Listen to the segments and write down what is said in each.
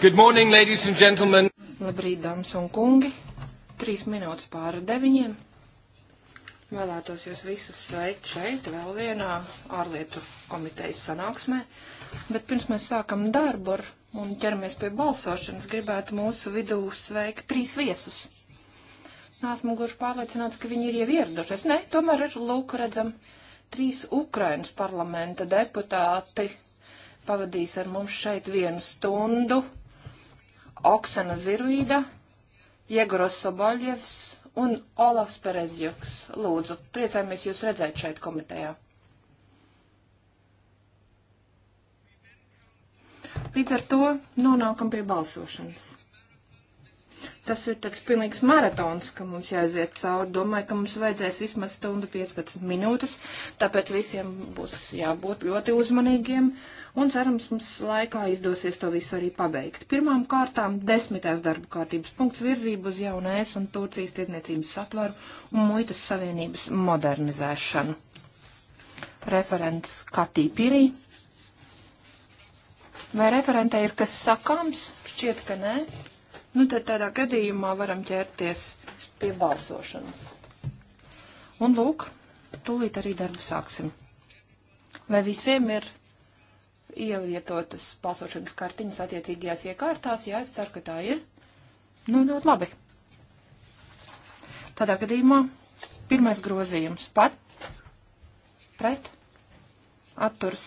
Good morning, ladies and gentlemen. Labrīt, dāmas un kungi. Trīs minūtes pāri deviņiem. Vēlētos jūs visus sveikt šeit vēl vienā ārlietu komitejas sanāksmē. Bet pirms mēs sākam darbu ar, un ķeramies pie balsošanas, gribētu mūsu vidū sveikt trīs viesus. Nāsmu gluži pārliecināts, ka viņi ir jau ieradušies. Nē, tomēr ir lūk redzam trīs Ukrainas parlamenta deputāti pavadīs ar mums šeit vienu stundu Oksana Ziruīda, Jegoros Soboļevs un Olafs Perezjoks. Lūdzu, priecājamies jūs redzēt šeit komitejā. Līdz ar to nonākam pie balsošanas. Tas ir tāds pilnīgs maratons, ka mums jāiziet cauri. Domāju, ka mums vajadzēs vismaz stundu 15 minūtes, tāpēc visiem būs jābūt ļoti uzmanīgiem. Uh, un cerams mums laikā izdosies to visu arī pabeigt. Pirmām kārtām desmitās darba kārtības punkts virzību uz jaunu ES un Turcijas tirdzniecības satvaru un muitas savienības modernizēšanu. Referents Katī Pirī. Vai referentē ir kas sakāms? Šķiet, ka nē. Nu, tad tādā gadījumā varam ķerties pie balsošanas. Un lūk, tūlīt arī darbu sāksim. Vai visiem ir ielietotas balsošanas kartiņas attiecīgajās iekārtās, jā, es ceru, ka tā ir. Nu, ļoti labi. Tādā gadījumā pirmais grozījums par, pret, atturs,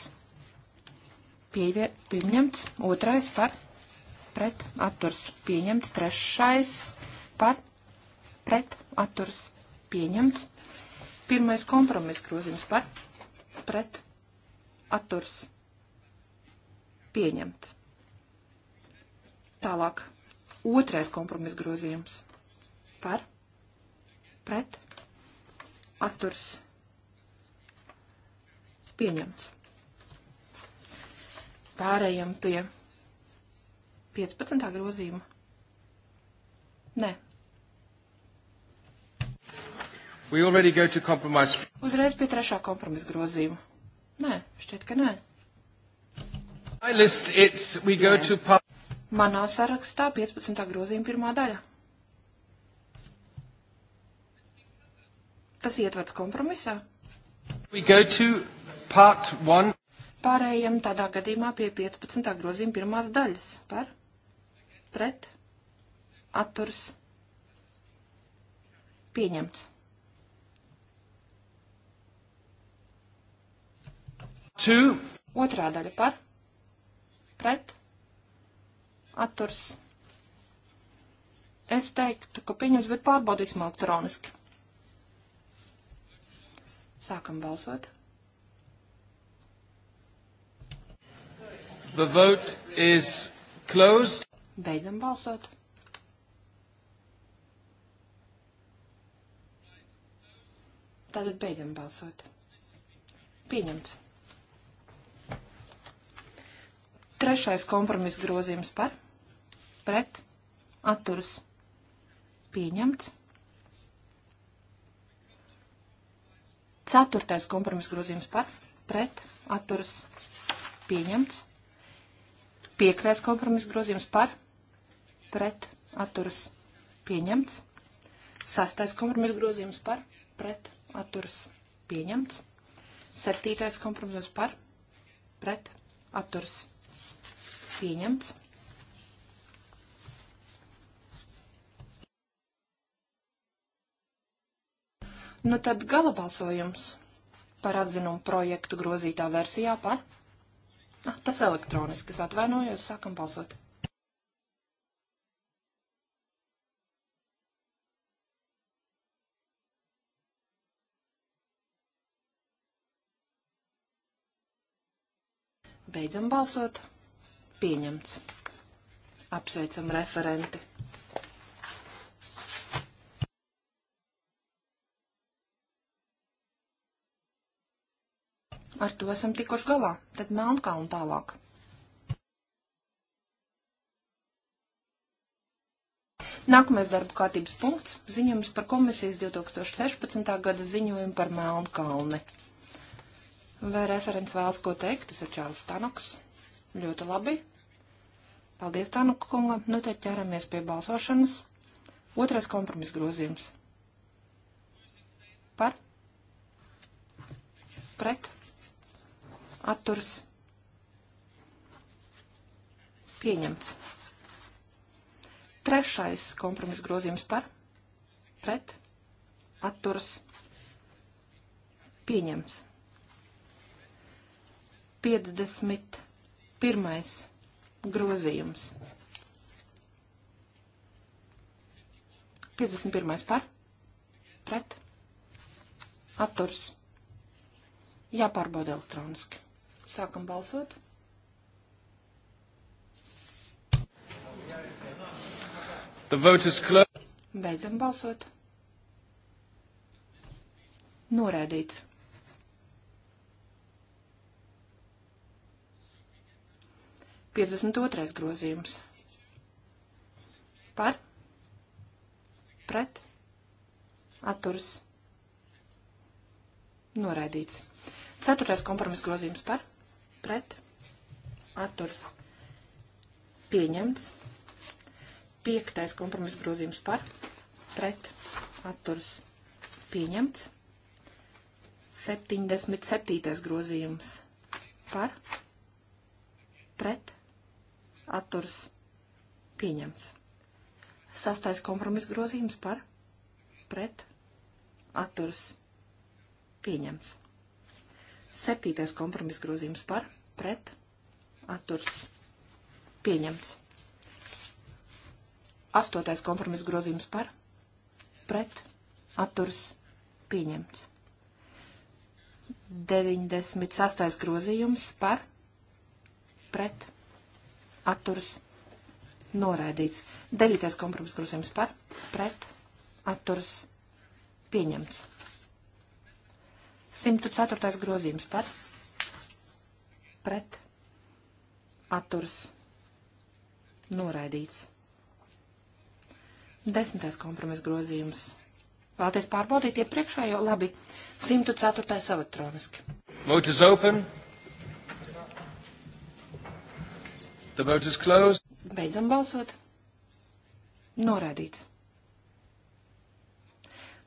pieļie, pieņemts, otrais par, pret, atturs, pieņemts, trešais par, pret, atturs, pieņemts, pirmais kompromiss grozījums par, pret, atturs, pieņemts pieņemt. Tālāk. Otrais kompromis grozījums. Par. Pret. Atturs. Pieņemts. Pārējam pie 15. grozījuma. Nē. Uzreiz pie trešā kompromisa grozījuma. Nē, šķiet, ka nē. To... Manā sarakstā 15. grozījuma pirmā daļa. Tas ietverts kompromisā. Pārējiem tādā gadījumā pie 15. grozījuma pirmās daļas par pret atturs pieņemts. Two. Otrā daļa par pret atturs. Es teiktu, ka pieņems, bet pārbaudīsim elektroniski. Sākam balsot. The vote is closed. Beidzam balsot. Tātad beidzam balsot. Pieņemts. Trešais kompromiss grozījums par pret atturas pieņemts. Ceturtais kompromiss grozījums par pret atturas pieņemts. Piektais kompromiss grozījums par pret atturas pieņemts. Sastais kompromiss grozījums par pret atturas pieņemts. Septītais kompromiss par pret atturas pieņemts. Pieņemts. Nu tad gala balsojums par atzinumu projektu grozītā versijā par. Ah, tas elektroniskas atvainojos, sākam balsot. Beidzam balsot pieņemts. Apsveicam referenti. Ar to esam tikuši galā, tad Melnkalna tālāk. Nākamais darba kārtības punkts - ziņojums par komisijas 2016. gada ziņojumu par Melnkalni. Vai referents vēlas ko teikt? Tas ir Čārlis Tanaks. Ļoti labi. Paldies, Tanuka kunga. Nu, tad ķeramies pie balsošanas. Otrais kompromis grozījums. Par? Pret? Atturs? Pieņemts. Trešais kompromis grozījums par? Pret? Atturs? Pieņemts. 51 grozījums. 51. par, pret, atturs, jāpārbauda elektroniski. Sākam balsot. The vote is closed. Beidzam balsot. Norēdīts. 52. grozījums. Par, pret, atturas, noraidīts. 4. kompromis grozījums par, pret, atturas, pieņemts. 5. kompromis grozījums par, pret, atturas, pieņemts. 77. grozījums par, pret, atturs pieņemts. Sastais kompromiss grozījums par pret atturs pieņemts. Septītais kompromiss grozījums par pret atturs pieņemts. Astotais kompromiss grozījums par pret atturs pieņemts. 98. grozījums par pret atturas noraidīts. Deļītais kompromiss grozījums par, pret, atturas pieņemts. 104. grozījums par, pret, atturas noraidīts. Desmitais kompromiss grozījums. Vēlties pārbaudīt iepriekšējo labi 104. elektroniski. Vote is open. The vote is closed. Beidzam balsot. Norādīts.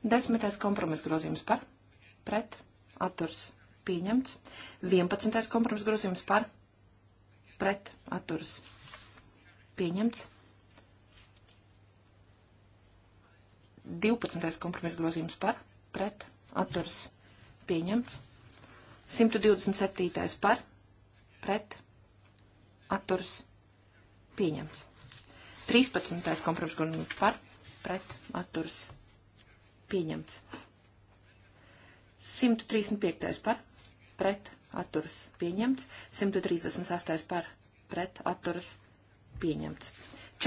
Desmitais kompromis grozījums par, pret, atturs, pieņemts. Vienpadsmitais kompromis grozījums par, pret, atturs, pieņemts. Divpadsmitais kompromis grozījums par, pret, atturs, pieņemts. 127. par, pret, atturs atturs pieņemts. 13. kompromiss grunījums nu par pret atturs pieņemts. 135. par pret atturs pieņemts. 138. par pret atturs pieņemts.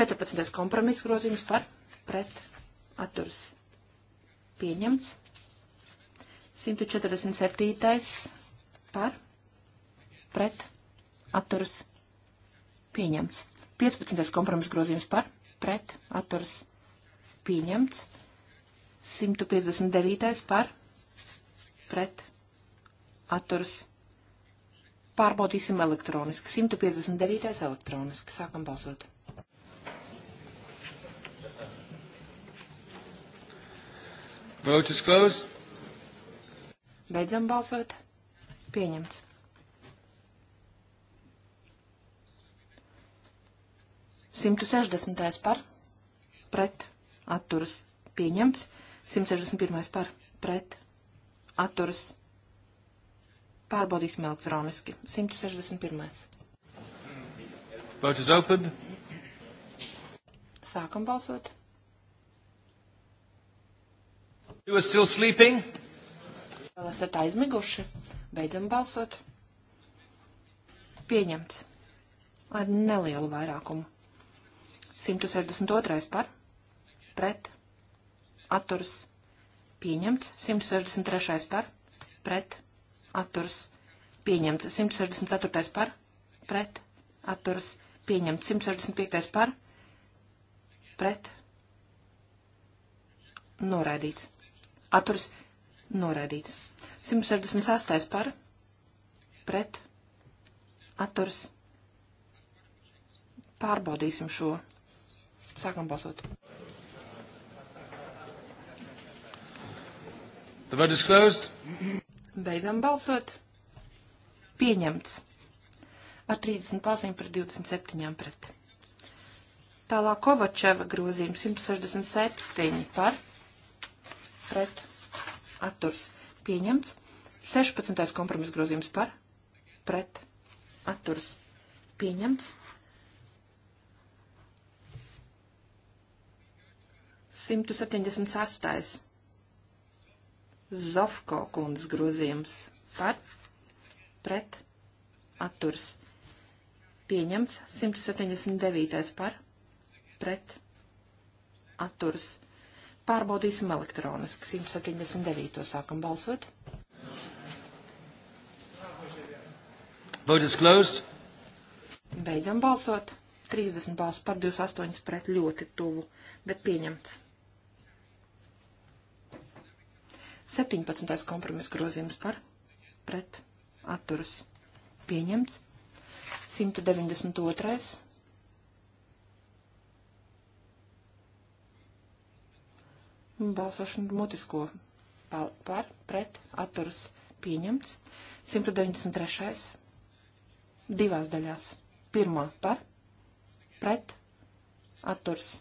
14. kompromiss grozījums par pret atturs pieņemts. 147. par pret atturs pieņemts Pieņemts. 15. kompromiss grozījums par, pret, atturas, pieņemts. 159. par, pret, atturas. Pārbaudīsim elektroniski. 159. elektroniski. Sākam balsot. Vote is closed. Beidzam balsot. Pieņemts. 160. par pret atturas pieņemts. 161. par pret atturas pārbaudīsim elektroniski. 161. Vote is open. Sākam balsot. You are still sleeping? Vēl esat aizmiguši. Beidzam balsot. Pieņemts. Ar nelielu vairākumu. 162. par, pret, atturas, pieņemts. 163. par, pret, atturas, pieņemts. 164. par, pret, atturas, pieņemts. 165. par, pret, noraidīts. Atturas, noraidīts. 168. par, pret, atturas, pieņemts pārbaudīsim šo Sākam balsot. The vote is closed. Beidzam balsot. Pieņemts. Ar 30 balsīm par 27 pret. Tālāk Kovačeva grozījums 167 par pret atturs pieņemts. 16. kompromis grozījums par pret atturs pieņemts. 176. Zofko kundzes grozījums par pret atturs. Pieņemts 179. par pret atturs. Pārbaudīsim elektroniski. 179. sākam balsot. Vote is closed. Beidzam balsot. 30 balsu par 28 pret ļoti tuvu, bet pieņemts. 17. kompromiss grozījums par pret atturas pieņemts. 192. Balsošana mutisko par pret atturas pieņemts. 193. divās daļās. Pirmā par pret atturas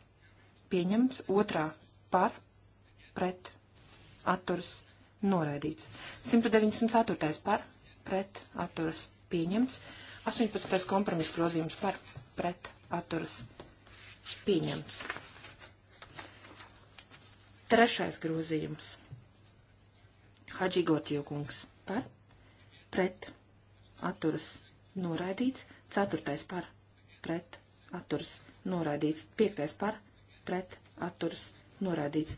pieņemts. Otrā par pret atturas noraidīts. 194. par pret atturas pieņemts. 18. kompromiss grozījums par pret atturas pieņemts. Trešais grozījums. Hadžigotjo kungs par pret atturas noraidīts. Ceturtais par pret atturas noraidīts. Piektais par pret atturas noraidīts.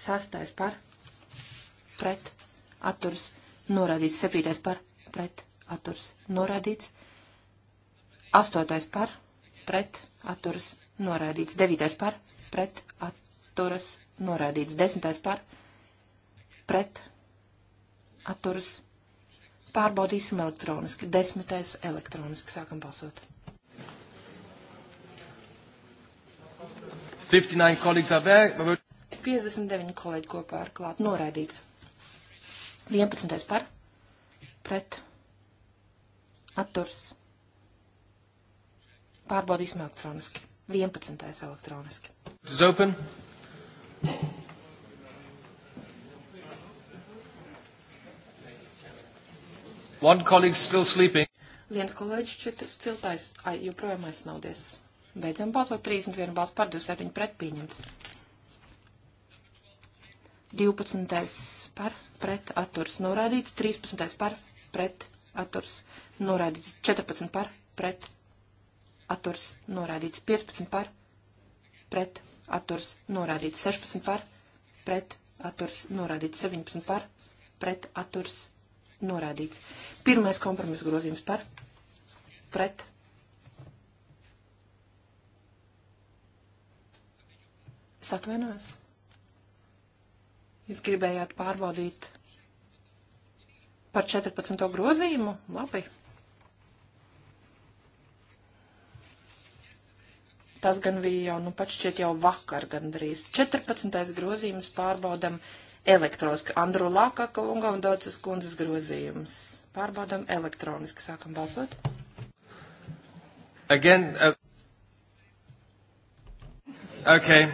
Sastais par pret, atturs, norādīts. Septītais par, pret, atturs, norādīts. Astotais par, pret, atturs, norādīts. Devītais par, pret, atturs, norādīts. Desmitais par, pret, atturs, pārbaudīsim elektroniski. Desmitais elektroniski sākam balsot. 59 kolēģi kopā ar klāt noraidīts. 11. par pret atturs. Pārbaudīsim elektroniski. 11. elektroniski. It's open. One colleague still sleeping. Viens kolēģis šķiet ciltais, ai, joprojām aizsnaudies. Beidzam balsot 31 balss par 27 pret pieņemts. 12. par pret atturs norādīts, 13. par pret atturs norādīts, 14. par pret atturs norādīts, 15. par pret atturs norādīts, 16. par pret atturs norādīts, 17. par pret atturs norādīts. Pirmais kompromiss grozījums par pret. Es atvainojos. Jūs gribējāt pārbaudīt par 14. grozījumu? Labi. Tas gan bija jau, nu, pat šķiet jau vakar gandrīz. 14. grozījums pārbaudam elektroniski. Andru Lākaka unga un daudzas kundzes grozījums. Pārbaudam elektroniski. Sākam balsot. Again, uh, okay.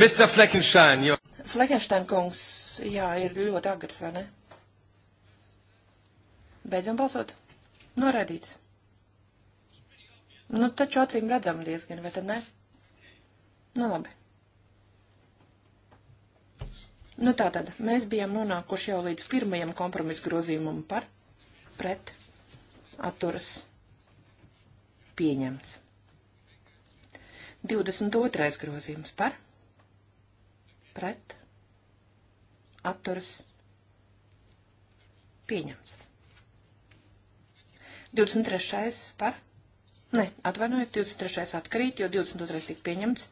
Mr. Fleckenstein, you... Fleckenstein kungs, jā, ir ļoti agrs, vai ne? Beidzam balsot. Noraidīts. Nu, taču acīm redzam diezgan, vai tad ne? Nu, labi. Nu, tātad, mēs bijām nonākuši jau līdz pirmajam kompromisu grozījumam par, pret, atturas, pieņemts. 22. grozījums par, pret, atturas pieņemts. 23. par? Nē, atvainojiet, 23. atkrīt, jo 22. tika pieņemts.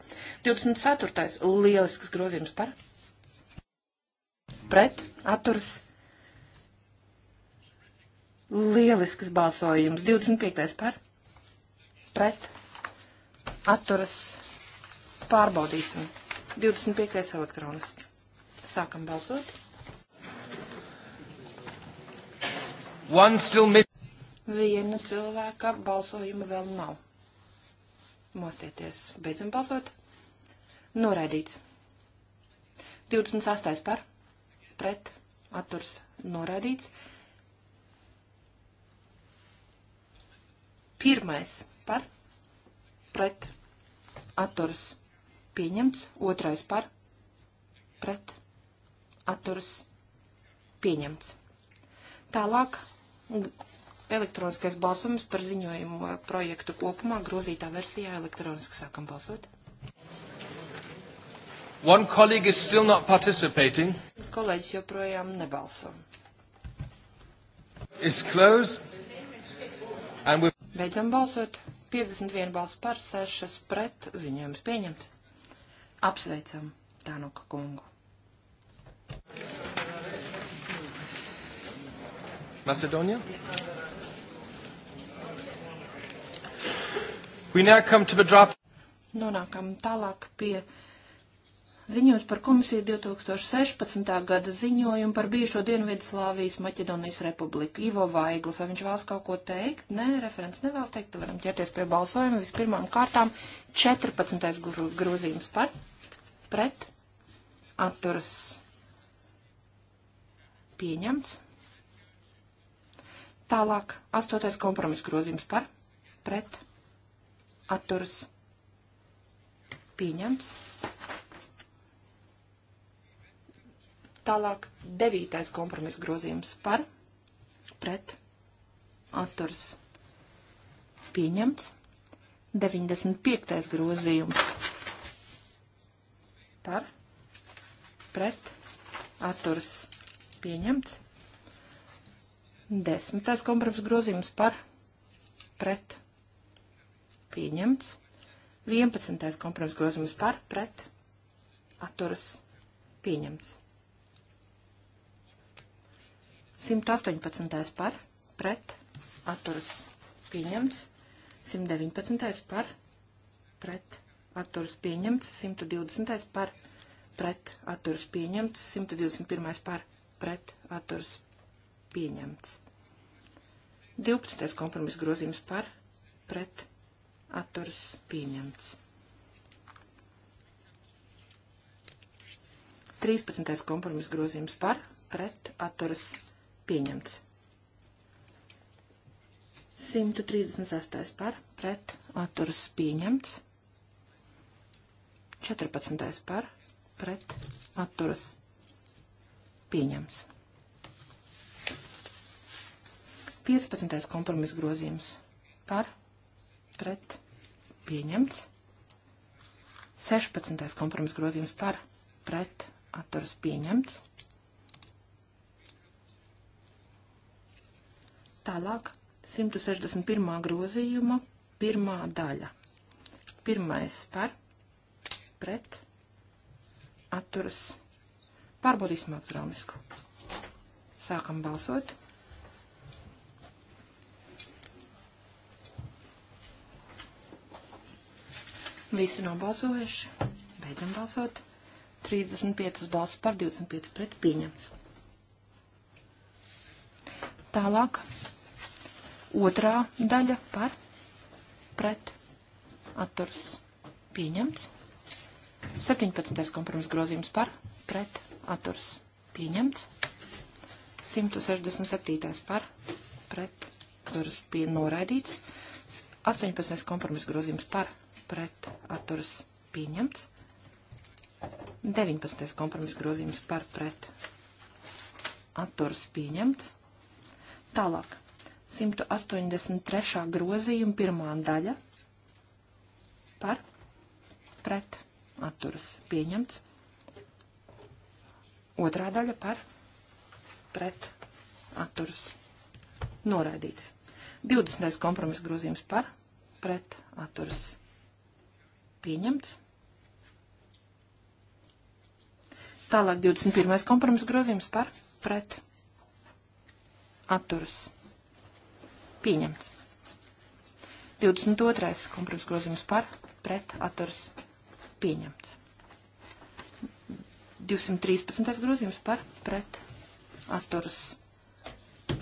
24. lielisks grozījums par? Pret atturas lielisks balsojums. 25. par? Pret atturas pārbaudīsim. 25. elektroniski. Sākam balsot. Viena cilvēka balsojuma vēl nav. Mostieties. Beidzam balsot. Noraidīts. 28. par. Pret. Atturs. Noraidīts. Pirmais par. Pret. Atturs. Pieņemts. Otrais par. Pret atturas pieņemts. Tālāk elektroniskais balsojums par ziņojumu projektu kopumā grozītā versijā elektroniski sākam balsot. One colleague is still not participating. Es kolēģis joprojām nebalso. Is closed. And we... Beidzam balsot. 51 balss par, 6 pret, ziņojums pieņemts. Apsveicam Tānuka kungu. Macedonia? We now come to the draft. Nonākam tālāk pie ziņojums par komisiju 2016. gada ziņojumu par bijušo Dienvidslāvijas Maķedonijas republiku. Ivo Vaiglis, vai viņš vēlas kaut ko teikt? Nē, referents nevēlas teikt, tad varam ķerties pie balsojuma. Vispirmām kārtām 14. grozījums par, pret, atturas Pieņemts. Tālāk, astotais kompromiss grozījums par, pret, atturas, pieņemts. Tālāk, devītais kompromiss grozījums par, pret, atturas, pieņemts. 95. grozījums par, pret, atturas, pieņemts pieņemts. Desmitais kompromiss grozījums par pret pieņemts. Vienpadsmitais kompromiss grozījums par pret atturas pieņemts. 118. par pret atturas pieņemts. 119. par pret atturas pieņemts. 120. par pret atturas pieņemts. 121. par pret pret atturs pieņemts. 12. kompromiss grozījums par pret atturs pieņemts. 13. kompromiss grozījums par pret atturs pieņemts. 136. par pret atturs pieņemts. 14. par pret atturas Pieņems. 15. kompromiss grozījums. Par, pret, pieņemts. 16. kompromiss grozījums par, pret, atturas pieņemts. Tālāk 161. grozījuma pirmā daļa. Pirmais par, pret, atturas pieņemts Pārbaudīsim elektronisku. Sākam balsot. Visi nobalsojuši. Beidzam balsot. 35 balsas par 25 pret pieņemts. Tālāk. Otrā daļa par pret atturs pieņemts. 17. kompromis grozījums par pret atturs pieņemts. 167. par pret atturas pie noraidīts. 18. kompromiss grozījums par pret atturas pieņemts. 19. kompromiss grozījums par pret atturas pieņemts. Tālāk. 183. grozījuma pirmā daļa par pret atturas pieņemts. Otrā daļa par pret atturas noraidīts. 20. kompromisa grozījums par pret atturas pieņemts. Tālāk 21. kompromisa grozījums par pret atturas pieņemts. 22. kompromisa grozījums par pret atturas pieņemts. 213. grozījums par pret atturas.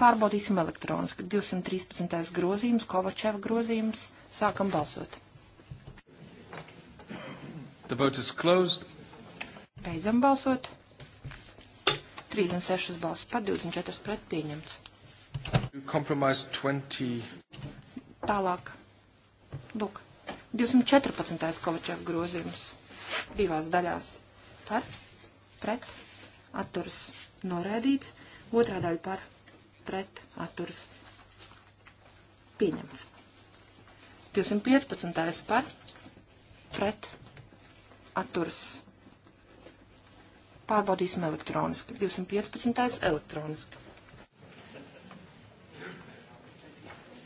Pārbaudīsim elektroniski. 213. grozījums, Kovačeva grozījums. Sākam balsot. The vote is closed. Beidzam balsot. 36 balsis par 24 pret pieņemts. Compromise 20. Tālāk. Lūk. 214. Kovačev grozījums. Divās daļās. Par pret atturas norēdīts, otrā daļa par pret atturas pieņemts. 215. par pret atturas pārbaudīsim elektroniski. 215. elektroniski.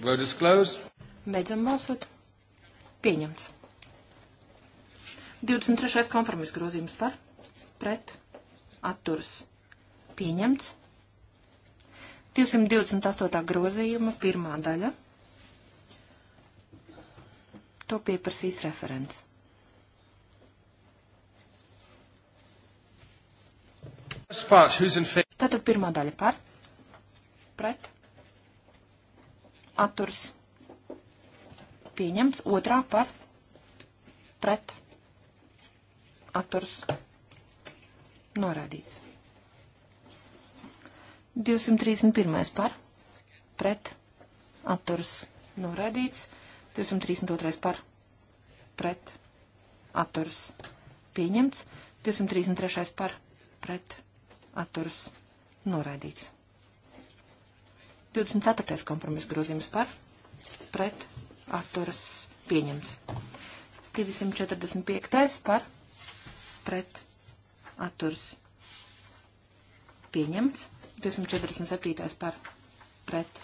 Vote is closed. Beidzam balsot. Pieņemts. 23. kompromis grozījums par pret atturas pieņemts. 228. grozījuma pirmā daļa. To pieprasīs referents. Tātad pirmā daļa par, pret, atturs, pieņemts, otrā par, pret, atturs, pieņemts Norādīts. 231. par, pret, atturas, norādīts. 232. par, pret, atturas, pieņemts. 233. par, pret, atturas, norādīts. 24. kompromiss grozījums par, pret, atturas, pieņemts. 245. par, pret, atturs pieņemts. 247. par pret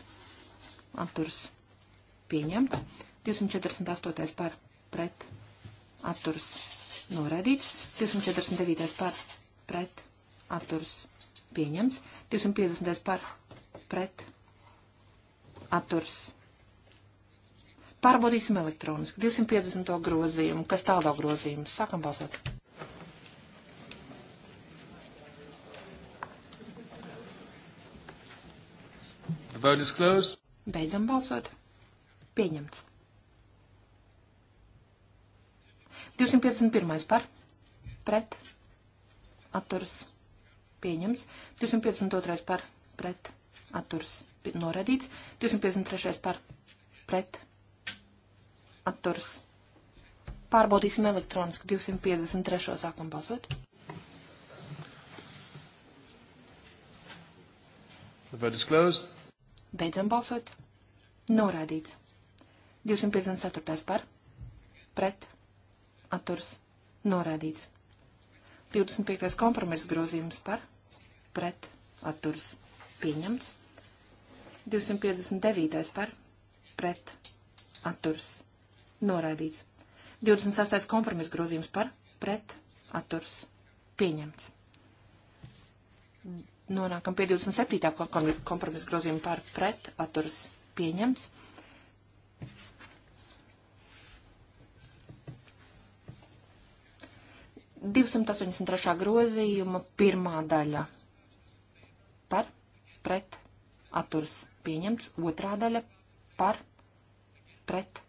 atturs pieņemts. 248. par pret atturs noraidīts. 249. par pret atturs pieņemts. 250. par pret atturs pieņemts. Pārbaudīsim elektroniski 250. grozījumu, kas tālāk grozījums. Sākam balsot. Vote is closed. Beidzam balsot. Pieņemts. 251. par, pret, atturs, pieņems. 252. par, pret, atturs, noradīts. 253. par, pret, atturs. Pārbaudīsim elektroniski 253. sākam balsot. The vote is closed. Beidzam balsot. Norādīts. 254. par. Pret. Atturs. Norādīts. 25. kompromiss grozījums par. Pret. Atturs. Pieņemts. 259. par. Pret. Atturs. Norādīts. 26. kompromiss grozījums par. Pret. Atturs. Pieņemts nonākam pie 27. kompromisa grozījuma par pret atturas pieņems. Divsimt astoņdesmit trešā grozījuma pirmā daļa par pret atturs pieņemts, otrā daļa par pret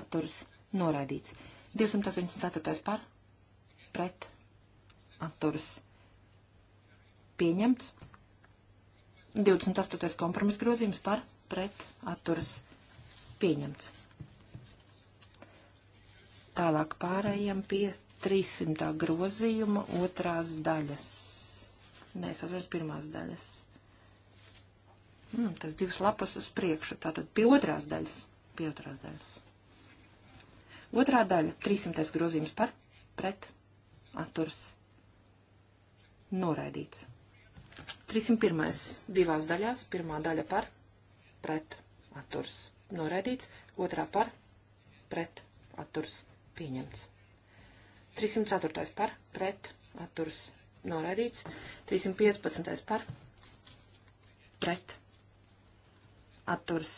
atturs noraidīts. 284. par pret atturs pieņemts pieņemts. 28. kompromis grozījums par pret atturas pieņemts. Tālāk pārējiem pie 300. grozījuma otrās daļas. Nē, es atveru pirmās daļas. Mm, tas divas lapas uz priekšu, tātad pie otrās daļas. Pie otrās daļas. Otrā daļa, 300. grozījums par, pret, atturs, noraidīts. 301. divās daļās, pirmā daļa par, pret, atturs, noraidīts, otrā par, pret, atturs, pieņemts. 304. par, pret, atturs, noraidīts, 315. par, pret, atturs,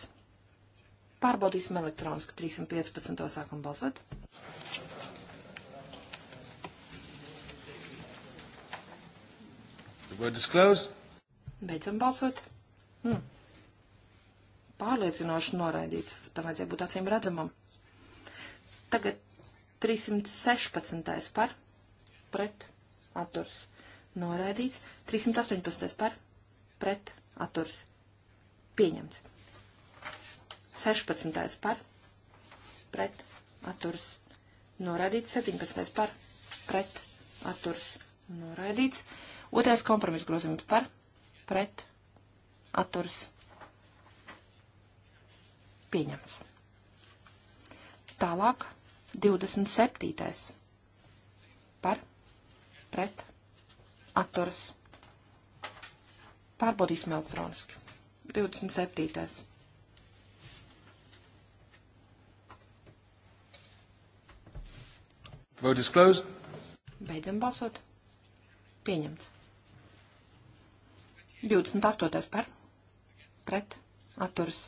pārbaudīsim elektroniski 315. sākam balsot. Vote is closed. Beidzam balsot. Hmm. Pārliecinoši noraidīts. Tam vajadzēja būt acīm redzamam. Tagad 316. par pret atturs noraidīts. 318. par pret atturs pieņemts. 16. par pret atturs noraidīts. 17. par pret atturs noraidīts. Otrais kompromiss grozījums par, pret, atturs, pieņemts. Tālāk 27. par, pret, atturs. Pārbaudīsim elektroniski. 27. Vote is closed. Beidzam balsot. Pieņemts. 28. par, pret, atturs,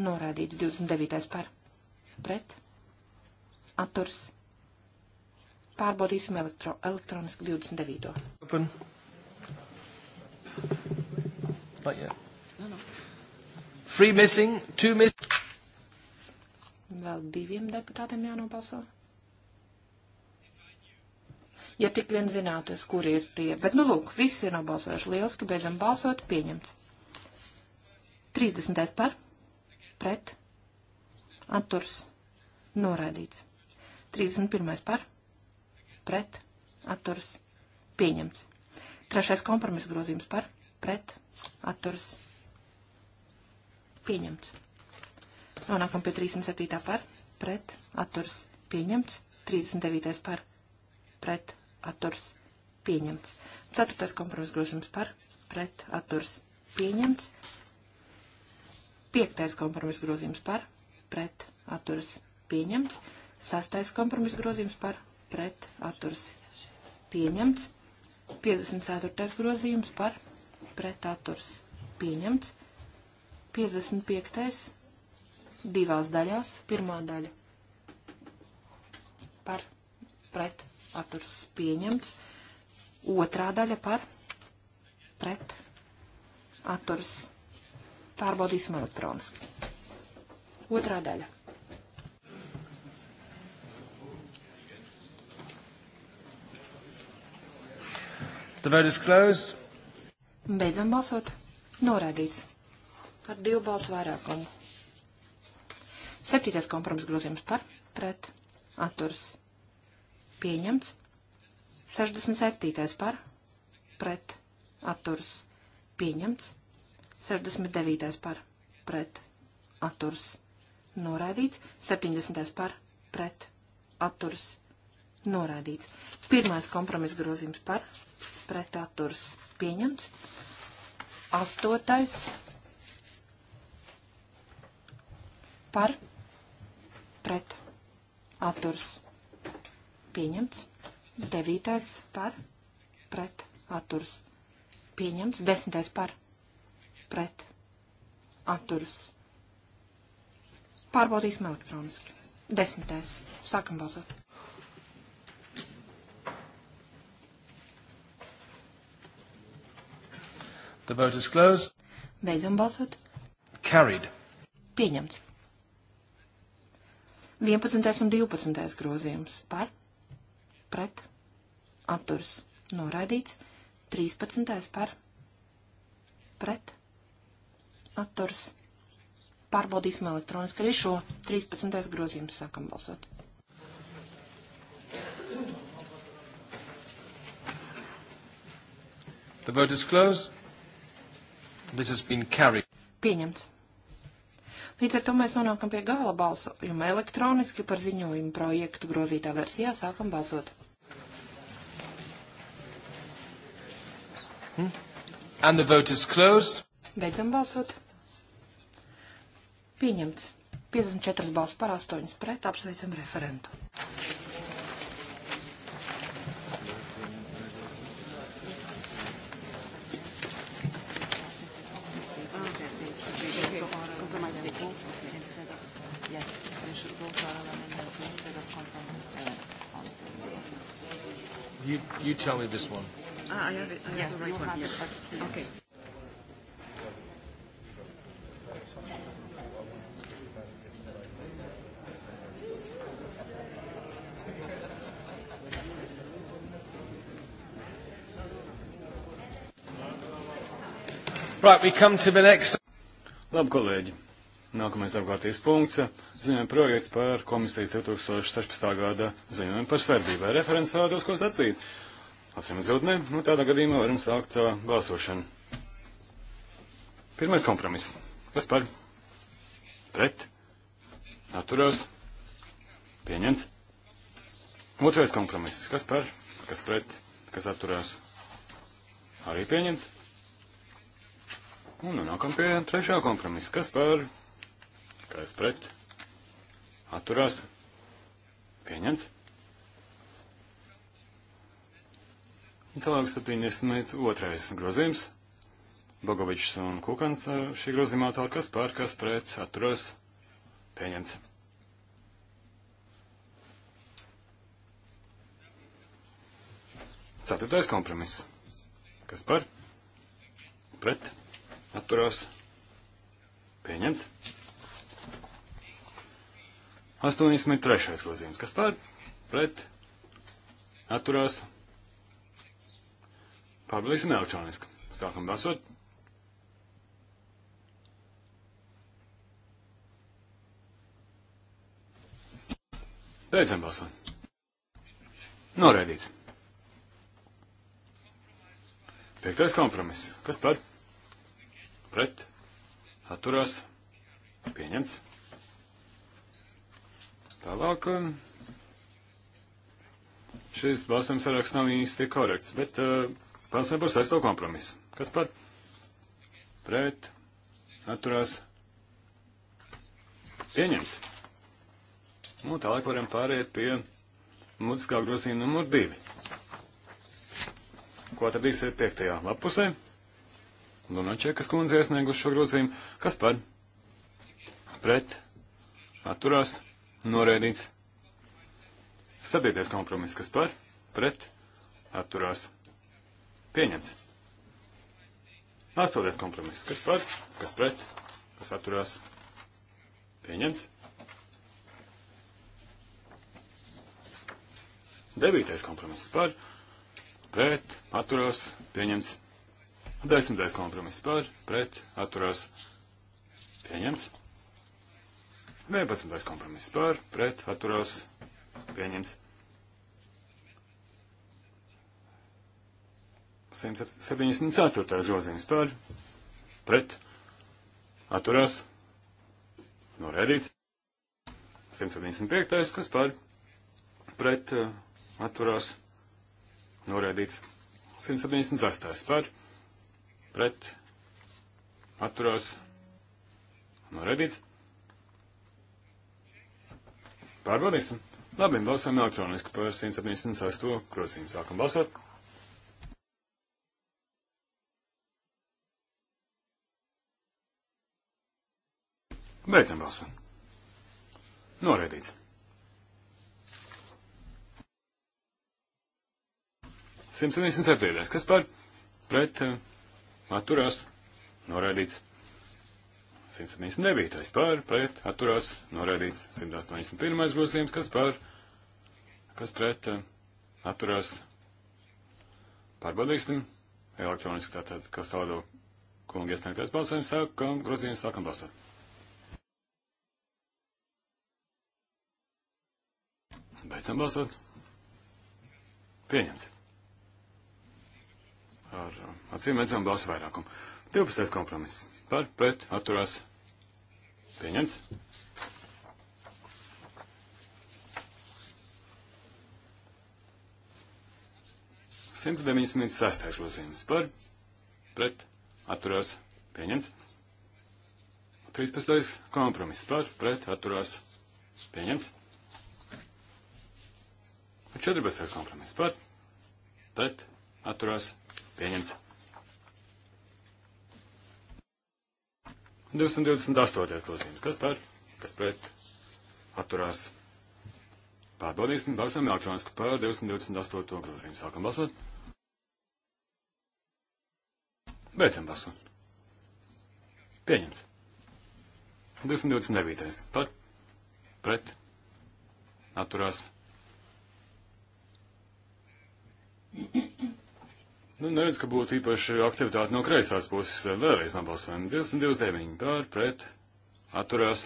norādīts 29. par, pret, atturs. Pārbaudīsim elektro, elektroniski 29. Open. Not yet. No, no. Three missing, two missing. Vēl diviem deputātiem jānobalso ja tik vien zinātos, kur ir tie. Bet, nu, lūk, visi ir nobalsojuši lieliski, beidzam balsot, pieņemts. 30. par, pret, atturs, noraidīts. 31. par, pret, atturs, pieņemts. Trešais kompromiss grozījums par, pret, atturs, pieņemts. Nonākam pie 37. par, pret, atturs, pieņemts. 39. par, pret, atturs pieņemts. Ceturtais kompromiss grozījums par pret atturs pieņemts. Piektais kompromiss grozījums par pret atturs pieņemts. Sastais kompromiss grozījums par pret atturs pieņemts. 54. grozījums par pret atturs pieņemts. 55. divās daļās, pirmā daļa par pret atturs pieņemts. Otrā daļa par pret atturs pārbaudīsim elektroniski. Otrā daļa. The vote is closed. Beidzam balsot. Norādīts. Ar divu balsu vairākumu. Septītais kompromiss grozījums par pret atturs Pieņemts. 67. par. Pret. Atturs. Pieņemts. 69. par. Pret. Atturs. Noraidīts. 70. par. Pret. Atturs. Noraidīts. Pirmais kompromis grozījums par. Pret. Atturs. Pieņemts. Astotais. Par. Pret. Atturs Pieņemts. Devītais par. Pret. Atturs. Pieņemts. Desmitais par. Pret. Atturs. Pārbaudīsim elektroniski. Desmitais. Sākam balsot. The vote is closed. Beidzam balsot. Carried. Pieņemts. 11. un 12. grozījums par pret, atturs, noraidīts, 13. par, pret, atturs. Pārbaudīsim elektroniski arī šo 13. grozījumu sākam balsot. The vote is closed. This has been carried. Pieņemts. Līdz ar to mēs nonākam pie gala balsojuma elektroniski par ziņojumu projektu grozītā versijā. Sākam balsot. Hmm? And the vote is closed. Beidzam balsot. Pieņemts. 54 balss par 8 pret apsveicam referentu. you, you tell me this one. Ah, I have it. I yes, have the right you one. Have yes. it, okay. Right, we come to the next. Labi, kolēģi. Nākamais darbkārtības punkts - ziņojuma projekts par komisijas 2016. gada ziņojumu par svarbību. Referents vēlētos, ko sacīt. Atsim zudnē, nu tādā gadījumā varam sākt uh, balsošanu. Pirmais kompromiss. Kas par? Pret? Atturās? Pieņems? Otrais kompromiss. Kas par? Kas pret? Kas atturās? Arī pieņems? Un nu nākam pie trešā kompromisa. Kas par? kas pret, atturās, pieņemts. Tālāk 72. grozījums. Bogovičs un Kukans šī grozījumā tālāk, kas par, kas pret, atturās, pieņemts. Ceturtais kompromiss. Kas par? Pret. Atturās. Pieņemts. 83. grozījums. Kas par? Pret? Atturās? Pārbaudīsim elektroniski. Sākam balsot. Beidzam balsot. Noraidīts. Piektais kompromiss. Kas par? Pret? Atturās? Pieņemts. Tālāk. Šis balsojums saraksts nav īsti korekts, bet uh, balsojums par sesto kompromisu. Kas pat? Pret. Atturās. Pieņemts. Nu, tālāk varam pāriet pie mutiskā grozījuma numur divi. Ko tad īsti ir piektajā lapusē? Lunačekas kundze iesnieguši šo grozījumu. Kas par? Pret. Atturās noraidīts. Sabiedrēs kompromiss, kas par, pret, atturās, pieņemts. Astoties kompromiss, kas par, kas pret, kas atturās, pieņemts. Devītais kompromiss par, pret, atturās, pieņemts. Desmitais kompromiss par, pret, atturās, pieņemts. 11. kompromiss par, pret, atturās, pieņems. 174. grozījums par, pret, atturās, norēdīts. 175. kas par, pret, atturās, norēdīts. 178. par, pret, atturās, norēdīts. Pārbaudīsim. Labi, balsojam elektroniski par 176. grozījumu. Sākam balsot. Beidzam balsot. Noraidīts. 177. Kas par pret uh, atturās? Noraidīts. 179. par, pret, atturās, noraidīts 181. grozījums, kas par, kas pret, atturās, pārbaudīsim, elektroniski tātad, kas tādu kungi iesniegtais balsojums, sākam, grozījums, sākam balsot. Beidzam balsot. Pieņemts. Ar acīm redzam balsu vairākumu. 12. kompromiss par pret atturās pieņemts. Simt deviņdesmit sastais grozījums par pret atturās pieņemts. 13. kompromiss par pret atturās pieņemts. 14. kompromiss par pret atturās pieņemts. 228. grozījums. Kas par? Kas pret? Atturās. Pārbaudīsim, balsam elektroniski par 228. grozījumu. Sākam balsot. Beidzam balsot. Pieņems. 229. Par? Pret? Atturās. Nu, neredz, ka būtu īpaši aktivitāte no kreisās puses. Vēlreiz nobalsojam. 229 pār, pret, atturās.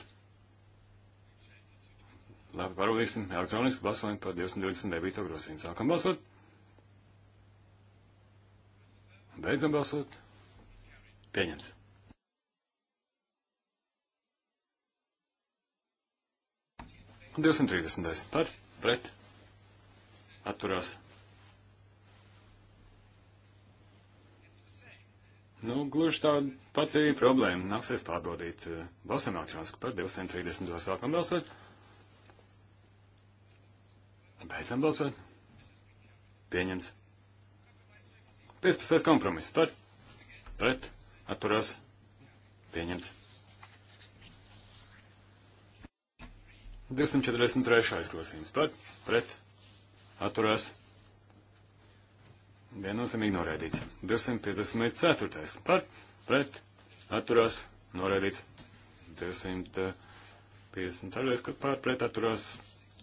Labi, parūlīsim elektroniski balsojam par 229 grozījumu. Sākam balsot. Beidzam balsot. Pieņemts. Divsimt trīsdesmitais par, pret, atturās Nu, gluži tā pati problēma. Nāksies pārbaudīt eh, balsēm elektroniski par 230. sākam balsot. Beidzam balsot. Pieņems. 15. kompromiss par. Pret. Atturās. Pieņems. 243. grozījums par. Pret. Atturās. Pieņems viennozīmīgi noraidīts. 254. par pret atturās noraidīts. 254. kad par pret atturās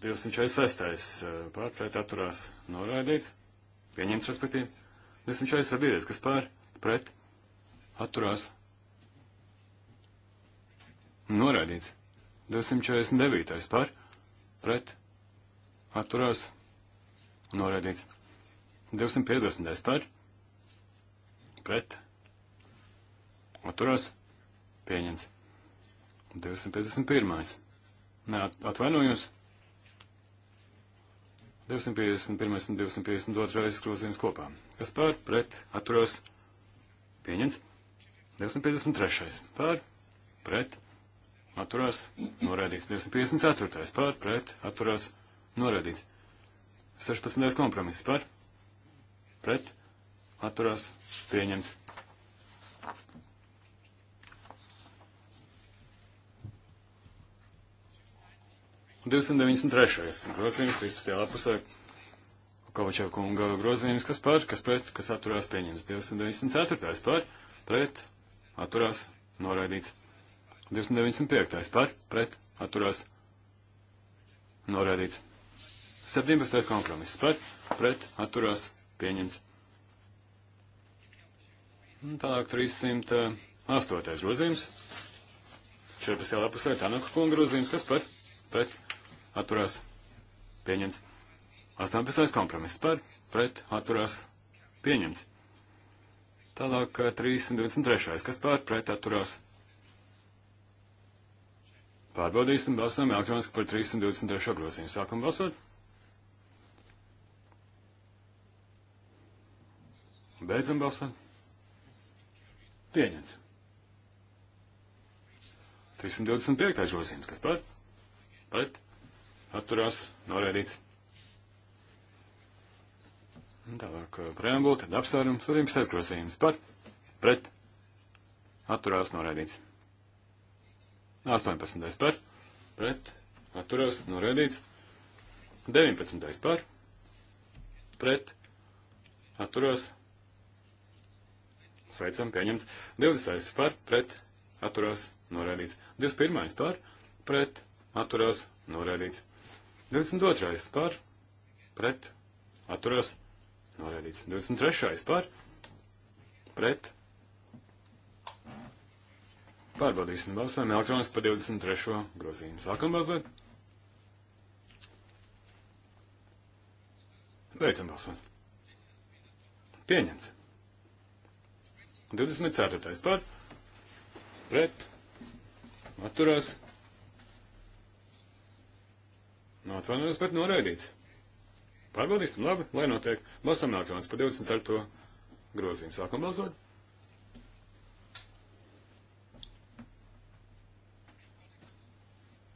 246. par pret atturās noraidīts. Pieņemts respektīvi. 242. kas par pret atturās noraidīts. 249. par pret atturās noraidīts. 250. par pret atturās pieņems. 251. Nē, atvainojos. 251. un 252. grozījums kopā. Kas par pret atturās pieņems? 253. par pret atturās norādīts. 254. par pret atturās norādīts. 16. kompromiss par pret pret atturās pieņems. Un 293. grozījums 13. lapusē Kovačeva kunga grozījums, kas par, kas pret, kas atturās pieņems. 294. par, pret, atturās, noraidīts. 295. par, pret, atturās, noraidīts. 17. kompromiss par, pret, atturās, noraidīts pieņemts. Un tālāk 308. grozījums. 14. lapusē Tanaka kunga grozījums, kas par pret atturās pieņemts. 18. kompromiss par pret atturās pieņemts. Tālāk 323. Eh, kas pār pret atturās. Pārbaudīsim balsojumu elektroniski par 323. grozījumu. Sākam balsot. Beidzam balsot. Pieņemts. 325. grozījums, kas par? Pret? Atturās, norēdīts. Tālāk uh, preambula, tad apsvērums, 17. grozījums par? Pret? Atturās, norēdīts. 18. par? Pret? Atturās, norēdīts. 19. par? Pret? Atturās, norēdīts Sveicam, pieņemts. 20. par, pret, atturās, norēdīts. 21. par, pret, atturās, norēdīts. 22. par, pret, atturās, norēdīts. 23. par, pret, pārbaudīsim balsojumu elektronis par 23. grozījumu. Sākam balsot. Beidzam balsot. Pieņemts. 24. par pret atturās no nu, atvainojums, bet noraidīts. Pārbaudīsim, labi, lai notiek. Balsam nākamās par 24. grozījumu. Sākam balsot.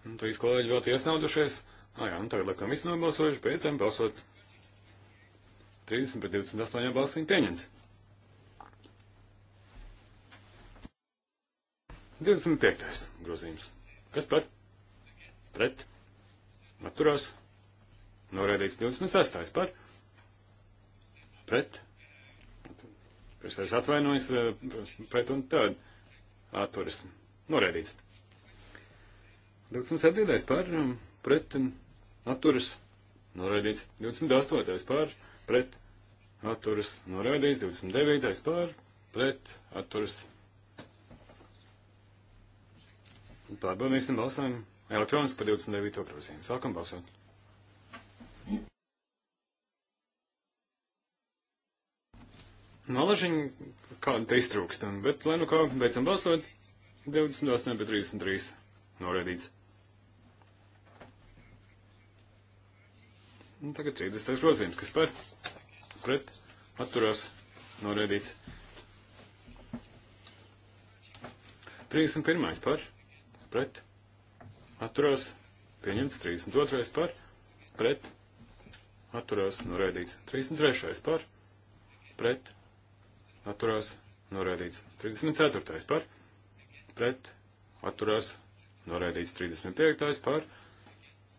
Un nu, trīs kolēģi vēl tiesnaudušies. Ah, jā, nu tagad laikam visi nobalsojuši, pēc tam balsot 30 pret 28 balsīm pieņems. 25. grozījums. Kas par? Pret. Atturās. Norēdīts 26. par. Pret. Priekšsēdētājs atvainojas eh, pret un tad atturas. Norēdīts. 27. Um, par. Pret. Atturas. Norēdīts. 28. par. Pret. Atturas. Norēdīts. 29. par. Pret. Atturas. Pārbaudīsim balsojumu elektroniski par 29. grozījumu. Sākam balsot. Malažiņa kāda te iztrūkst, bet, lai nu kā, beidzam balsot, 28 pie 33 norēdīts. Un tagad 30. grozījums, kas par pret atturās norēdīts. 31. par pret, atturās, pieņemts 32. par, pret, atturās, noraidīts 33. par, pret, atturās, noraidīts 34. par, pret, atturās, noraidīts 35. par,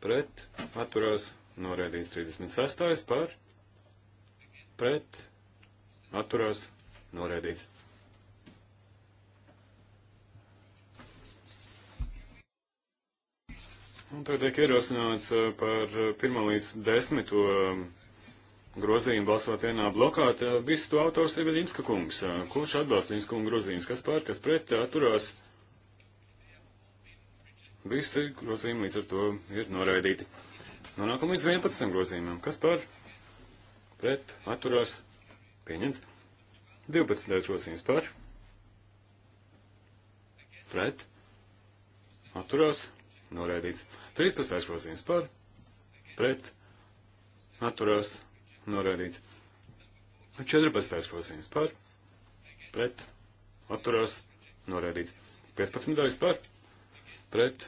pret, atturās, noraidīts 36. par, pret, atturās, noraidīts Un tad tiek ierosināts eh, par eh, pirmo līdz desmito eh, grozījumu balsot vienā blokā. Visu to autors ir Vilimska kungs. Kurš atbalsta Vilimska kunga grozījumus? Kas pār, kas pret, atturās? Visi grozījumi līdz ar to ir noraidīti. Nonākam līdz 11 grozījumam. Kas pār, pret, atturās? Pieņems. 12. grozījums pār, pret, atturās? noraidīts. 13. grozījums par, pret, atturās, noraidīts. 14. grozījums par, pret, atturās, noraidīts. 15. par, pret,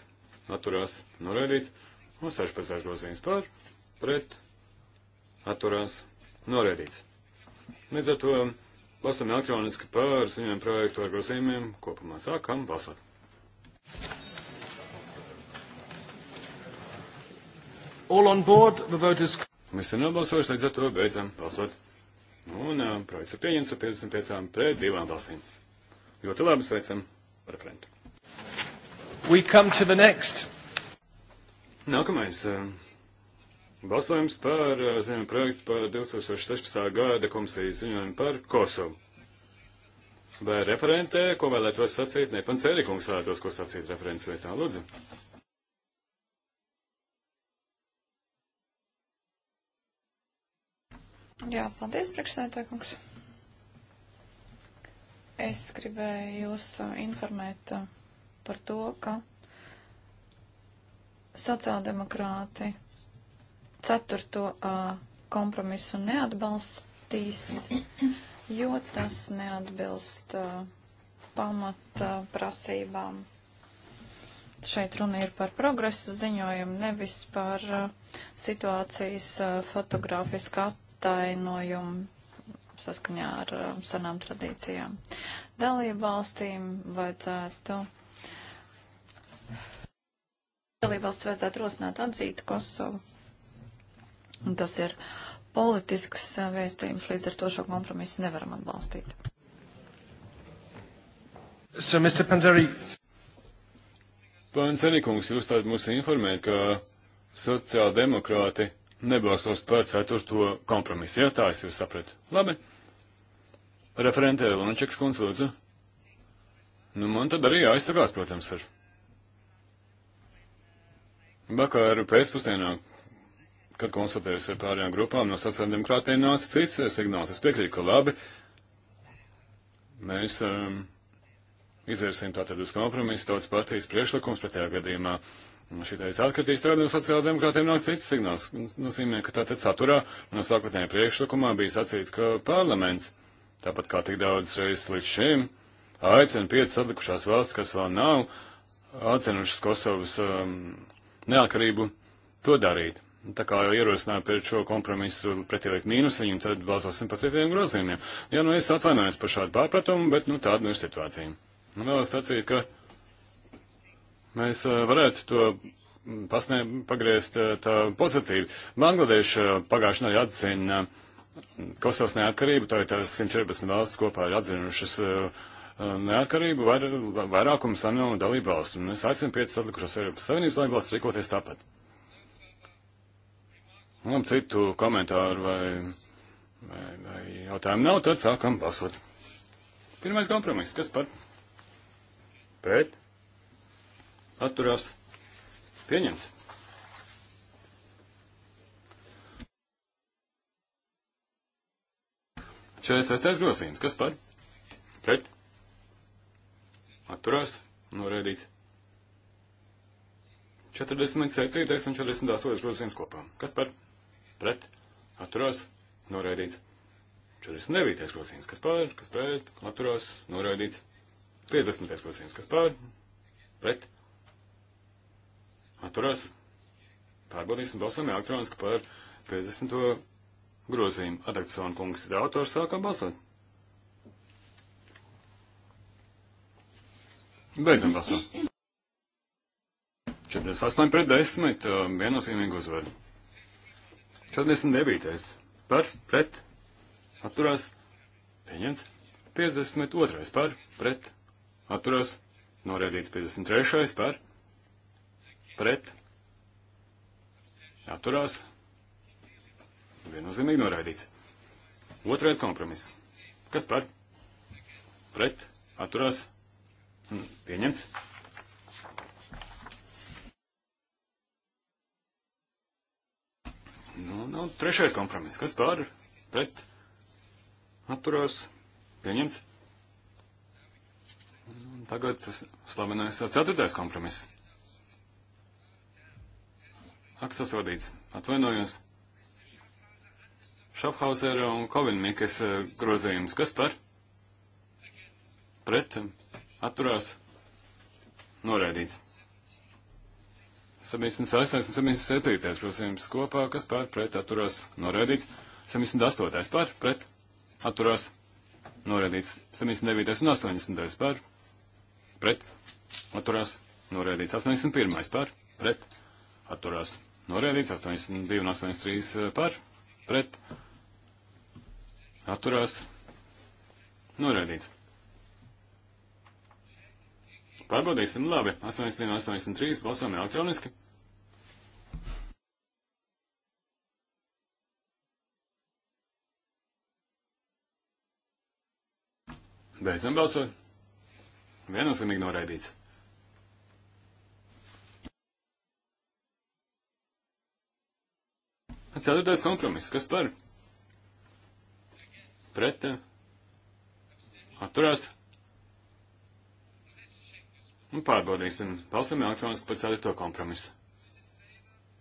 atturās, noraidīts. Un 16. grozījums par, pret, atturās, noraidīts. Līdz ar to balsam elektroniski par saņēmumu projektu ar grozījumiem. Kopumā sākam balsot. All on board, the vote is... Mēs ir nobalsojuši, līdz ar to beidzam balsot. Un uh, projekts ir pieņemts ar 55 pret divām balsīm. Ļoti labi sveicam referentu. We come to the next. Nākamais uh, balsojums par uh, ziņu projektu par 2016. gada komisijas ziņojumu par Kosovu. Vai referentē, ko vēlētos sacīt, ne pats Erikungs vēlētos, ko sacīt referents vietā, lūdzu. Jā, paldies, priekšsēdētāj, kungs. Es gribēju jūs informēt par to, ka sociāldemokrāti ceturto kompromisu neatbalstīs, jo tas neatbilst pamata prasībām. Šeit runa ir par progresa ziņojumu, nevis par situācijas fotogrāfisku attīstību attainojumu saskaņā ar um, senām tradīcijām. Dalību valstīm vajadzētu. Dalību valsts vajadzētu rosināt atzīt Kosovu. Un tas ir politisks uh, vēstījums, līdz ar to šo kompromisu nevaram atbalstīt. So, Mr. Panzeri. Panzeri kungs, jūs tādu mūs informē, ka sociāldemokrāti nebalsos par ceturto kompromisu. Jā, tā es jūs sapratu. Labi. Referentē Lunčeks kundze, lūdzu. Nu, man tad arī jāizsakās, protams, ar. Vakar pēcpusdienā, kad konsultējos ar pārējām grupām, no sociāldemokrātiem nāca cits eh, signāls. Es piekrītu, ka labi, mēs um, izvērsim tātad uz kompromisu tautas partijas priekšlikums, pretējā gadījumā uh, Nu, šitais atkritīs, tad no nu, sociāldemokrātiem nāk cits signāls. Nu, nozīmē, ka tātad saturā no sākotnējā priekšlikumā bija sacīts, ka parlaments, tāpat kā tik daudz reizes līdz šim, aicina piecas atlikušās valsts, kas vēl nav atcenušas Kosovas um, neatkarību, to darīt. Tā kā jau ierosināju pret šo kompromisu pretielikt mīnusiņu, tad balsosim par citiem grozījumiem. Jā, nu es atvainojos par šādu pārpratumu, bet nu tāda nu ir situācija. Nu, vēlos sacīt, ka mēs eh, varētu to pasniegt, pagriezt eh, tā pozitīvi. Bangladeša eh, pagājušajā nedēļā atzina mm, Kosovas neatkarību, tā ir tās 114 valsts kopā ir atzinušas neatkarību, var, vairākums ANO dalību valstu. Un es aicinu piecas atlikušās Eiropas Savienības dalību valsts rīkoties tāpat. Un citu komentāru vai, vai, vai jautājumu nav, tad sākam balsot. Pirmais kompromiss, kas par? Pēc atturās pieņemts. Šais sestais grozījums, kas par? Pret? Atturās, norēdīts. 47. un 48. grozījums kopā. Kas par? Pret? Atturās, norēdīts. 49. grozījums, kas par? Kas pret? Atturās, norēdīts. 50. grozījums, kas par? Pret? atturās. Pārbaudīsim balsojumu elektroniski par 50. grozījumu. Adaktsona kungs ir autors, sākam balsot. Beidzam balsot. 48 pret 10, um, viennozīmīgi uzvaru. 49. par, pret, atturās, pieņemts. 52. par, pret, atturās, norēdīts 53. par, pret, atturās, viennozīmīgi noraidīts. Otrais kompromiss. Kas par? Pret, atturās, pieņemts. Nu, nu, trešais kompromiss. Kas par? Pret, atturās, pieņemts. Un tagad slavenais ceturtais kompromiss. Ak, sasodīts. Atvainojos. Šafhausera un Kovinmikas eh, grozījums. Kas par? Pret. Atturās. Noraidīts. 76. un 77. grozījums kopā. Kas par? Pret. Atturās. Noraidīts. 78. par? Pret. Atturās. Noraidīts. 79. un 80. par? Pret. Atturās. Noraidīts. 81. par? Pret. Atturās. Norēdīts 82 un 83 eh, par, pret, atturās, norēdīts. Pārbaudīsim labi. 82, 83 balsojam elektroniski. Beidzam balsot. Viennozīmīgi noraidīts. Ceturtais kompromiss. Kas par? Pret. Eh, atturās. Un pārbaudīsim. Balsam elektroniski par ceturto kompromisu.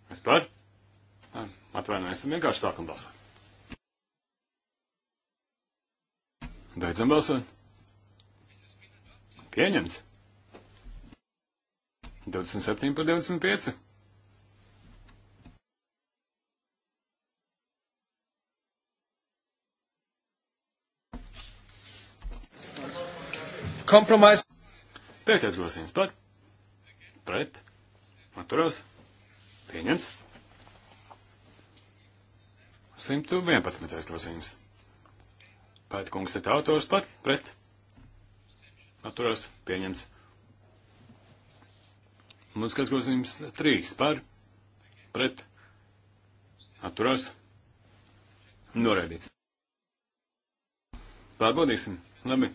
Kas par? Ah, Atvainojos, vienkārši sākam balsot. Beidzam balsot. Pieņemts. 27 par 25. Kompromise. Piektais grozījums par. Pret. Atturās. Pieņemts. 111. grozījums. Pēc kungs ir autors par. Pret. Atturās. Pieņemts. Mūzikas grozījums 3 par. Pret. Atturās. Noraidīts. Pārbaudīsim. Labi.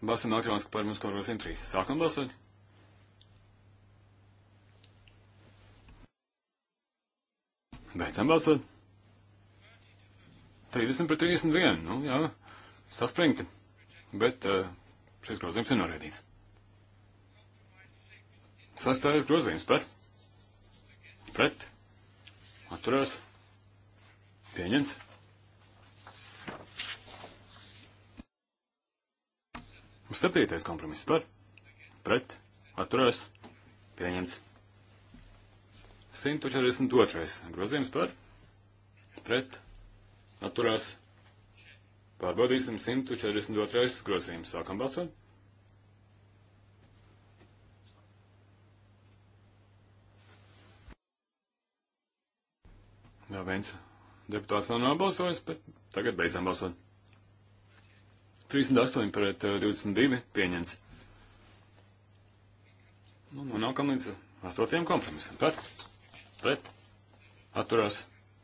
Balsam elektroniski par mūsu korosim 3. Sākam balsot. Beidzam balsot. 30 pret 31, nu jā, saspringti. Bet uh, šis grozījums ir norēdīts. Sastājas grozījums par. Pret. Atturās. Pieņemts. Septītais kompromiss par, pret, atturās, pieņemts. 142. grozījums par, pret, atturās. Pārbaudīsim 142. grozījumu. Sākam balsot. Vēl viens deputāts nav nobalsojis, bet tagad beidzam balsot. 38 pret 22 eh, pieņemts. Nu, nonākam nu, līdz 8. kompromisam. Par, pret, atturās,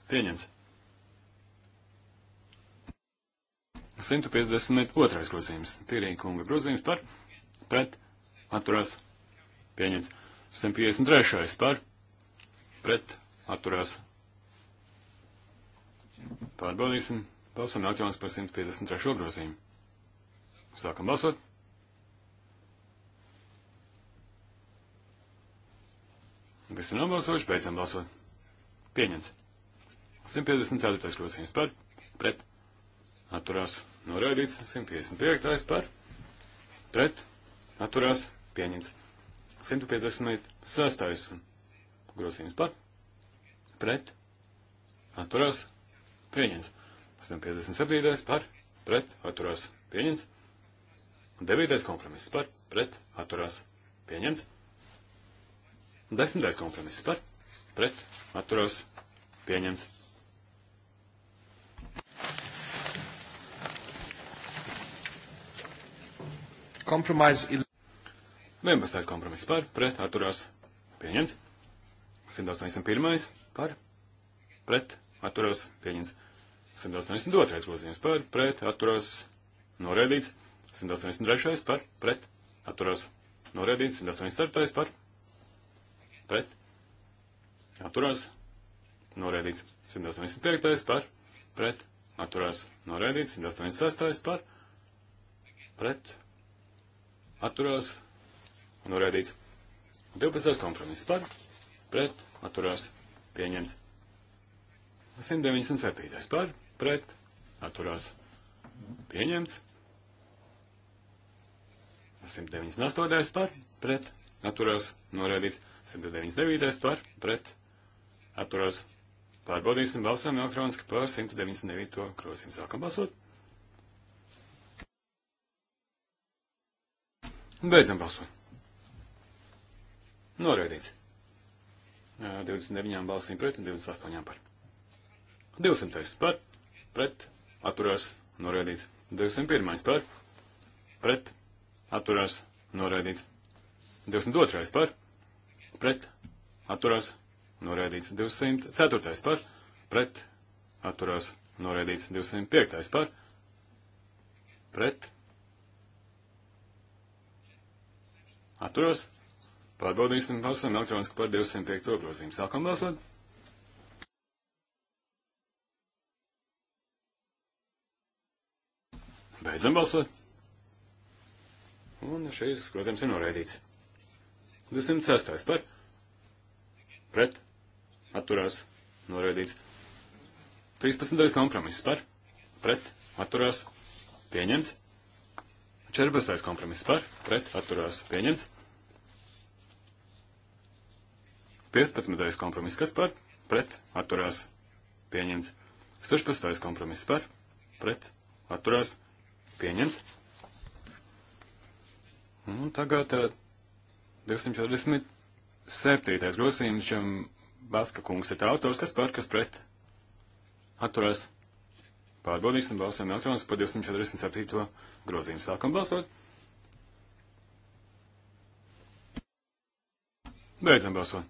pieņemts. 152. grozījums. Tīrīga kunga grozījums par, pret, atturās, pieņemts. 153. par, pret, atturās. Pārbaudīsim. Balsam jautājums par 153. grozījumu. Sākam balsot. Visi nobalsojuši, beidzam balsot. Pieņemts. 154. grozījums par, pret, atturās, noraidīts. 155. par, pret, atturās, pieņemts. 156. grozījums par, pret, atturās, pieņemts. 157. par, pret, atturās, pieņemts. Devītais kompromiss par pret atturās pieņemts. Desmitais kompromiss par pret atturās pieņemts. Kompromise 11. kompromiss par pret atturās pieņemts. 181. par pret atturās pieņemts. 182. grozījums par pret atturās noraidīts. 183. par pret atturās norēdīts, 184. par pret atturās norēdīts, 185. par pret atturās norēdīts, 186. par pret atturās norēdīts. 12. kompromiss par pret atturās pieņemts. 197. par pret atturās pieņemts. 198. par pret atturās norādīts 199. par pret atturās. Pārbaudīsim balsojumu elektroniski par 199. krosīm. Sākam balsot. Beidzam balsot. Noraidīts. 29 balsīm pret un 28 par. 200 par, pret, atturās, noraidīts. 201 par, pret, atturās noraidīts. 202. par pret atturās noraidīts. 204. par pret atturās noraidīts. 205. par pret atturās. Pārbaudīsim balsojumu elektroniski par 205. grozījumu. Sākam balsot. Beidzam balsot. Un šīs grozījums ir noraidīts. 206. par pret atturās noraidīts. 13. kompromiss par pret atturās pieņemts. 14. kompromiss par pret atturās pieņemts. 15. kompromiss kas par pret atturās pieņemts. 16. kompromiss par pret atturās pieņemts. Un tagad 247. Eh, grozījums, čem Baska kungs ir autors, kas par, kas pret atturās. Pārbaudīsim, balsojam elektronis par 247. grozījumu. Sākam balsot. Beidzam balsot.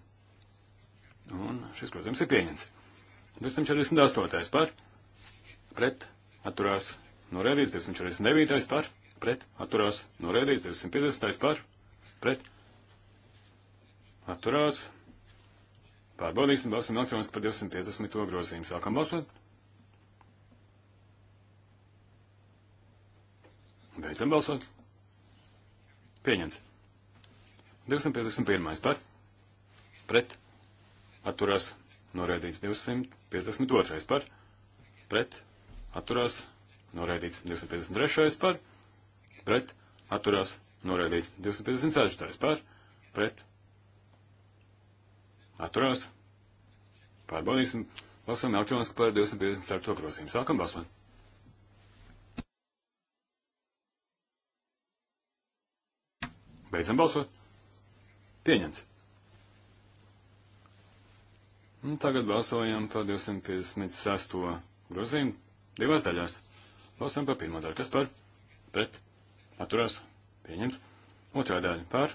Un šis grozījums ir pieņemts. 248. par, pret, atturās, norēdīts, 249. par, pret, atturās, noraidīts 250. par, pret, atturās. Pārbaudīsim, balsam elektroniski par 250. grozījumu. Sākam balsot. Beidzam balsot. Pieņems. 251. par, pret, atturās, noraidīts 252. par, pret, atturās, noraidīts 253. par, pret, pret, atturās noraidīts. 256. par, pret, atturās. Pārbaudīsim. Balsojam elektroniski par 254. grozījumu. Sākam balsot. Beidzam balsot. Pieņemts. Un tagad balsojam par 256. grozījumu divās daļās. Balsojam par pirmo daļu. Kas par? Pret atturās, pieņems. Otrā daļa par,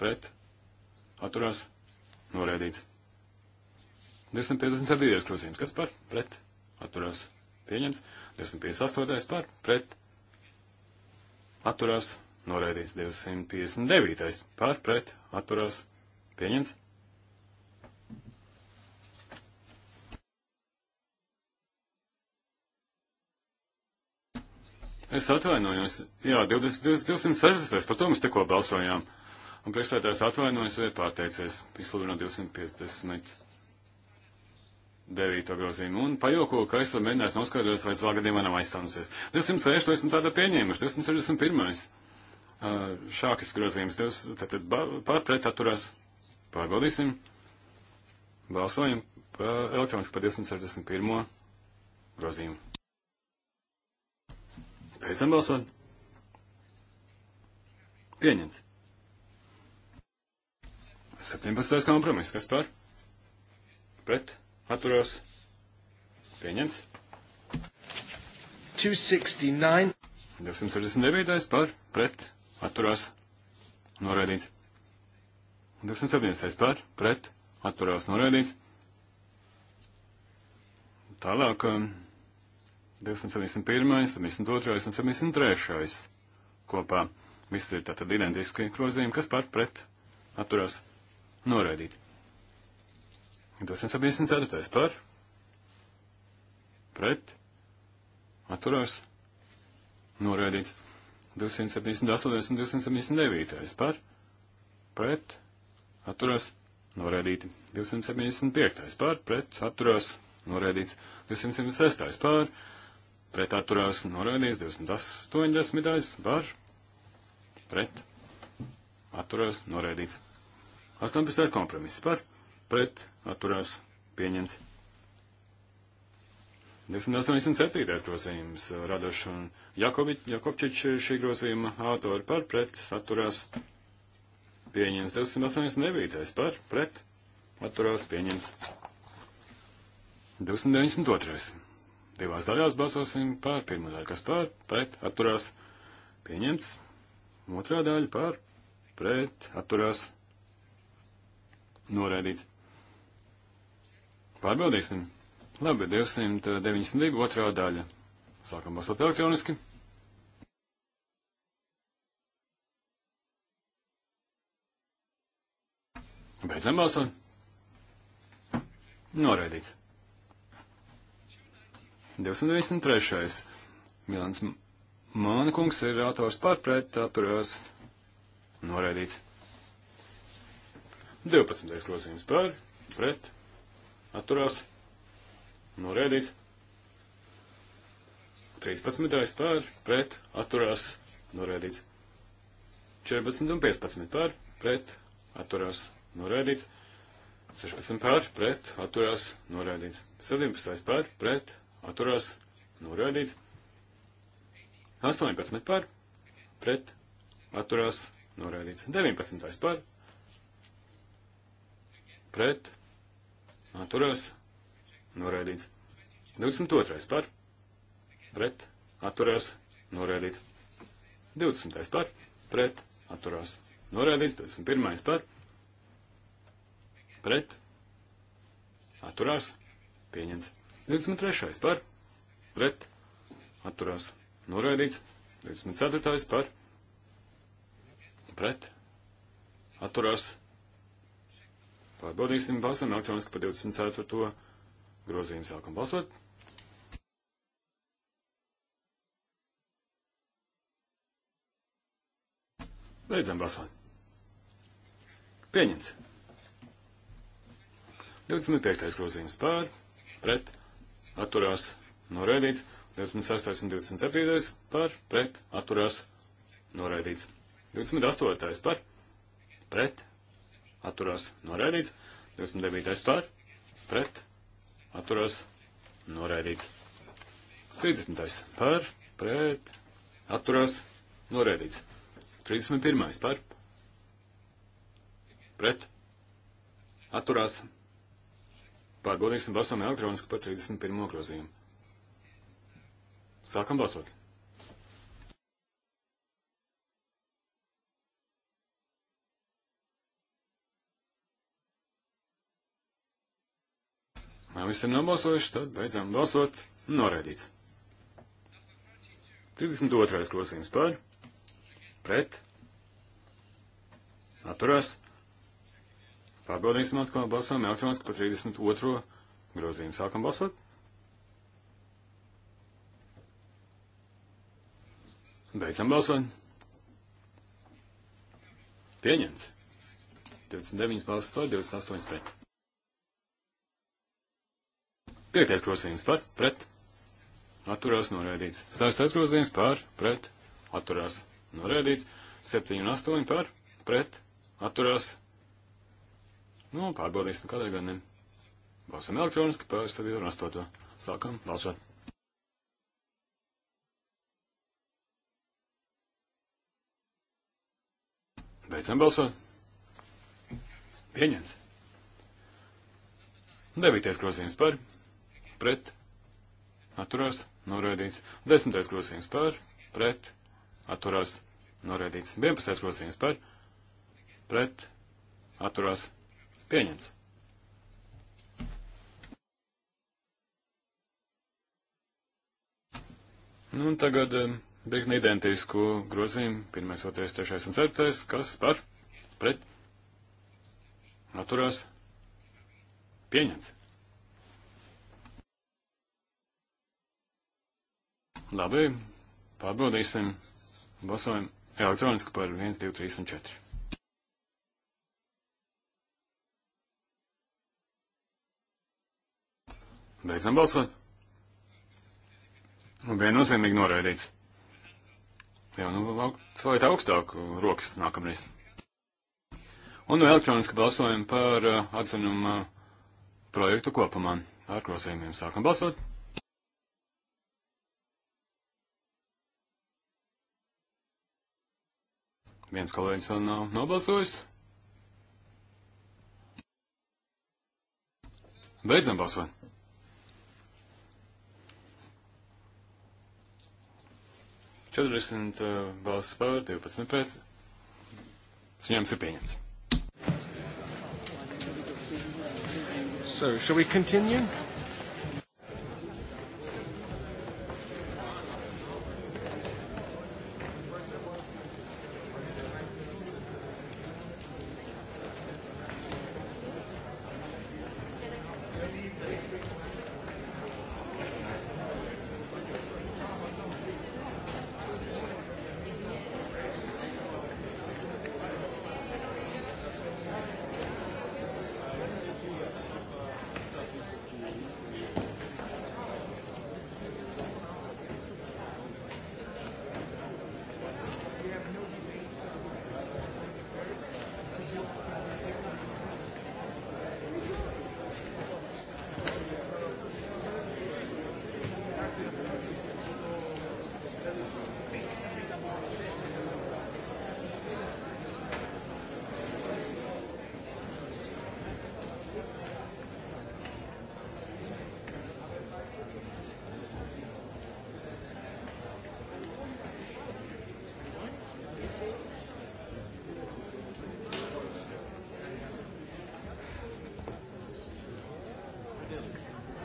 pret, atturās, norēdīts. 257. grozījums, kas par, pret, atturās, pieņems. 258. par, pret, atturās, norēdīts. 259. par, pret, atturās, pieņems. Es atvainojos, jā, 20, 260, par to mēs tikko balsojām. Un priekšstādājs atvainojas vai pārteicies, izsludinot 250. 9. grozījumu un pajoko, ka es vēl mēģināšu noskaidrot, vai zāle gadījumā nav aizstāvusies. 206. esmu tāda pieņēmuši, 261. Uh, šākas grozījums, divas, tātad pārpret atturās. Pārbaudīsim. Balsojam pa, elektroniski par 261. grozījumu. Beidzam balsot. Pieņemts. 17. kompromiss. Kas par? Pret. Atturās. Pieņemts. 269. 269. par. Pret. Atturās. Noraidīts. 270. par. Pret. Atturās. Noraidīts. Tālāk. Um, 271, 72 un 73 kopā. Visi ir tātad identiski grozījumi, kas par pret atturās noraidīt. 274 par pret atturās noraidīts. 278 un 279 par pret atturās noraidīti. 275 par pret atturās noraidīts. 276 par pret pret atturās noraidīts 280. par pret atturās noraidīts. 18. kompromiss par pret atturās pieņemts. 287. grozījums Radošs un Jakobčič šī grozījuma autori par pret atturās pieņems. 289. par pret atturās pieņems. 292. Divās daļās balsosim par pirmo daļu, kas par, pret, atturās, pieņemts. Otrā daļa par, pret, atturās, noraidīts. Pārbaudīsim. Labi, 292 otrā daļa. Sākam balsot elektroniski. Beidzam balsot. Noraidīts. 293. Milans Māna kungs ir autors par pret atturās noraidīts. 12. grozījums par pret atturās noraidīts. 13. par pret atturās noraidīts. 14 un 15 pār, pret, atturās, noraidīts. 16 pār, pret, atturās, noraidīts. 17 pār, pret, atturās, noraidīts. 18 par, pret, atturās, noraidīts. 19 par, pret, atturās, noraidīts. 22 par, pret, atturās, noraidīts. 20 par, pret, atturās, noraidīts. 21 par, pret, atturās, pieņems. 23. par pret atturās noraidīts. 24. par pret atturās. Pārbaudīsim balsojumu elektroniski pa 24. grozījumu sākam balsot. Beidzam balsot. Pieņems. 25. grozījums pār, pret, atturās noraidīts, 26. un 27. par pret atturās noraidīts, 28. par pret atturās noraidīts, 29. par pret atturās noraidīts, 30. par pret atturās noraidīts, 31. par pret atturās noraidīts Pārbaudīsim balsojumu elektroniski par 31. grozījumu. Sākam balsot. Ja visi ir nobalsojuši, tad beidzām balsot. Noraidīts. 32. klausījums par, pret, atturās, Pārbaudīsim atkal balsojumu elektroniski par 32. grozījumu. Sākam balsot. Beidzam balsot. Pieņemts. 29 balsas par, 28 pret. Piektais grozījums par, pret. Atturās norēdīts. Sastais grozījums par, pret. Atturās norēdīts. 7 un 8 par, pret. Atturās norēdīts Nu, pārbaudīsim, kādēļ gan ne. Balsam elektroniski par stabilu un astoto. Sākam balsot. Beidzam balsot. Pieņems. Devītais grozījums par, pret, atturās, norēdīts. Desmitais grozījums par, pret, atturās, norēdīts. Vienpadsmitais grozījums par, pret, atturās, norēdīts Pieņemts. Nu, un tagad virkni identisku grozījumu. Pirmais, otrais, trešais un ceturtais. Kas par? Pret? Atturās? Pieņemts. Labi, pārbaudīsim. Balsojam elektroniski par 1, 2, 3 un 4. Beidzam balsot. Un viennozīmīgi noraidīts. Jā, nu, celiet augstāk rokas nākamreiz. Un nu elektroniski balsojam par uh, atzinumu uh, projektu kopumā. Ar grozījumiem sākam balsot. Viens kolēģis vēl nav nobalsojis. Beidzam balsot. 40 eh, balsis par, 12 pret. Ziņojums ir pieņemts. So, shall we continue?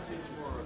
message or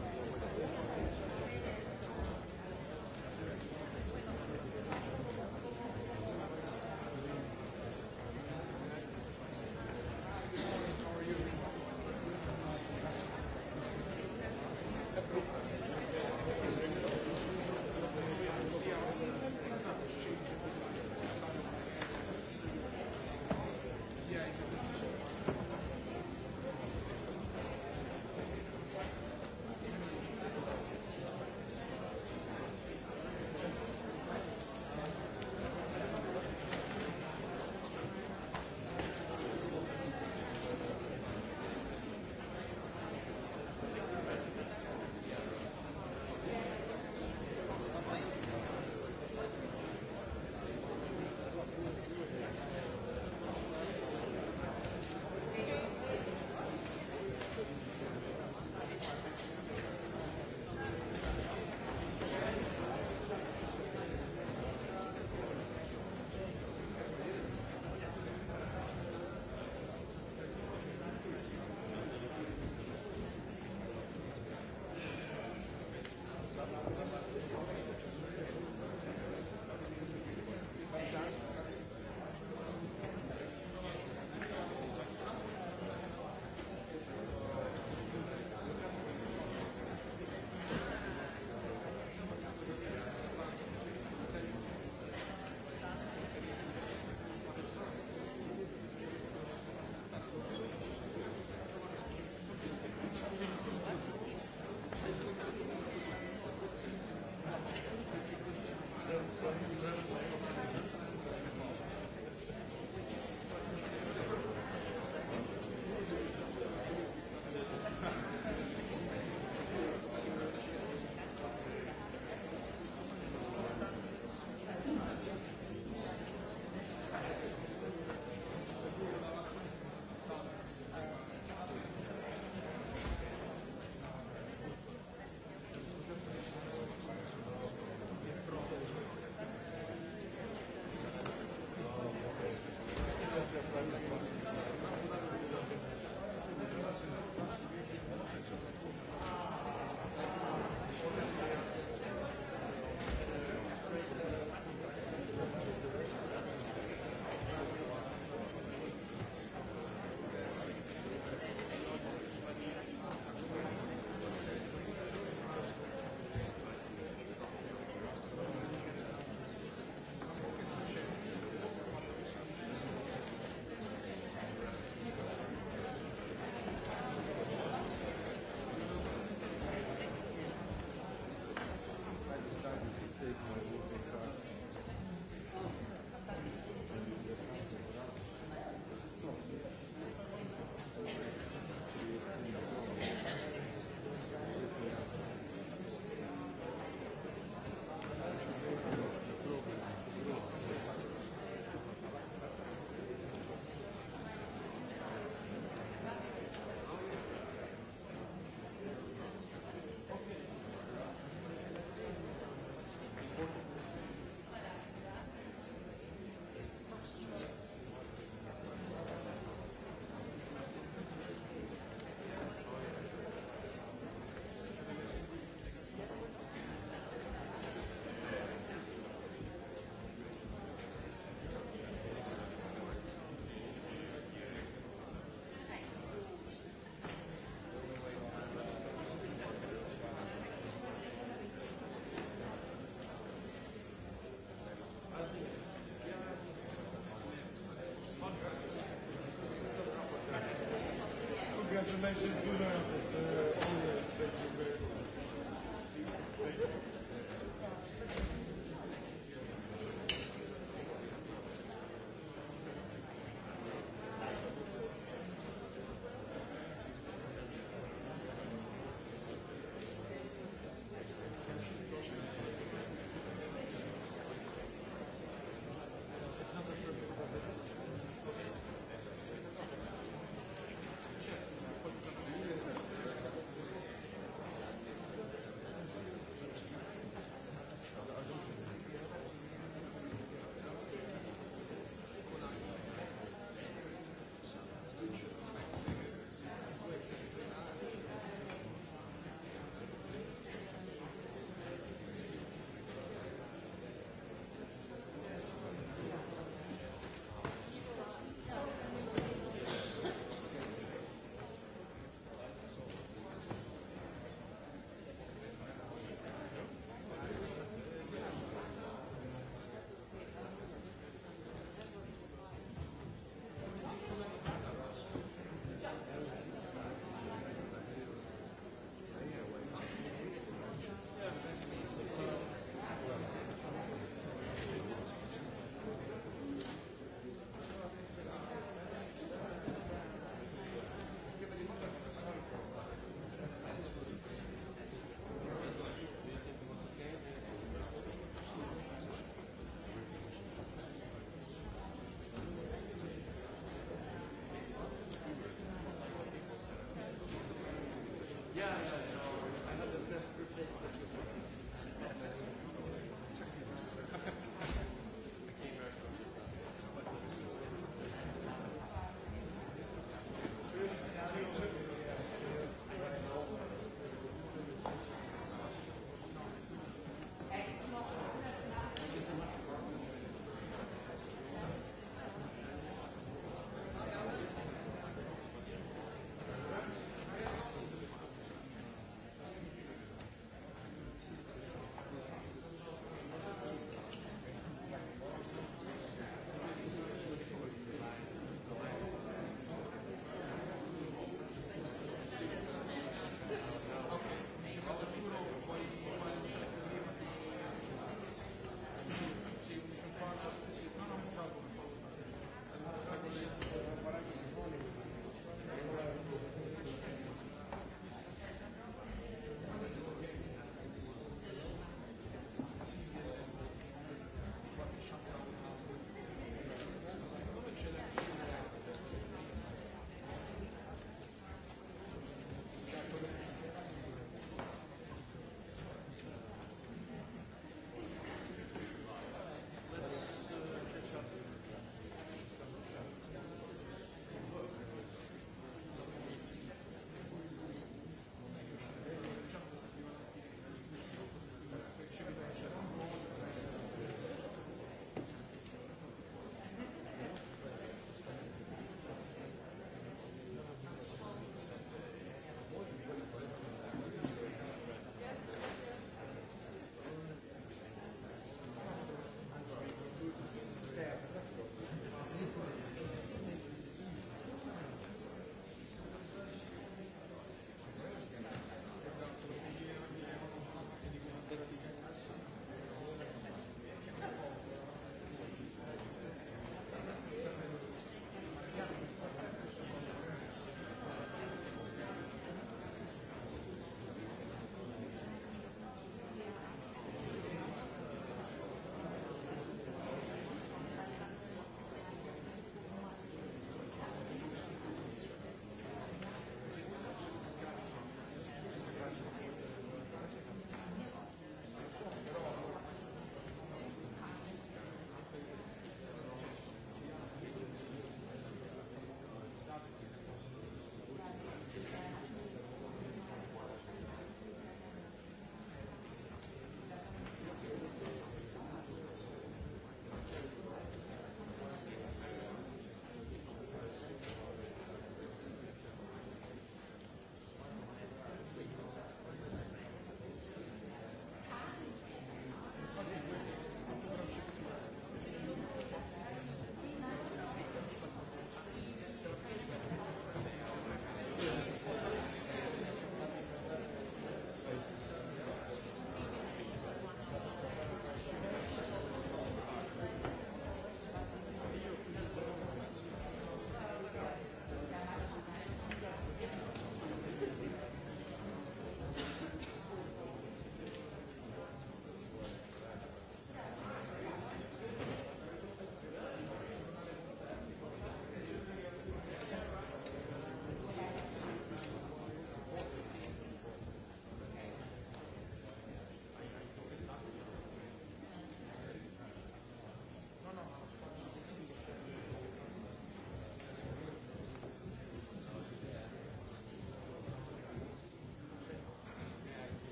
Congratulations.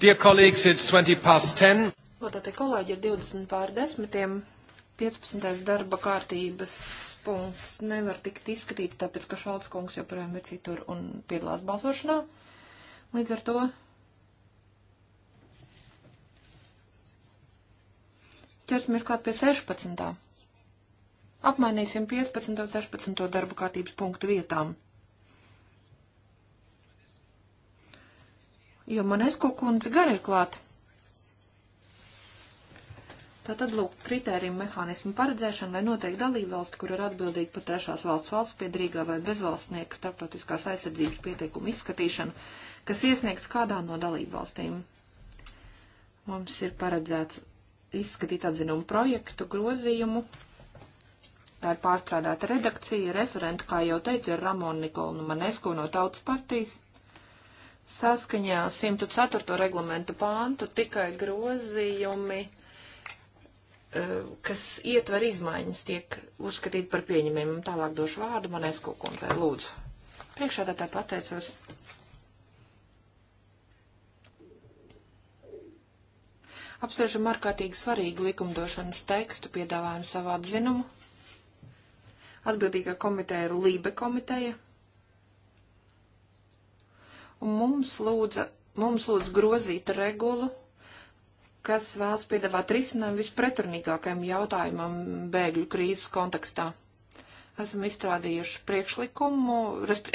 Dear colleagues, it's 20 past 10. Tātad kolēģi ir 20 pār 10. 15. darba kārtības punkts nevar tikt izskatīts, tāpēc, ka šāds kungs joprojām ir citur un piedalās balsošanā. Līdz ar to. Ķersimies klāt pie 16. Apmainīsim 15. un 16. darba kārtības punktu vietām. jo man eskukundze gar ir klāta. Tātad, lūk, kritēriju mehānismu paredzēšana, lai noteikti dalību valsti, kur ir atbildīgi par trešās valsts valsts piedrīgā vai bezvalstnieka starptautiskās aizsardzības pieteikumu izskatīšanu, kas iesniegts kādā no dalību valstīm. Mums ir paredzēts izskatīt atzinumu projektu grozījumu. Tā ir pārstrādāta redakcija, referenta, kā jau teicu, ir Ramona Nikolna Manesko no Tautas partijas. Saskaņā 104. reglamentu pāntu tikai grozījumi, e, kas ietver izmaiņas, tiek uzskatīti par pieņemiem. Tālāk došu vārdu manai skukumtai. Lūdzu. Priekšā tā tā pateicos. apsvežam ārkārtīgi svarīgu likumdošanas tekstu piedāvājumu savā atzinumu. Atbildīgā komiteja ir Lībe komiteja un mums lūdza, mums lūdza grozīt regulu, kas vēlas piedāvāt risinājumu vispretrunīgākajam jautājumam bēgļu krīzes kontekstā. Esam izstrādījuši priekšlikumu,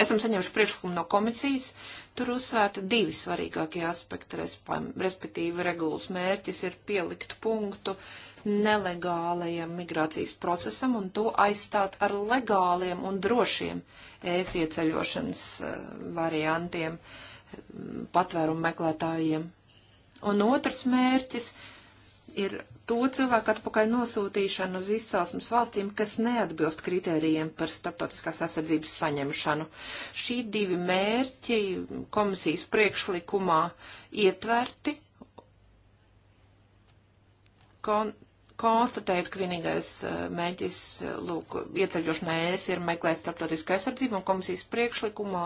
esam saņēmuši priekšlikumu no komisijas, tur uzsvērta divi svarīgākie aspekti, respektīvi regulas mērķis ir pielikt punktu uh, nelegālajiem migrācijas procesam un to aizstāt ar legāliem un drošiem ēs ieceļošanas eh, variantiem mm, patvērumu meklētājiem. Un otrs mērķis ir to cilvēku atpakaļ nosūtīšanu uz izcelsmes valstīm, kas neatbilst kritērijiem par starptautiskās aizsardzības saņemšanu. Šī divi mērķi komisijas priekšlikumā ietverti. Kon konstatēt, ka vienīgais eh, mēģis, eh, lūk, ieceļošanai es ir meklēt starptautisku aizsardzību un komisijas priekšlikumā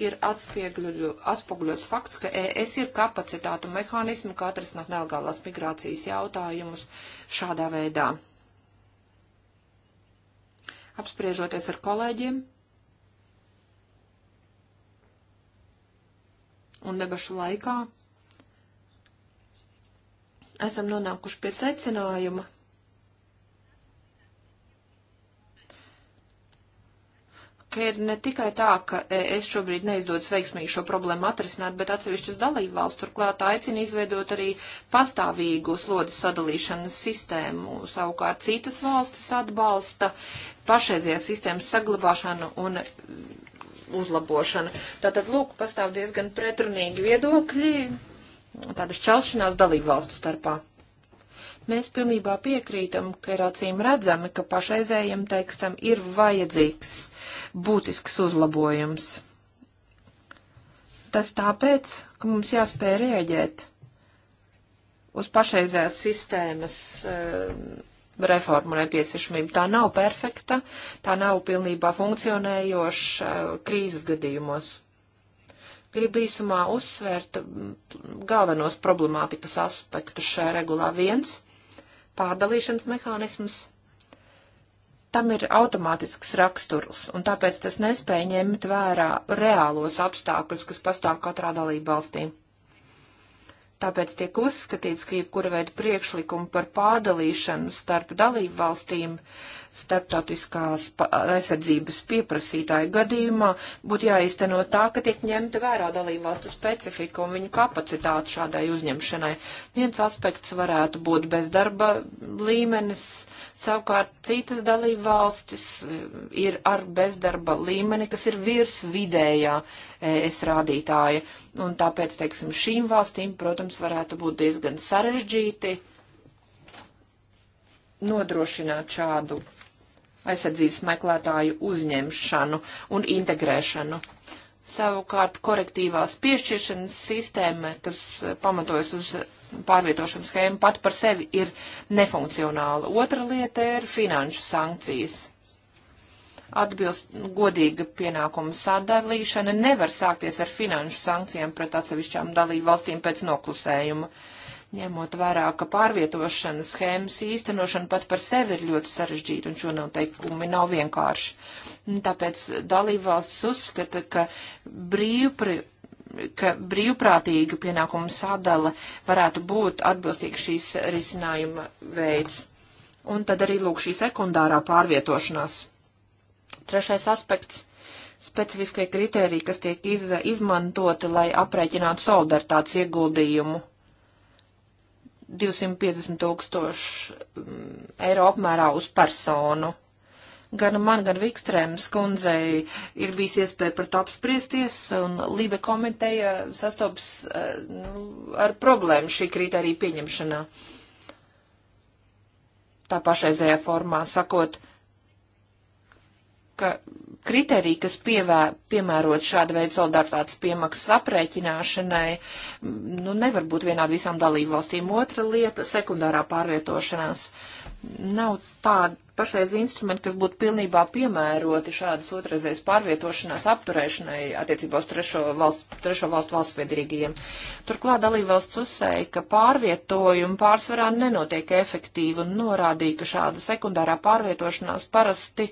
ir atspoguļots fakts, ka ES ir kapacitātu mehānismi, kā atrisināt nelegālās migrācijas jautājumus šādā veidā. Apspriežoties ar kolēģiem, un debašu laikā esam nonākuši pie secinājuma, ka ir ne tikai tā, ka es šobrīd neizdodas veiksmīgi šo problēmu atrisināt, bet atsevišķas dalībvalsts turklāt aicina izveidot arī pastāvīgu slodzes sadalīšanas sistēmu. Savukārt citas valstis atbalsta pašreizējās sistēmas saglabāšanu un uzlabošanu. Tātad, lūk, pastāv diezgan pretrunīgi viedokļi tāda šķelšanās dalību valstu starpā. Mēs pilnībā piekrītam, ka ir acīm redzami, ka pašreizējiem tekstam ir vajadzīgs būtisks uzlabojums. Tas tāpēc, ka mums jāspēj rēģēt uz pašreizējās sistēmas uh, reformu nepieciešamību. Tā nav perfekta, tā nav pilnībā funkcionējoša uh, krīzes gadījumos. Gribu īsumā uzsvērt galvenos problemātikas aspektus šajā regulā. Viens - pārdalīšanas mehānisms. Tam ir automātisks raksturs, un tāpēc tas nespēja ņemt vērā reālos apstākļus, kas pastāv katrā dalība valstī. Tāpēc tiek uzskatīts, ka jebkura veida priekšlikumi par pārdalīšanu starp dalību valstīm uh, starptautiskās aizsardzības pieprasītāju gadījumā būtu jāizteno tā, ka tiek ņemta vērā dalībvalstu specifika un viņu kapacitāte šādai uzņemšanai. Viens aspekts varētu būt bezdarba līmenis, savukārt citas dalībvalstis e, ir ar bezdarba līmeni, kas ir virs vidējā e, es rādītāja. Un tāpēc, teiksim, šīm valstīm, protams, varētu būt diezgan sarežģīti nodrošināt šādu aizsardzības meklētāju uzņemšanu un integrēšanu. Savukārt korektīvās piešķiršanas sistēma, kas eh, pamatojas uz pārvietošanas schēmu, pat par sevi ir nefunkcionāla. Otra lieta ir finanšu sankcijas. Atbilst godīga pienākuma sadalīšana nevar sākties ar finanšu sankcijām pret atsevišķām dalību valstīm pēc noklusējuma ņemot vērā, ka pārvietošanas schēmas īstenošana pat par sevi ir ļoti sarežģīta, un šo noteikumi nav vienkārši. Tāpēc dalībvalsts uzskata, ka brīvpri ka brīvprātīga pienākuma sadala varētu būt atbilstīgi šīs risinājuma veids. Un tad arī lūk šī sekundārā pārvietošanās. Trešais aspekts specifiskie kriteriji, kas tiek iz, izmantoti, lai aprēķinātu solidaritātes ieguldījumu 250 tūkstošu mm, eiro apmērā uz personu. Gan man, gan Vikstrēmas kundzei ir bijis iespēja par to apspriesties, un Lībe komiteja sastops eh, nu, ar problēmu šī kriterija pieņemšanā. Tā pašreizējā formā sakot, ka kriteriji, kas pievēr, piemērot šādu veidu solidaritātes piemaksas aprēķināšanai, mm, nu, nevar būt vienādi visām dalībvalstīm. Otra lieta - sekundārā pārvietošanās. Uh, nav tādi pašreiz instrumenti, kas būtu pilnībā piemēroti šādas otrreizējas pārvietošanās apturēšanai attiecībā uz trešo valstu, trešo valstu valstspiedrīgajiem. Turklāt dalībvalsts uzsēja, ka pārvietojumi pārsvarā nenotiek efektīvi un norādīja, ka šāda sekundārā pārvietošanās parasti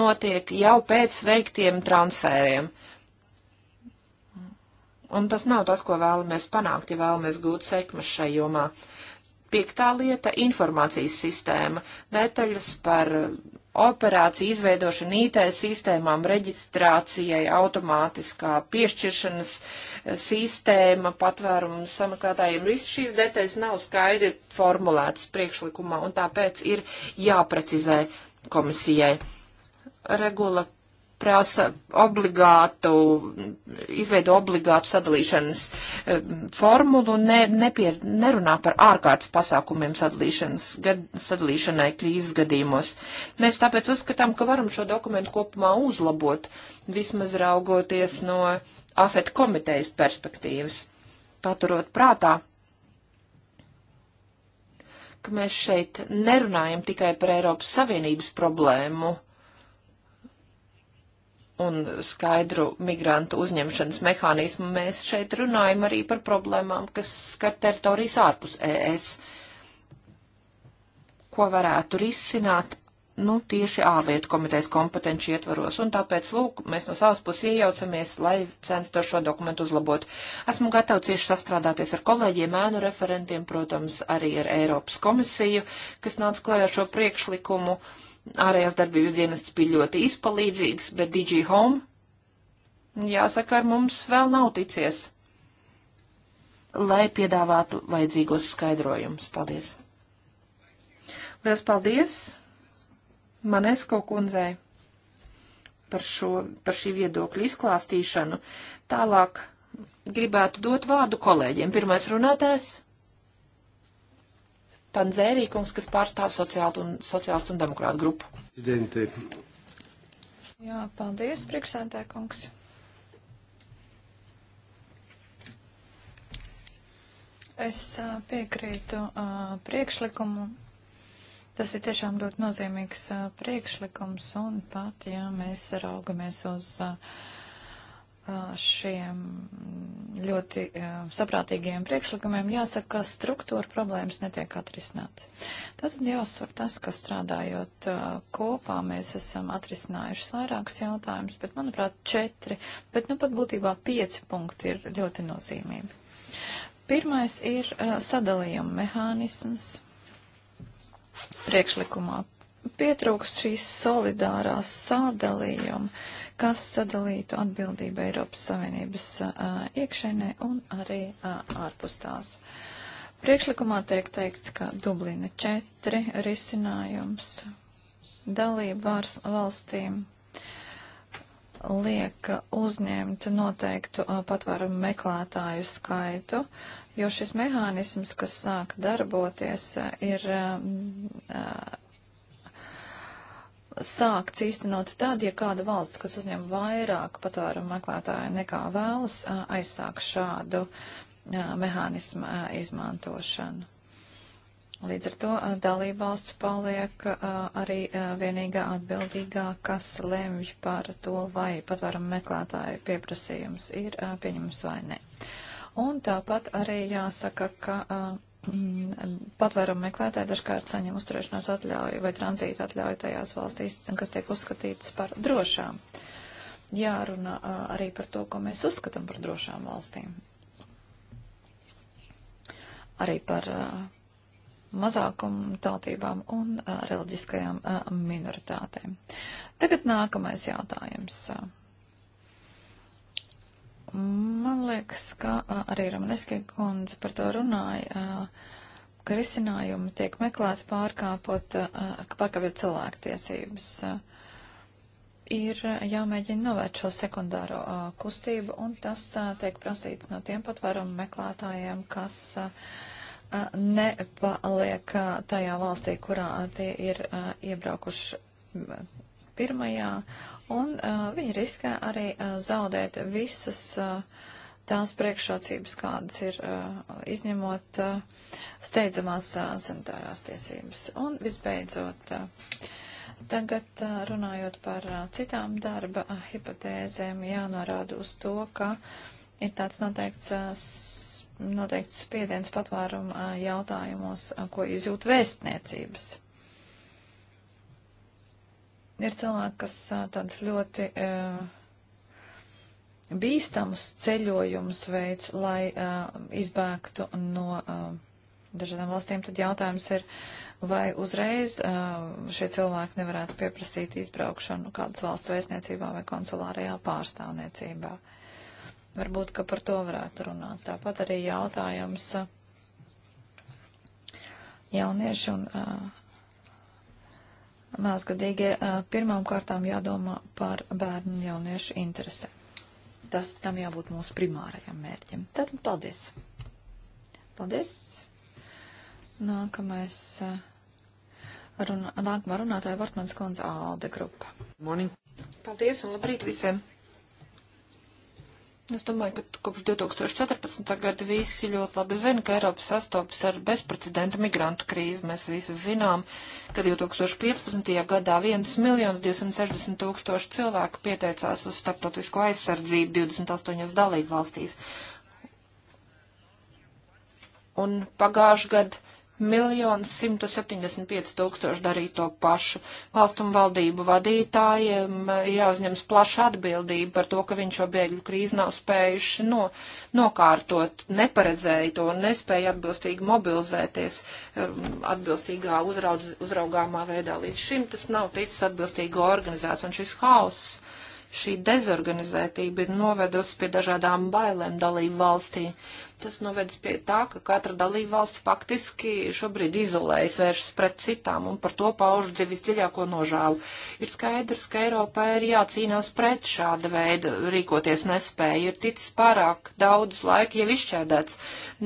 notiek jau pēc veiktiem transfēriem un tas nav tas, ko vēlamies panākt, ja vēlamies gūt sekmes šai jomā. Piektā lieta - informācijas sistēma. Detaļas par operāciju izveidošanu IT sistēmām, reģistrācijai, automātiskā piešķiršanas eh, sistēma, patvērumu samakārtājiem. Viss šīs detaļas nav skaidri formulētas priekšlikumā un tāpēc ir jāprecizē komisijai. Regula prasa obligātu, izveido obligātu sadalīšanas eh, formulu un ne, nepie, nerunā par ārkārtas pasākumiem sadalīšanas, gad, sadalīšanai krīzes gadījumos. Mēs tāpēc uzskatām, ka varam šo dokumentu kopumā uzlabot, vismaz raugoties no AFET komitejas perspektīvas, paturot prātā ka mēs šeit nerunājam tikai par Eiropas Savienības problēmu, uh, un skaidru migrantu uzņemšanas mehānismu, mēs šeit runājam arī par problēmām, kas skar teritorijas ārpus ES, ko varētu risināt, nu, tieši ārlietu komitejas kompetenci ietvaros, un tāpēc, lūk, mēs no savas puses iejaucamies, lai censtu šo dokumentu uzlabot. Esmu gatava cieši sastrādāties ar kolēģiem, ēnu referentiem, protams, arī ar Eiropas komisiju, kas nāca klajā šo priekšlikumu. Uh, Ārējās darbības dienestas bija ļoti izpalīdzīgs, bet DG Home, jāsaka, ar mums vēl nav ticies, lai piedāvātu vajadzīgos skaidrojumus. Paldies! Liels paldies Manesko kundzei par, šo, par šī viedokļa izklāstīšanu. Tālāk gribētu dot vārdu kolēģiem. Pirmais runātājs Panzērīkungs, kas pārstāv sociālistu un, sociālistu un demokrātu grupu. Identi. Jā, paldies, priekšsēdētājkungs. Es piekrītu uh, priekšlikumu. Tas ir tiešām ļoti nozīmīgs uh, priekšlikums, un pat, ja mēs raugamies uz uh, šiem ļoti saprātīgiem priekšlikumiem, jāsaka, ka struktūra problēmas netiek atrisināts. Tad jāsver tas, ka strādājot kopā mēs esam atrisinājuši vairākus jautājumus, bet manuprāt četri, bet nu pat būtībā pieci punkti ir ļoti nozīmīgi. Pirmais ir sadalījuma mehānisms priekšlikumā pietrūkst šīs solidārās sadalījuma, kas sadalītu atbildību Eiropas Savienības uh, iekšēnē un arī uh, ārpus tās. Priekšlikumā tiek teikts, ka Dublina 4 risinājums dalību vārs, valstīm liek uzņemt noteiktu uh, patvērumu meklētāju skaitu, jo šis mehānisms, kas sāk darboties, ir uh, sākts īstenot tad, ja kāda valsts, kas uzņem vairāk patvērumu meklētāju nekā vēlas, aizsāk šādu mehānismu izmantošanu. Līdz ar to dalībvalsts paliek arī vienīgā atbildīgā, kas lemj par to, vai patvaram meklētāju pieprasījums ir pieņems vai ne. Un tāpat arī jāsaka, ka Mm, patvērumu meklētāji dažkārt saņem uzturēšanās atļauju vai tranzītu atļauju tajās valstīs, kas tiek uzskatītas par drošām. Jārunā arī par to, ko mēs uzskatām par drošām valstīm. Arī par mazākumu tautībām un reliģiskajām minoritātēm. Tagad nākamais jautājums. A, Man liekas, ka arī Ramaneskie kundze par to runāja, ka risinājumi tiek meklēti pārkāpot, pārkāpjot cilvēktiesības. Ir jāmēģina novērt šo sekundāro kustību, un tas tiek prasīts no tiem patvērumu meklētājiem, kas nepaliek tajā valstī, kurā tie ir iebraukuši pirmajā un uh, viņi riskē arī uh, zaudēt visas uh, tās priekšrocības, kādas ir uh, izņemot uh, steidzamās uh, sanitārās tiesības. Un visbeidzot, uh, tagad uh, runājot par uh, citām darba uh, hipotēzēm, jānorāda uz to, ka ir tāds noteikts. Uh, noteikts spiediens patvērumu uh, jautājumos, uh, ko izjūt vēstniecības. Ir cilvēki, kas tādas ļoti bīstamus ceļojumus veids, lai izbēgtu no dažādām valstīm. Tad jautājums ir, vai uzreiz šie cilvēki nevarētu pieprasīt izbraukšanu kādas valsts vēstniecībā vai konsulārajā pārstāvniecībā. Varbūt, ka par to varētu runāt. Tāpat arī jautājums jaunieši un uh, mazgadīgie pirmām kārtām jādomā par bērnu un jauniešu interesi. Tas tam jābūt mūsu primārajam mērķim. Tātad paldies. Paldies. Nākamais runa, nākamā runātāja Vartmans kundze Alde grupa. Morning. Paldies un labrīt visiem. Es domāju, ka kopš 2014. gada visi ļoti labi zina, ka Eiropa sastopas ar bezprecedenta migrantu krīzi. Mēs visi zinām, ka 2015. gadā 1 miljonus 260 tūkstoši cilvēku pieteicās uz starptautisko aizsardzību 28 dalību valstīs. Un pagājuši gadu miljonu 175 tūkstoši darīja to pašu. Valstu un valdību vadītājiem eh, jāuzņems plaša atbildība par to, ka viņš šo bēgļu krīzi nav spējuši no, nokārtot, neparedzēja to un nespēja atbilstīgi mobilizēties ehm, atbilstīgā uzraudz, uzraugāmā veidā. Līdz šim tas nav ticis atbilstīgi organizēts un šis hauss. Šī dezorganizētība ir novedusi pie dažādām bailēm dalību valstī tas novedis pie tā, ka katra dalībvalsts faktiski šobrīd izolējas, vēršas pret citām, un par to paužu dzīvis dziļāko nožēlu. Ir skaidrs, ka Eiropā ir jācīnās pret šāda veida rīkoties nespēju, ir ticis pārāk daudz laika jau izšķēdēts,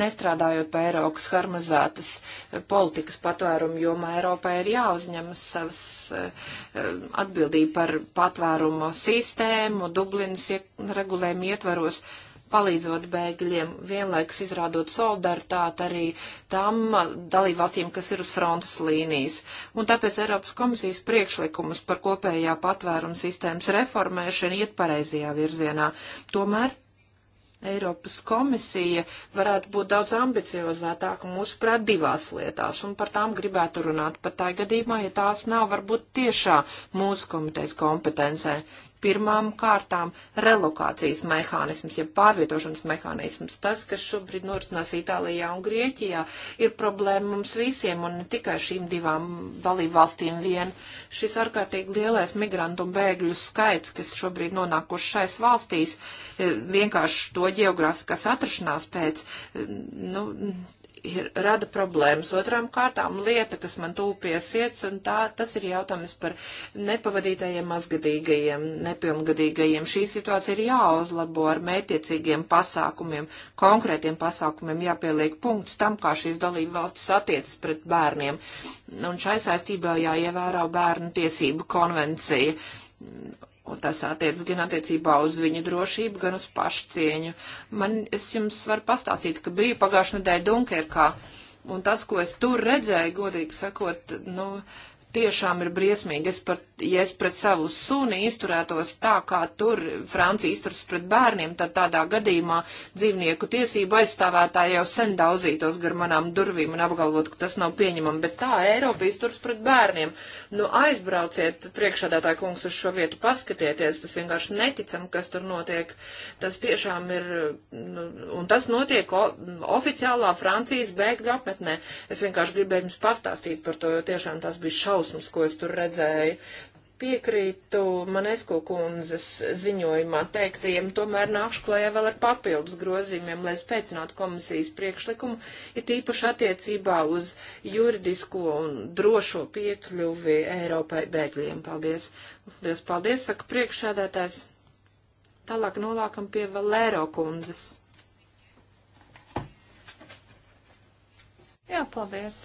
nestrādājot pie Eiropas harmonizētas eh, politikas patvērumu, jomā Eiropā ir jāuzņemas savas eh, atbildība par patvērumu sistēmu, Dublinas regulējumu ietvaros. Uh, palīdzot bēgļiem, vienlaikus izrādot solidaritāti arī tām dalībvalstīm, kas ir uz frontes līnijas. Un tāpēc Eiropas komisijas priekšlikumus par kopējā patvērumu sistēmas reformēšanu iet pareizajā virzienā. Tomēr Eiropas komisija varētu būt daudz ambiciozētāka mūsuprāt divās lietās, un par tām gribētu runāt pat tā gadījumā, ja tās nav varbūt tiešā mūsu komitejas kompetencē pirmām kārtām relokācijas mehānisms, ja pārvietošanas mehānisms. Tas, kas šobrīd norisinās Itālijā un Grieķijā, ir problēma mums visiem un ne tikai šīm divām dalību valstīm vien. Šis ārkārtīgi lielais migrantu un bēgļu skaits, kas šobrīd nonākuši šais valstīs, e, vienkārši to ģeogrāfiskās atrašanās pēc, e, nu, ir, rada problēmas. Otrām kārtām lieta, kas man tūpies iets, un tā, tas ir jautājums par nepavadītajiem mazgadīgajiem, nepilngadīgajiem. Šī situācija ir jāuzlabo ar mērķiecīgiem pasākumiem, konkrētiem pasākumiem, jāpieliek punkts tam, kā šīs dalība valstis attiecas pret bērniem. Un šai saistībā jāievērā bērnu tiesību konvencija Un tas attiec gan attiecībā uz viņa drošību, gan uz pašcieņu. Man, es jums varu pastāstīt, ka biju pagājušajā nedēļā Dunkerkā, un tas, ko es tur redzēju, godīgi sakot, nu, tiešām ir briesmīgi. Es par ja es pret savu suni izturētos tā, kā tur Francija izturas pret bērniem, tad tādā gadījumā dzīvnieku tiesību aizstāvētāji jau sen daudzītos gar manām durvīm un apgalvot, ka tas nav pieņemami, bet tā Eiropa izturas pret bērniem. Nu, aizbrauciet priekšādātāju kungs uz šo vietu, paskatieties, tas vienkārši neticam, kas tur notiek. Tas tiešām ir, nu, un tas notiek o, oficiālā Francijas bēgļu apmetnē. Es vienkārši gribēju jums pastāstīt par to, jo tiešām tas bija šausmas, ko es tur redzēju. Piekrītu Manesko kundzes ziņojumā teiktajiem, tomēr nākšu klajā vēl ar papildus grozījumiem, lai spēcinātu komisijas priekšlikumu, ir tīpaši attiecībā uz juridisko un drošo piekļuvi Eiropai bēgļiem. Paldies! Paldies, paldies, saka priekšsēdētājs. Tālāk nolākam pie Valēro kundzes. Jā, paldies.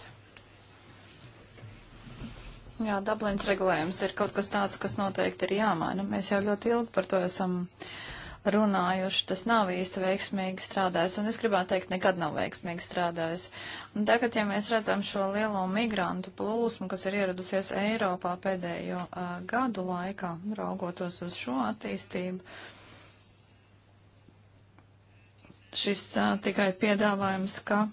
Jā, Dublins regulējums ir kaut kas tāds, kas noteikti ir jāmaina. Mēs jau ļoti ilgi par to esam runājuši. Tas nav īsti veiksmīgi strādājis, un es gribētu teikt, nekad nav veiksmīgi strādājis. Un tagad, ja mēs redzam šo lielo migrantu plūsmu, kas ir ieradusies Eiropā pēdējo uh, gadu laikā, raugotos uz šo attīstību, šis uh, tikai piedāvājums, ka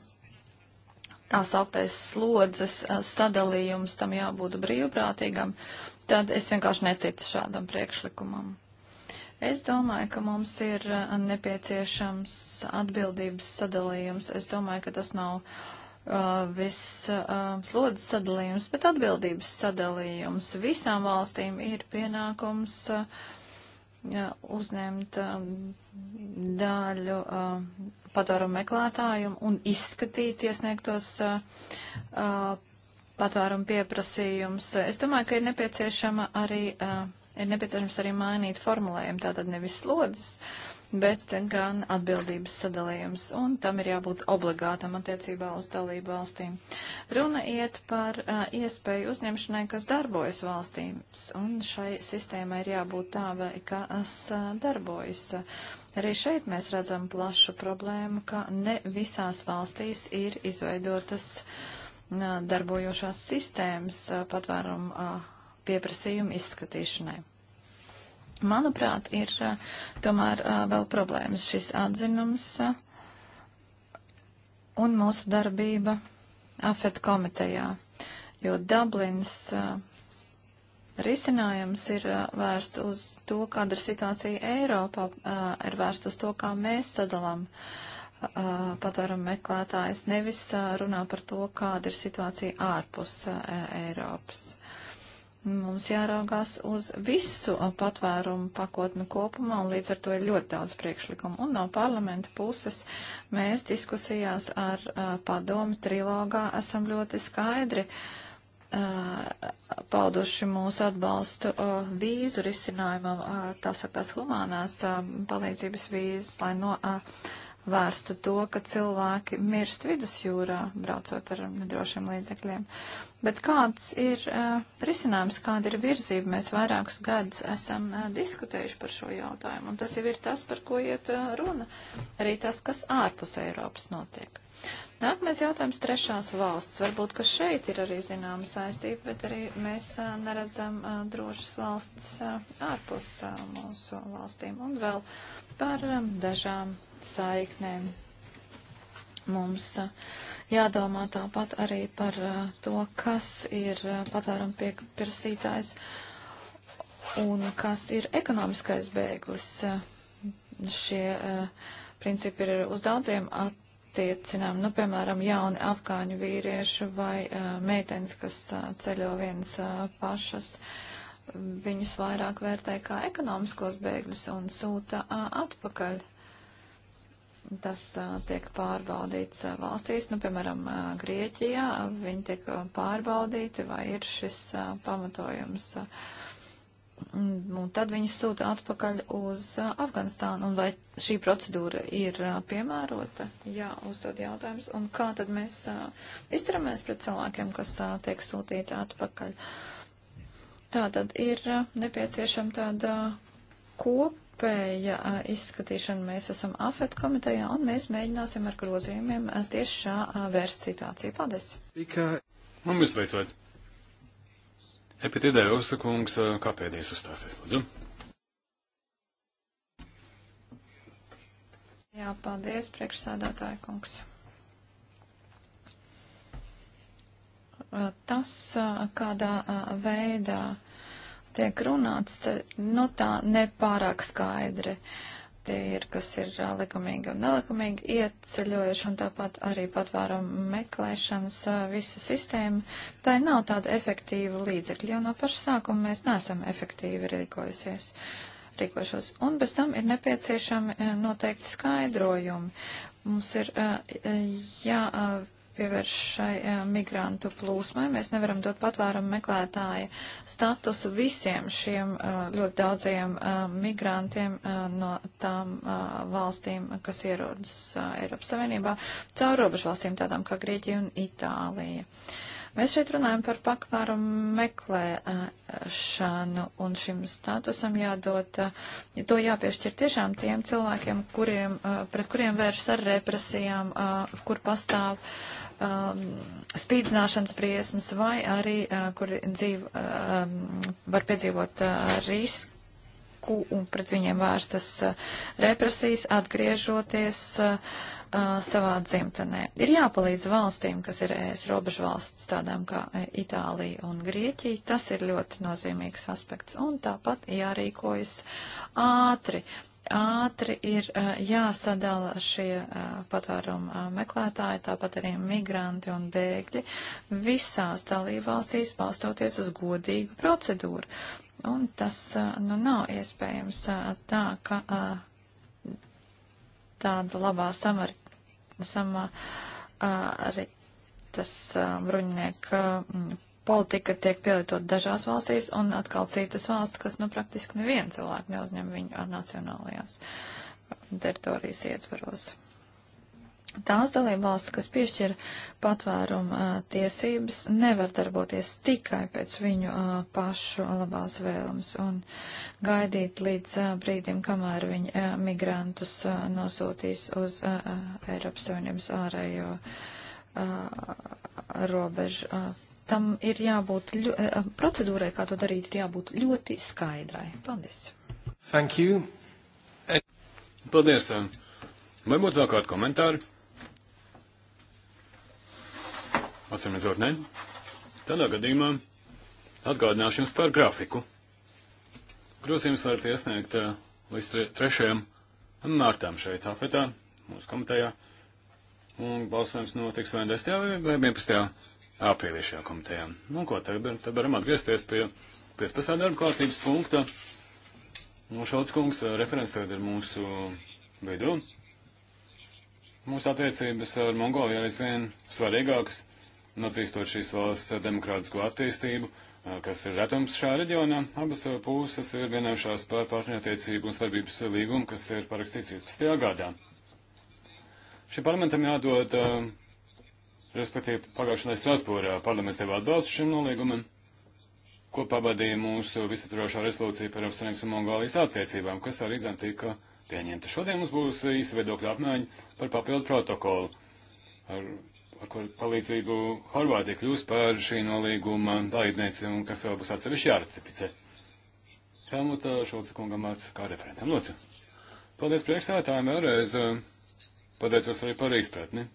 tā sauktais slodzes sadalījums tam jābūt brīvprātīgam, tad es vienkārši neticu šādam priekšlikumam. Es domāju, ka mums ir nepieciešams atbildības sadalījums. Es domāju, ka tas nav uh, viss uh, slodzes sadalījums, bet atbildības sadalījums. Visām valstīm ir pienākums uh, uzņemt um, daļu um, patvērumu meklētāju un izskatīt iesniegtos uh, uh, patvērumu pieprasījumus. Es domāju, ka ir nepieciešama arī. Uh, ir nepieciešams arī mainīt formulējumu, tātad nevis slodzes, uh, bet gan atbildības sadalījums, un tam ir jābūt obligātam attiecībā uz dalību valstīm. Runa iet par uh, iespēju uzņemšanai, kas darbojas valstīs, un šai sistēmai ir jābūt tā, vai kas uh, darbojas. Arī šeit mēs redzam plašu problēmu, ka ne visās valstīs ir izveidotas uh, darbojošās sistēmas uh, patvērumu uh, pieprasījumu izskatīšanai. Manuprāt, ir eh, tomēr eh, vēl problēmas šis atzinums eh, un mūsu darbība AFET komitejā, jo Dublins risinājums ir vērsts uz to, kāda ir situācija Eiropā, ir vērsts uz to, kā mēs sadalām patvērumu meklētājs, nevis runā par to, kāda ir situācija ārpus Eiropas. Mums jāraugās uz visu patvērumu pakotni kopumā, un līdz ar to ir ļoti daudz priekšlikumu. Un no parlamenta puses mēs diskusijās ar uh, padomu trilogā esam ļoti skaidri uh, pauduši mūsu atbalstu uh, vīzu risinājumam, tā sakās humānās palīdzības vīzes, lai no vērstu to, ka cilvēki mirst vidusjūrā, braucot ar nedrošiem līdzekļiem. Uh, Bet kāds ir uh, risinājums, kāda ir virzība? Mēs vairākus gadus esam uh, diskutējuši par šo jautājumu, un tas jau ir tas, par ko iet uh, runa, arī tas, kas ārpus Eiropas notiek. Nākamais jautājums - trešās valsts. Varbūt, ka šeit ir arī zināma saistība, bet arī mēs uh, neredzam uh, drošas valsts uh, ārpus uh, mūsu valstīm un vēl par um, dažām saiknēm mums jādomā tāpat arī par to, kas ir patvērumu pieprasītājs un kas ir ekonomiskais bēglis. Šie principi ir uz daudziem attiecinām, nu, piemēram, jauni afgāņu vīrieši vai meitenes, kas ceļo viens pašas viņus vairāk vērtē kā ekonomiskos bēgļus un sūta a, atpakaļ. Tas tiek pārbaudīts valstīs, nu, piemēram, Grieķijā. Viņi tiek pārbaudīti, vai ir šis pamatojums. Un tad viņi sūta atpakaļ uz Afganistānu. Un vai šī procedūra ir piemērota? Jā, uzdod jautājums. Un kā tad mēs izturamies pret cilvēkiem, kas tiek sūtīti atpakaļ? Tā tad ir nepieciešama tāda kopa kopēja izskatīšana mēs esam AFET komitejā un mēs mēģināsim ar grozījumiem tieši šā vērst situāciju. Paldies! Un nu, visbeidzot, epitēdē uzsakungs, kā pēdējais uzstāsies, lūdzu. Jā, paldies, priekšsādātāja kungs. Tas, kādā veidā tiek runāts, te, nu tā nepārāk skaidri. Tie ir, kas ir likumīgi un nelikumīgi ieceļojuši, un tāpat arī patvērumu meklēšanas visa sistēma. Tā nav tāda efektīva līdzekļa, jo no paša sākuma mēs neesam efektīvi rīkojusies. Rīkošos. Un bez tam ir nepieciešami noteikti skaidrojumi. Mums ir jāveic jāpievērš šai uh, migrantu plūsmai. Mēs nevaram dot patvērumu meklētāju statusu visiem šiem uh, ļoti daudziem uh, migrantiem uh, no tām uh, valstīm, kas ierodas uh, Eiropas Savienībā, caur robežu valstīm tādām kā Grieķija un Itālija. Mēs šeit runājam par pakvērumu meklēšanu un šim statusam jādod, to jāpiešķir tiešām tiem cilvēkiem, kuriem, pret kuriem vērš ar represijām, kur pastāv um, spīdzināšanas briesmas, vai arī, uh, kur dzīve uh, um, var piedzīvot uh, risku un pret viņiem vērstas uh, represijas, atgriežoties uh, uh, savā dzimtenē. Ir jāpalīdz valstīm, kas ir ES robežvalsts, tādām kā e, Itālija un Grieķija. Tas ir ļoti nozīmīgs aspekts. Un tāpat jārīkojas ātri. Uh, ātri ir eh, jāsadala šie eh, patvērumu eh, meklētāji, tāpat arī migranti un bēgļi visās dalībvalstīs, balstoties uz godīgu procedūru. Un tas nu, nav iespējams tā, ka tāda labā samar, samā, arī tas bruņnieka mm, politika tiek pielietot dažās valstīs un atkal citas valsts, kas, nu, praktiski nevienu cilvēku neuzņem viņu nacionālajās uh, teritorijas ietvaros. Tās dalībvalstis, kas piešķir patvērumu uh, tiesības, nevar darboties tikai pēc viņu a, uh, pašu labās vēlmes un gaidīt līdz a, brīdim, kamēr viņi a, migrantus nosūtīs uz Eiropas Savienības ārējo robežu tam ir jābūt, ļo, eh, eh, procedūrai, kā to darīt, ir jābūt ļoti skaidrai. Paldies. Thank you. And... Paldies. Vai būtu vēl kādi komentāri? Atsimredzot, ne? Tādā gadījumā atgādināšu jums par grafiku. Grozījums varat iesniegt eh, līdz 3. martām šeit, afetā, mūsu komitejā. Un balsojums notiks vai 10. vai 11 aprīlī šajā komitejā. Nu, ko tagad, tad varam atgriezties pie 15. darba kārtības punkta. Nu, šāds kungs eh, referents tagad ir mūsu vidū. Mūsu attiecības ar Mongoliju ir aizvien svarīgākas, nacīstot šīs valsts demokrātisko attīstību, eh, kas ir retums šajā reģionā. Abas puses ir vienojušās par partnerattiecību un sadarbības līgumu, kas ir parakstīts 15. gadā. Šim parlamentam jādod uh, respektīvi pagājušajā Strasbūrā parlaments tev atbalstu šim nolīgumam, ko pavadīja mūsu visaturošā rezolūcija par apsainības un Mongolijas attiecībām, kas arī dzem tika pieņemta. Šodien mums būs īsa viedokļa apmaiņa par papildu protokolu, ar, ar kur palīdzību Horvātija kļūst par šī nolīguma dalībnieci un kas vēl būs atsevišķi jāratificē. Helmuta Šulca kungam vārds kā referentam. Lūdzu. Paldies priekšstādātājiem vēlreiz. Pateicos arī par izpratni.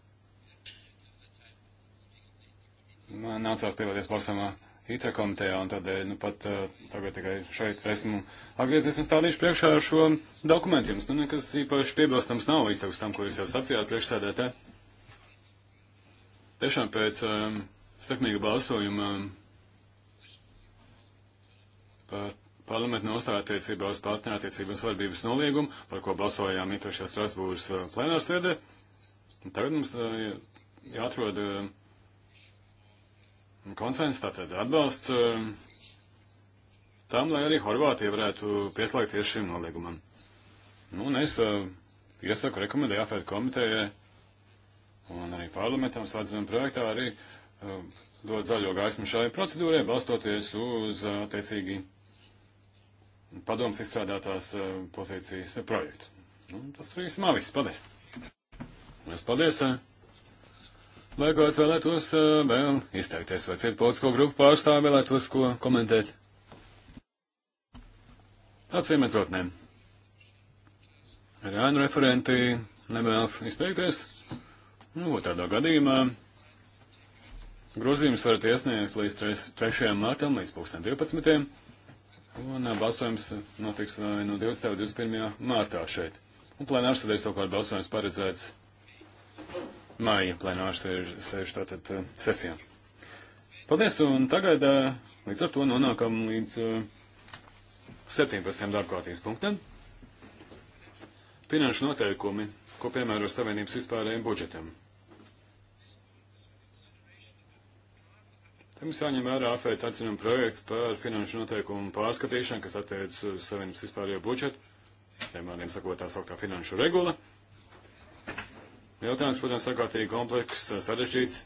Man nācās piedalīties pārsvarā ITRA komitejā, un tādēļ, eh, nu, pat uh, tagad tikai šeit esmu atgriezies un stādīšu priekšā ar šo dokumentu. Jums, nu, nekas īpaši piebilstams nav izteiks tam, ko jūs jau sacījāt priekšsēdētē. Tiešām pēc um, sekmīga balsojuma um, par parlamentu nostāju attiecībā uz partnerattiecības vardības noliegumu, par ko balsojām iepriekšējā Strasbūras uh, plenārsēdē, tagad mums uh, jāatrod. Uh, konsens, tātad atbalsts eh, tam, lai arī Horvātija varētu pieslēgties šim noliegumam. Nu, un es eh, iesaku rekomendēju AFED komitejai un arī parlamentam slēdzamam projektā arī eh, dot zaļo gaismu šai procedūrai, balstoties uz attiecīgi padoms izstrādātās pozīcijas projektu. Nu, tas arī smā viss. Paldies! Mēs paldies! Vai kāds vēlētos eh, vēl izteikties, vai citu politisko grupu pārstāvi vēlētos ko komentēt? Acīm redzot, nē. Arī ēnu referenti nevēlas izteikties. Nu, tādā gadījumā grozījumus varat iesniegt līdz 3. martam, līdz 2012. Un eh, balsojums notiks vai no 20. un 21. martā šeit. Un plēnārs sadēļ savukārt balsojums paredzēts māja plenāra sēž, sēž tātad eh, sesijā. Paldies, un tagad eh, līdz ar to nonākam līdz 17. Eh, darbkārtības punktam. Finanšu noteikumi, ko piemēro Savienības vispārējiem budžetam. Mums jāņem vērā afēta atzinuma projekts par finanšu noteikumu pārskatīšanu, kas attiecas uz Savienības vispārējo budžetu, tiem vārdiem sakot tā sauktā finanšu regula. Jautājums, protams, ārkārtīgi komplekss, eh, sarežģīts,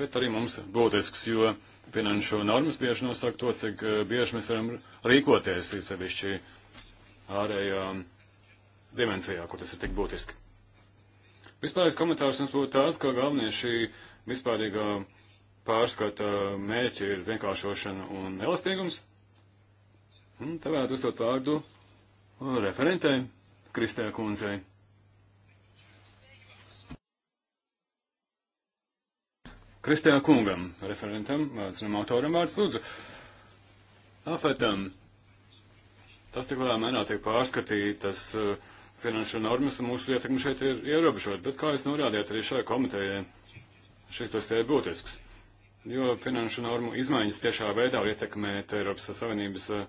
bet arī mums būtisks, jo finanšu normas bieži nosaka to, cik eh, bieži mēs varam rīkoties, ir sevišķi ārējā dimensijā, kur tas ir tik būtiski. Vispārējais komentārs mums būtu tāds, ka galvenie šī vispārīgā pārskata mērķi ir vienkāršošana un elastīgums. Un te varētu uzdot vārdu referentei Kristē Kunzei. Kristijā kungam, referentam, vārdsnam eh, autoram vārds lūdzu. Afertam, tas tik lielā mērā tiek pārskatītas uh, finanšu normas, un mūsu ietekmi šeit ir ierobežot, bet kā jūs norādījāt arī šajā komitejā, šis tas ir būtisks, jo finanšu normu izmaiņas tiešā veidā var ietekmēt Eiropas Savienības uh,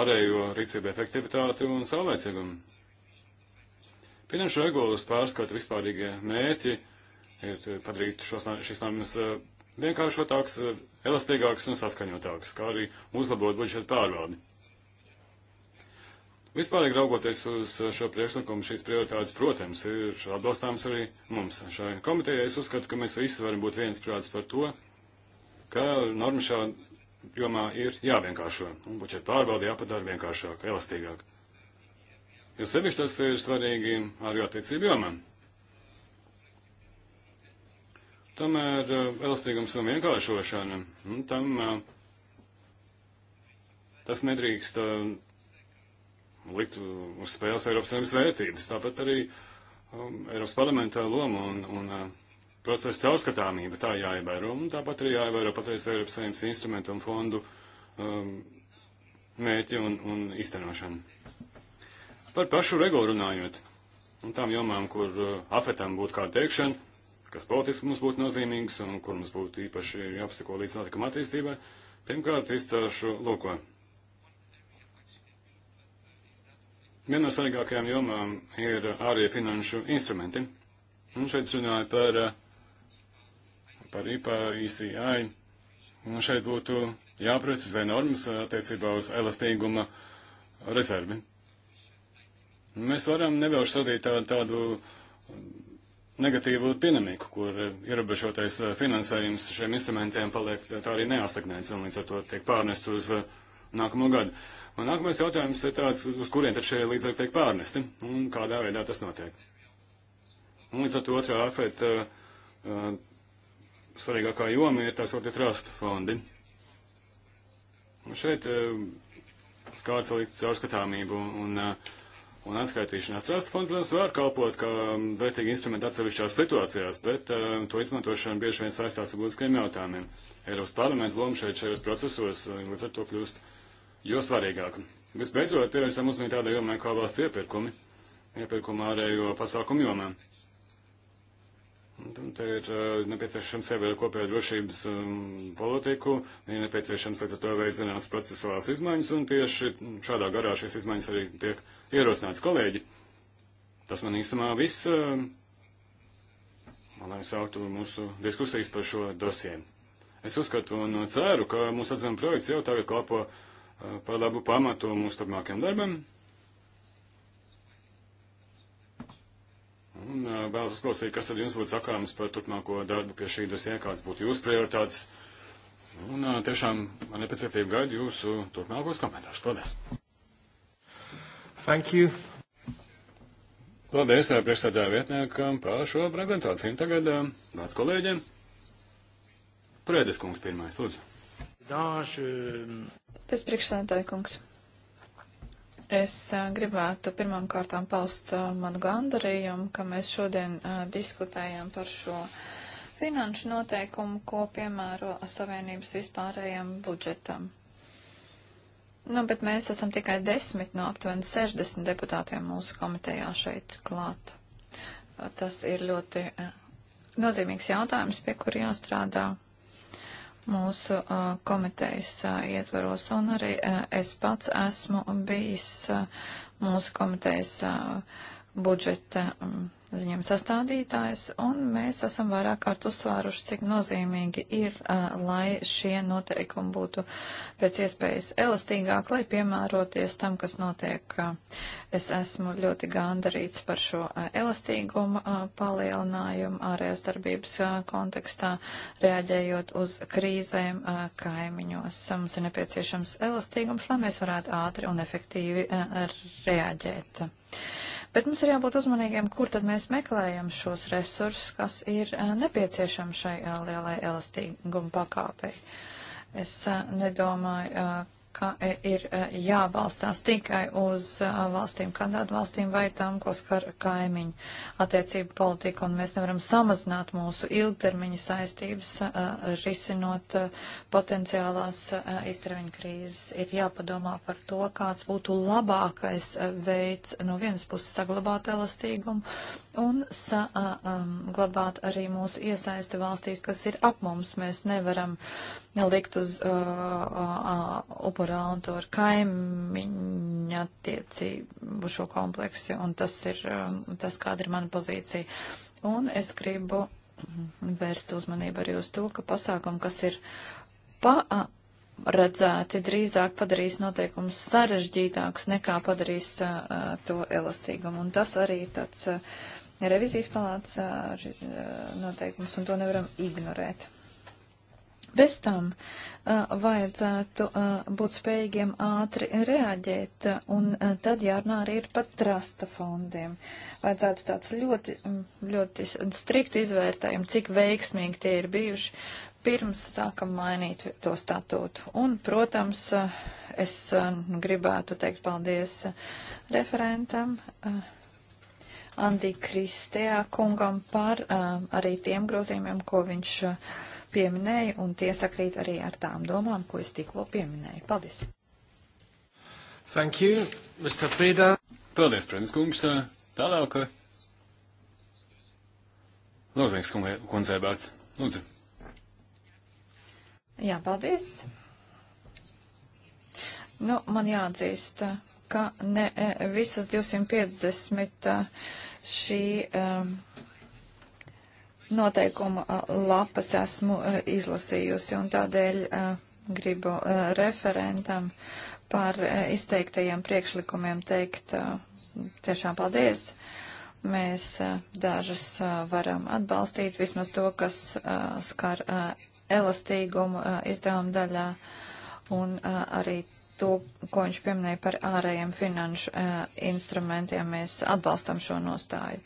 ārējo rīcību efektivitāti un saulēcīgumu. Finanšu regulas pārskata vispārīgie mērķi ir eh, padarīt šos, šīs normas eh, vienkāršotāks, eh, elastīgāks un saskaņotāks, kā arī uzlabot budžeta pārvaldi. Vispārīgi raugoties uz šo priekšlikumu, šīs prioritātes, protams, ir atbalstāms arī mums. Šai komitejai es uzskatu, ka mēs visi varam būt viensprāts par to, ka norma šā jomā ir jāvienkāršo, un budžeta pārvalde jāpadara vienkāršāk, elastīgāk. Jo sevišķi tas ir svarīgi arī attiecību jomām. Tomēr eh, elastīgums un vienkāršošana, nu, tam eh, tas nedrīkst eh, likt uz spēles Eiropas Savienības vērtības. Tāpat arī um, Eiropas parlamentā loma un, un procesa caurskatāmība tā jāievēro. Un tāpat arī jāievēro patreiz Eiropas Savienības instrumentu un fondu um, mērķi un, un īstenošanu. Par pašu regulu runājot un tām jomām, kur uh, afetam būtu kāda teikšana kas politiski mums būtu nozīmīgs un kur mums būtu īpaši jāpasako līdz notikuma attīstībai. Pirmkārt, izcēlšu lūko. Viena no svarīgākajām jomām ir ārējie finanšu instrumenti. Un šeit runāju par, par IPA, ECI. Un šeit būtu jāprecizē normas attiecībā uz elastīguma rezervi. Mēs varam nevēlši sadīt tādu, tādu negatīvu dinamiku, kur ierobežotais eh, finansējums šiem instrumentiem paliek eh, tā arī neastagnēts un līdz ar to tiek pārnest uz eh, nākamo gadu. Un nākamais jautājums ir tāds, uz kuriem tad šie līdzekļi tiek pārnesti un kādā veidā tas notiek. Un līdz ar to otrā afet uh, uh, svarīgākā joma ir tās otrā trust fondi. Un šeit uh, skārts likt caurskatāmību un uh, Un atskaitīšanās trust fondu, protams, var kalpot kā mm, vērtīgi instrumenti atsevišķās situācijās, bet uh, to izmantošana bieži vien saistās ar būtiskiem jautājumiem. Eiropas parlamenta loma šeit šajos procesos mm, līdz ar to kļūst jo svarīgāk. Visbeidzot, pievērsām uzmanību tādai jomai kā valsts iepirkumi, iepirkuma ārējo pasākumu jomām. Te ir eh, nepieciešams ievērt kopējo drošības um, politiku, ir nepieciešams līdz ar to veikt zināmas procesuālās izmaiņas, un tieši šādā garā šīs izmaiņas arī tiek ierosināts kolēģi. Tas man īstumā viss, eh, man lai sāktu mūsu diskusijas par šo dosiem. Es uzskatu un ceru, ka mūsu atzina projekts jau tagad kalpo eh, par labu pamatu mūsu turpmākajam darbam. Un vēlos uzklausīt, kas tad jums būtu sakāms par turpmāko darbu pie šī dosē, kādas būtu jūsu prioritātes. Un tiešām man nepacietību gaidu jūsu turpmākos komentārus. Paldies! Thank you. Paldies priekšstādā vietniekam par šo prezentāciju. Tagad vārds kolēģiem. Prēdes kungs pirmais, lūdzu. Dāži. Tas priekšstādā kungs. Es gribētu pirmām kārtām paust manu gandarījumu, ka mēs šodien diskutējam par šo finanšu noteikumu, ko piemēro Savienības vispārējiem budžetam. Nu, bet mēs esam tikai desmit no aptuveni 60 deputātiem mūsu komitejā šeit klāt. Tas ir ļoti nozīmīgs jautājums, pie kur jāstrādā mūsu uh, komitejas uh, ietvaros, un arī uh, es pats esmu bijis uh, mūsu komitejas uh, budžeta um, ziņojuma sastādītājs, un mēs esam vairāk kārt uzsvēruši, cik nozīmīgi ir, uh, lai šie noteikumi būtu pēc iespējas elastīgāk, lai piemēroties tam, kas notiek. Uh, es esmu ļoti gandarīts par šo uh, elastīgumu palielinājumu ārējās darbības kontekstā, reaģējot uz krīzēm kaimiņos. Mums ir nepieciešams elastīgums, lai mēs varētu ātri un efektīvi reaģēt. Bet mums ir jābūt uzmanīgiem, kur tad mēs meklējam šos resursus, kas ir eh, nepieciešami šai eh, lielai elastīguma pakāpei. Es eh, nedomāju, ka e, ir e, jābalstās tikai uz e, valstīm, kandidātu valstīm vai tām, ko skar kaimiņu attiecību politika, un mēs nevaram samazināt mūsu ilgtermiņa saistības, risinot potenciālās īstermiņa krīzes. Ir jāpadomā par to, kāds būtu labākais veids no vienas puses saglabāt elastīgumu un saglabāt um, arī mūsu iesaisti valstīs, kas ir ap mums. Mēs nevaram likt uz uh, uh, upurāntu ar kaimiņa tiecību šo kompleksu, un tas ir um, tas, kāda ir mana pozīcija. Un es gribu vērst uzmanību arī uz to, ka pasākumi, kas ir pa redzēti, drīzāk padarīs noteikumus sarežģītākus nekā padarīs uh, to elastīgumu. Un tas arī ir tāds uh, revizijas palātas noteikums, un to nevaram ignorēt. Bez tam vajadzētu būt spējīgiem ātri reaģēt, un tad jārunā arī ir par trasta fondiem. Vajadzētu tāds ļoti, ļoti striktu izvērtējumu, cik veiksmīgi tie ir bijuši, pirms sākam mainīt to statūtu. Un, protams, es gribētu teikt paldies referentam. Uh, Andī Kristējā kungam par um, arī tiem grozījumiem, ko viņš uh, pieminēja, un tie sakrīt arī ar tām domām, ko es tikko pieminēju. Paldies! Thank you, Mr. Prīdā. Paldies, Prīdis kungs. Tālāk, Lūdzu, kundzei vārds. Lūdzu. Jā, paldies. Nu, man jāatzīst, ka ne e, visas 250 e, šī e, noteikuma lapas esmu izlasījusi un tādēļ gribu referentam par izteiktajiem priekšlikumiem teikt tiešām paldies. Mēs dažas varam atbalstīt, vismaz to, kas skar elastīgumu izdevuma daļā un arī to, ko viņš pieminēja par ārējiem finanšu uh, instrumentiem, mēs atbalstam šo nostāju.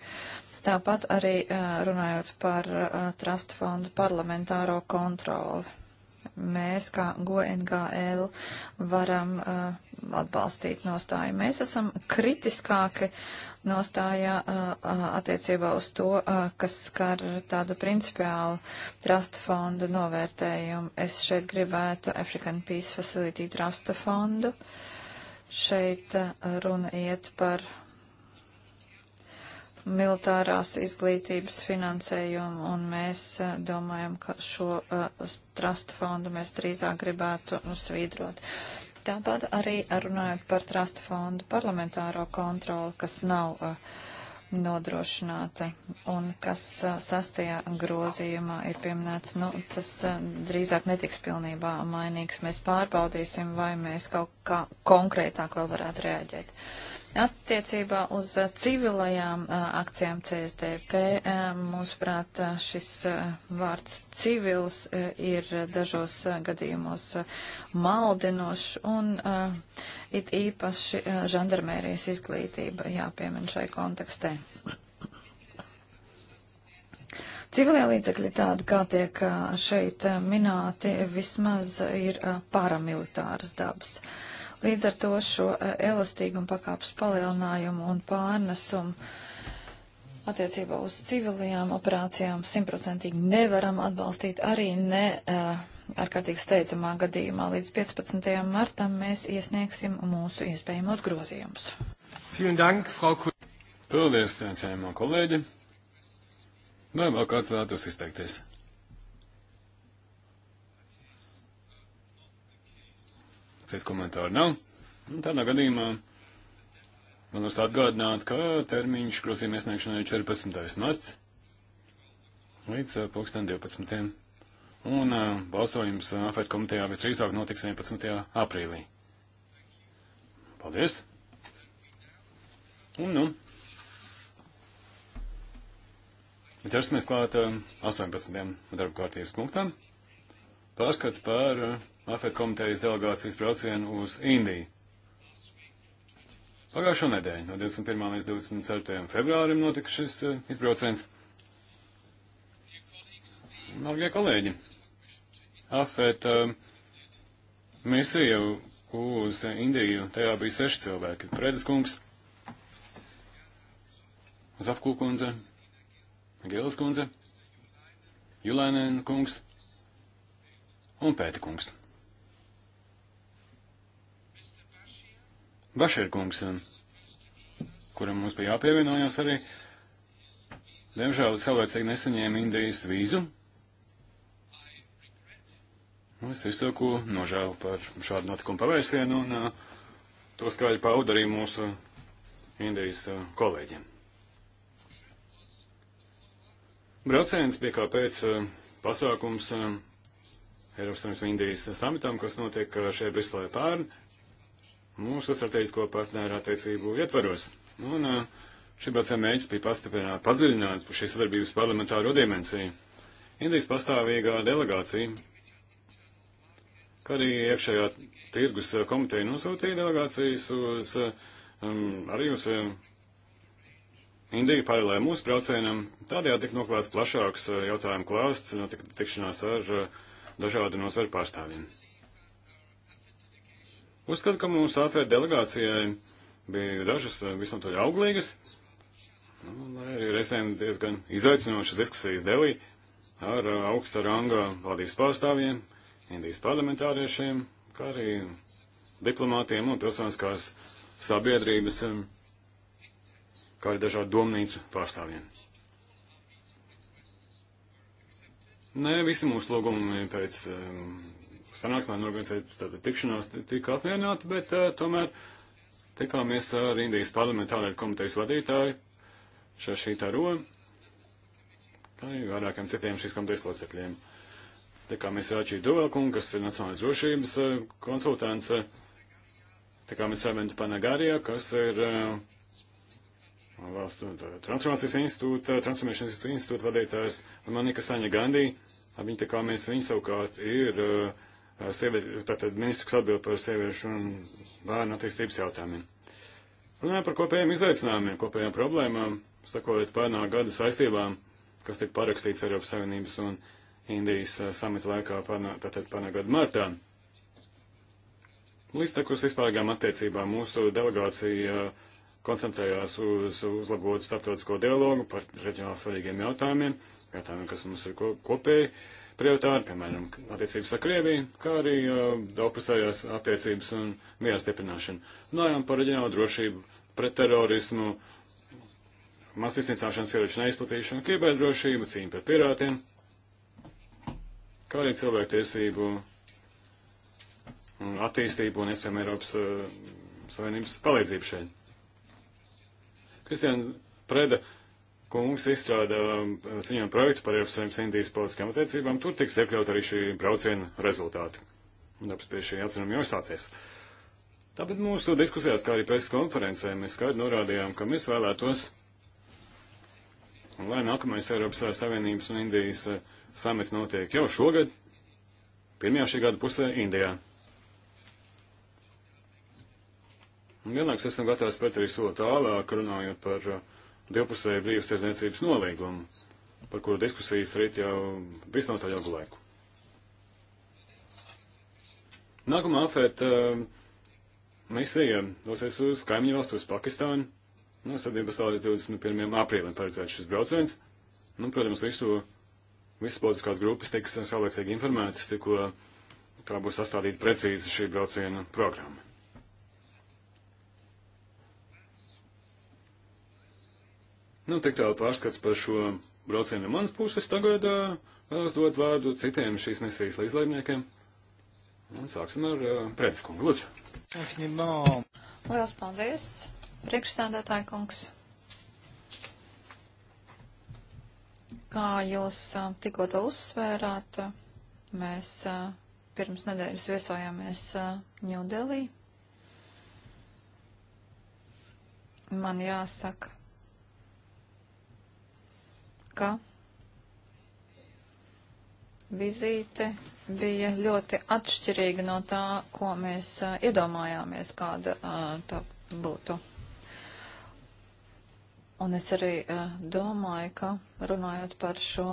Tāpat arī uh, runājot par uh, Trust fondu parlamentāro kontroli. Mēs, kā GNGL, varam uh, atbalstīt nostāju. Mēs esam kritiskāki nostājā attiecībā uz to, kas skar tādu principiālu trasta fondu novērtējumu. Es šeit gribētu African Peace Facility trasta fondu. Šeit runa iet par militārās izglītības finansējumu, un mēs domājam, ka šo uh, trust fondu mēs drīzāk gribētu nu, svīdrot. Tāpat arī runājot par trust fondu parlamentāro kontroli, kas nav uh, nodrošināta un kas uh, sastajā grozījumā ir pieminēts, nu, tas uh, drīzāk netiks pilnībā mainīgs. Mēs pārbaudīsim, vai mēs kaut kā konkrētāk vēl varētu reaģēt. Uh, Attiecībā uz uh, civilajām uh, akcijām CSDP, uh, mūsuprāt, šis vārds civils ir dažos gadījumos maldinošs un it īpaši žandarmērijas izglītība jāpiemina šai kontekstē. Civilie līdzekļi tādi, kā tiek šeit minēti, vismaz ir paramilitāras dabas. Uh, Līdz ar to šo eh, elastīgumu pakāpes palielinājumu un pārnesumu attiecībā uz civilajām operācijām simtprocentīgi nevaram atbalstīt arī ne. Uh, ārkārtīgi steidzamā gadījumā. Līdz 15. martam mēs iesniegsim mūsu iespējamos grozījumus. Paldies, cienījamā kolēģi. Vai vēl kāds vēlētos izteikties? Citu komentāru nav. Un tādā gadījumā vēlos atgādināt, ka termiņš grozījuma iesniegšanai ir 14. marts līdz pulksten 12. Un uh, balsojums AFET komitejā visdrīzāk notiks 11. aprīlī. Paldies! Un nu. Ķersimies klāt uh, 18. darba kārtības punktam. Pārskats par uh, AFET komitejas delegācijas braucienu uz Indiju. Pagājušo nedēļu, no 21. līdz 24. februārim, notika šis uh, izbrauciens. Dārgie kolēģi, AFET uh, misija uz Indiju, tajā bija seši cilvēki. Fredas kungs, Zafku kundze, Gēlas kundze, Julainēna kungs un Pēta kungs. Bašērkungs, um, kuram mums bija jāpievienojās arī, diemžēl saulēcīgi nesaņēma Indijas vīzu. Nu, es izsaku nožēlu par šādu notikumu pavērsienu un uh, to skaļi pauda arī mūsu Indijas uh, kolēģiem. Brauciens bija kā pēc uh, pasākums um, Eiropas Savienības un Indijas samitam, kas notiek uh, šeit Briselē pērn mūsu strateģisko partneru attiecību ietvaros. Un šī bacē mēģis bija pastiprināt, padziļināt šīs sadarbības parlamentāro dimensiju. Indijas pastāvīgā delegācija, kā arī iekšējā tirgus komiteja nosūtīja delegācijas uz um, arī uz um, Indiju paralēli mūsu braucienam. Tādējādi tika noklāts plašāks jautājumu klāsts, notika tikšanās ar dažādu nozaru pārstāvjiem. Uzskatu, ka mūsu ATV delegācijai bija dažas eh, visam to auglīgas, nu, lai arī reizēm diezgan izaicinošas diskusijas Delī ar eh, augsta ranga valdības pārstāvjiem, Indijas parlamentāriešiem, kā arī diplomātiem un pilsoniskās sabiedrības, eh, kā arī dažādu domnīcu pārstāvjiem. Nē, visi mūsu lūgumi pēc um, sanāksmē norganizēta tikšanās tika atvienāta, bet uh, tomēr tikāmies ar Indijas parlamentārajā komitejas vadītāju Šašītā Ro, kā arī vairākiem citiem šīs komitejas locekļiem. Tikāmies ar Ačī Dovelkungu, kas ir Nacionālais drošības uh, konsultants. Eh, tikāmies ar Ventu Panagāriju, kas ir uh, valsts nu, transformācijas institūta, transformēšanas institūta vadītājs Manika Saņa Gandī. Viņa tā kā mēs viņu savukārt ir uh, sieviešu, tātad ministru, kas atbild par sieviešu un bērnu attīstības jautājumiem. Runājot par kopējiem izaicinājumiem, kopējām problēmām, sakojot pērnā gada saistībām, kas tika parakstīts Eiropas Savienības un Indijas eh, samita laikā, pērnā, tātad pērnā gada martā. Līdz tekus vispārīgām attiecībām mūsu delegācija eh, koncentrējās uz uzlabotu starptautisko dialogu par reģionāli svarīgiem jautājumiem, jautājumiem, kas mums ir kopēji. Ko prioritāri, piemēram, attiecības ar Krieviju, kā arī uh, daudzpusējās attiecības un miera stiprināšanu. Runājām par reģionālu drošību, pret terorismu, masvisnicināšanas ieroču neizplatīšanu, kiberdrošību, cīņu pret pirātiem, kā arī cilvēktiesību un attīstību un, iespējams, Eiropas uh, Savienības palīdzību šeit. Kristiāns Preda kungs izstrādā ziņojumu projektu par Eiropas Savienības Indijas politiskajām attiecībām. Tur tiks iekļaut arī šī brauciena rezultāti. Darbs pie šī atzinuma jau sācies. Tāpēc mūsu diskusijās, kā arī preses konferencē, mēs skaidri norādījām, ka mēs vēlētos, lai nākamais Eiropas Savienības un Indijas uh, samits notiek jau šogad, pirmajā šī gada pusē Indijā. Un vienlaiks esam gatavi spēt arī soli tālāk, runājot par uh, divpusēju brīvas tirdzniecības nolīgumu, par kuru diskusijas rīt jau visnotaļ ilgu laiku. Nākamā afēta eh, misija dosies uz kaimiņu valstu, uz Pakistānu. No sadarbības tālāk 21. aprīlim paredzēts šis brauciens. Nu, protams, visu, visas politiskās grupas tiks saulēcīgi informētas, tikko kā būs sastādīta precīzi šī brauciena programma. Nu, tik tālu pārskats par šo braucienu no manas puses. Tagad uh, vēlos dot vārdu citiem šīs misijas līdzlaimniekiem. Un sāksim ar uh, Prēdiskungu. Lūdzu. Lielas paldies, priekšsēdētāji kungs. Kā jūs uh, tikko to uzsvērāt, mēs uh, pirms nedēļas viesojāmies Ņūdelī. Uh, Man jāsaka, ka vizīte bija ļoti atšķirīga no tā, ko mēs a, iedomājāmies, kāda a, tā būtu. Un es arī a, domāju, ka runājot par šo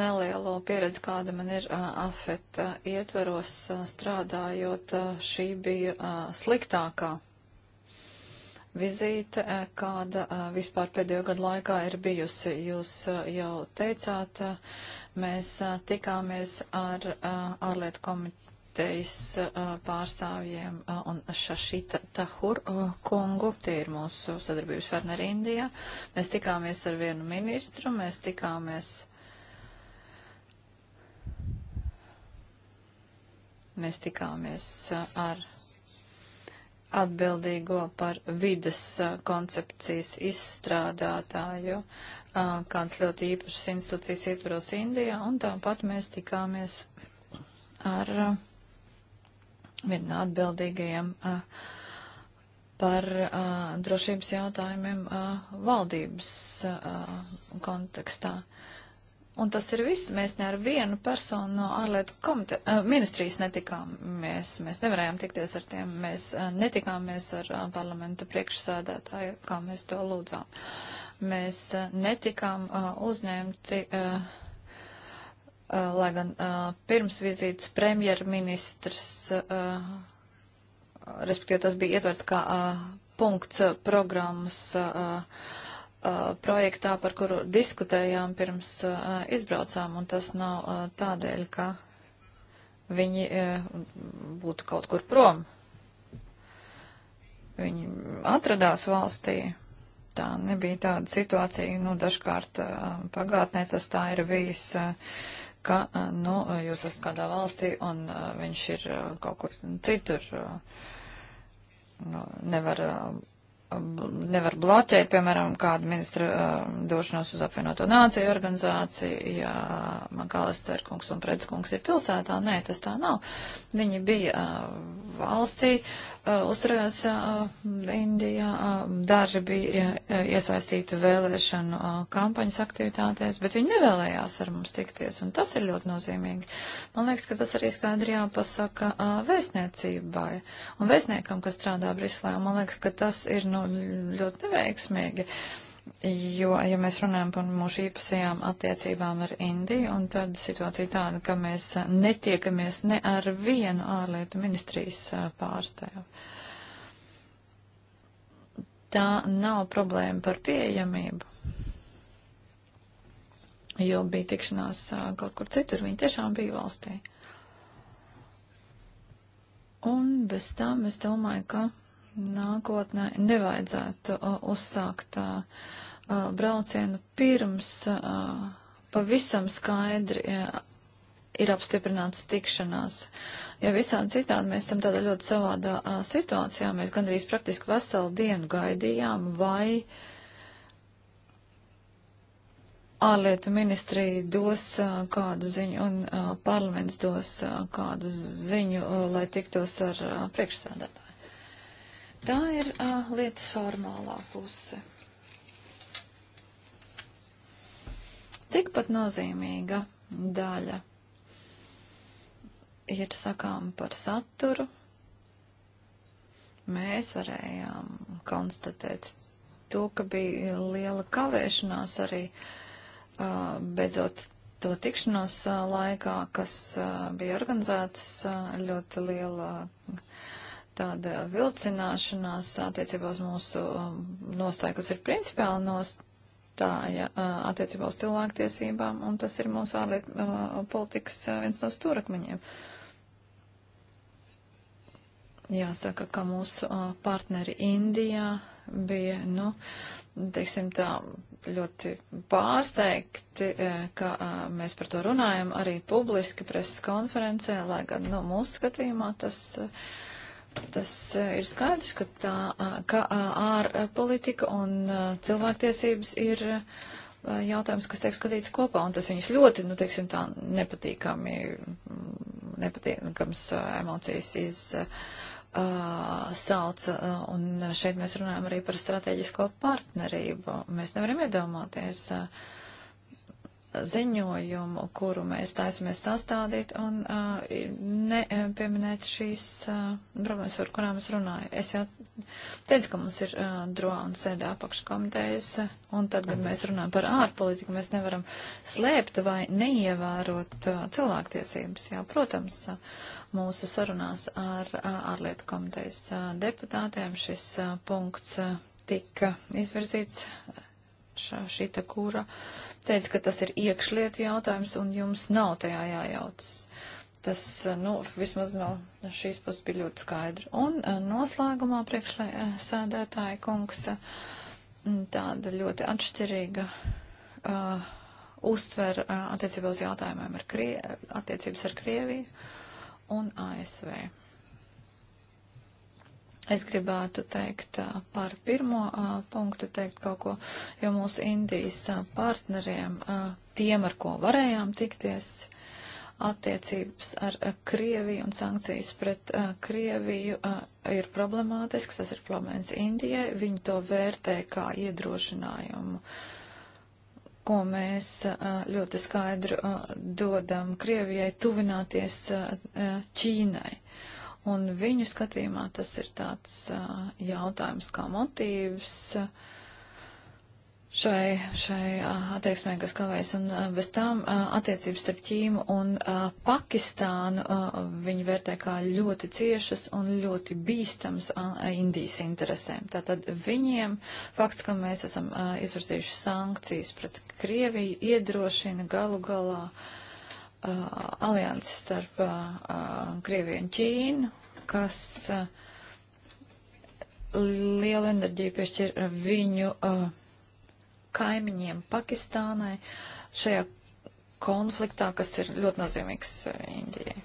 nelielo pieredzi, kāda man ir afeta ietveros strādājot, šī bija sliktākā vizīte, eh, kāda eh, vispār pēdējo gadu laikā ir bijusi. Jūs eh, jau teicāt, mēs tikāmies ar ārlietu komitejas pārstāvjiem un Šašita Tahur kungu, tie ir mūsu sadarbības partneri Indijā. Mēs tikāmies ar vienu ministru, mēs tikāmies. Mēs tikāmies ar atbildīgo par vidas koncepcijas izstrādātāju, kāds ļoti īpašs institūcijas ietvaros Indijā, un tāpat mēs tikāmies ar vienu no atbildīgajiem par drošības jautājumiem valdības kontekstā. Un tas ir viss. Mēs ne ar vienu personu no ārlietu komite, eh, ministrijas netikāmies. Mēs nevarējām tikties ar tiem. Mēs eh, netikāmies ar eh, parlamenta priekšsādātāju, kā mēs to lūdzām. Mēs netikām uzņemti, lai gan pirms vizītes premjerministrs, respektīvi tas bija ietverts kā punkts programmas Uh, projektā, par kuru diskutējām pirms uh, izbraucām, un tas nav uh, tādēļ, ka viņi uh, būtu kaut kur prom. Viņi atradās valstī. Tā nebija tāda situācija, nu, dažkārt uh, pagātnē tas tā ir bijis, uh, ka, nu, jūs esat kādā valstī un viņš ir kaut kur citur. Nu, nevar nevar bloķēt, piemēram, kādu ministru uh, došanos uz apvienoto nāciju organizāciju, ja Makalister kungs un Preds kungs ir pilsētā. Nē, tas tā nav. Viņi bija uh, valstī, uh, uzturējās Indijā, daži bija iesaistīti vēlēšanu kampaņas aktivitātēs, bet viņi nevēlējās ar mums tikties, un tas ir ļoti nozīmīgi. Man liekas, ka tas arī skaidri jāpasaka vēstniecībai un vēstniekam, kas strādā Brislē, un man liekas, ka tas ir no nu, ļoti neveiksmīgi. Jo, ja mēs runājam par mūsu īpašajām attiecībām ar Indiju, un tad situācija tāda, ka mēs netiekamies ne ar vienu ārlietu ministrijas pārstāvu. Tā nav problēma par pieejamību, jo bija tikšanās kaut kur citur, viņi tiešām bija valstī. Un bez tam es domāju, ka nākotnē nevajadzētu uh, uzsākt uh, uh, braucienu pirms uh, pavisam skaidri uh, ir apstiprināts tikšanās. Ja visādi citādi mēs esam tādā ļoti savādā a, uh, situācijā, mēs gandrīz praktiski veselu dienu gaidījām, vai ārlietu ministrija dos a, uh, kādu ziņu un a, parlaments dos a, kādu ziņu, a, lai tiktos ar a, priekšsēdētāju. Tā ir uh, lietas formālā puse. Tikpat nozīmīga daļa ir sakām par saturu. Mēs varējām konstatēt to, ka bija liela kavēšanās arī uh, beidzot to tikšanos uh, laikā, kas uh, bija organizētas uh, ļoti liela. Uh, tāda vilcināšanās attiecībā uz mūsu um, nostāju, kas ir principiāli nostāja uh, attiecībā uz cilvēktiesībām, un tas ir mūsu ārlietu uh, politikas uh, viens no stūrakmeņiem. Jāsaka, ka mūsu partneri Indijā bija, nu, teiksim tā, ļoti pārsteigti, ka mēs par to runājam arī publiski preses konferencē, lai gan, nu, mūsu skatījumā tas. Uh, tas eh, ir skaidrs, ka tā, ka ārpolitika un cilvēktiesības ir jautājums, kas tiek skatīts kopā, un tas viņus ļoti, nu, teiksim, tā nepatīkami, mm, nepatīkams emocijas iz. Uh, sauca, uh, un šeit mēs runājam arī par strateģisko partnerību. Mēs nevaram iedomāties, uh, ziņojumu, kuru mēs taisamies sastādīt un uh, nepieminēt šīs uh, problēmas, par kurām es runāju. Es jau teicu, ka mums ir uh, droā un sēdē apakškomitejas, un tad, kad mēs runājam par ārpolitiku, mēs nevaram slēpt vai neievērot uh, cilvēktiesības. Jā, protams, uh, mūsu sarunās ar uh, ārlietu komitejas uh, deputātiem šis uh, punkts uh, tika izvirzīts. Uh, šita kūra teica, ka tas ir iekšlietu jautājums un jums nav tajā jājauc. Tas, eh, nu, vismaz no šīs puses bija ļoti skaidri. Un eh, noslēgumā priekšsēdētāja kungs mm, tāda ļoti atšķirīga uh, uztver uh, attiecībā uz jautājumiem ar Krie attiecības ar Krieviju un ASV. Es gribētu teikt par pirmo punktu, teikt kaut ko, jo mūsu Indijas partneriem, tiem, ar ko varējām tikties, attiecības ar Krieviju un sankcijas pret Krieviju ir problemātisks, tas ir problēmas Indijai, viņi to vērtē kā iedrošinājumu ko mēs ļoti skaidri dodam Krievijai tuvināties Ķīnai. Un viņu skatījumā tas ir tāds uh, jautājums kā motīvs uh, šai, šai uh, attieksmē, kas kavējas. Un bez tām attiecības starp Ķīmu un Pakistānu viņi vērtē kā ļoti ciešas un ļoti bīstams Indijas interesēm. Tātad viņiem fakts, ka mēs esam izvirzījuši sankcijas pret Krieviju, iedrošina galu galā. Uh, Uh, alianses starp uh, uh, Krieviju un Ķīnu, kas lielu enerģiju piešķir viņu kaimiņiem Pakistānai šajā konfliktā, kas ir ļoti nozīmīgs Indijai.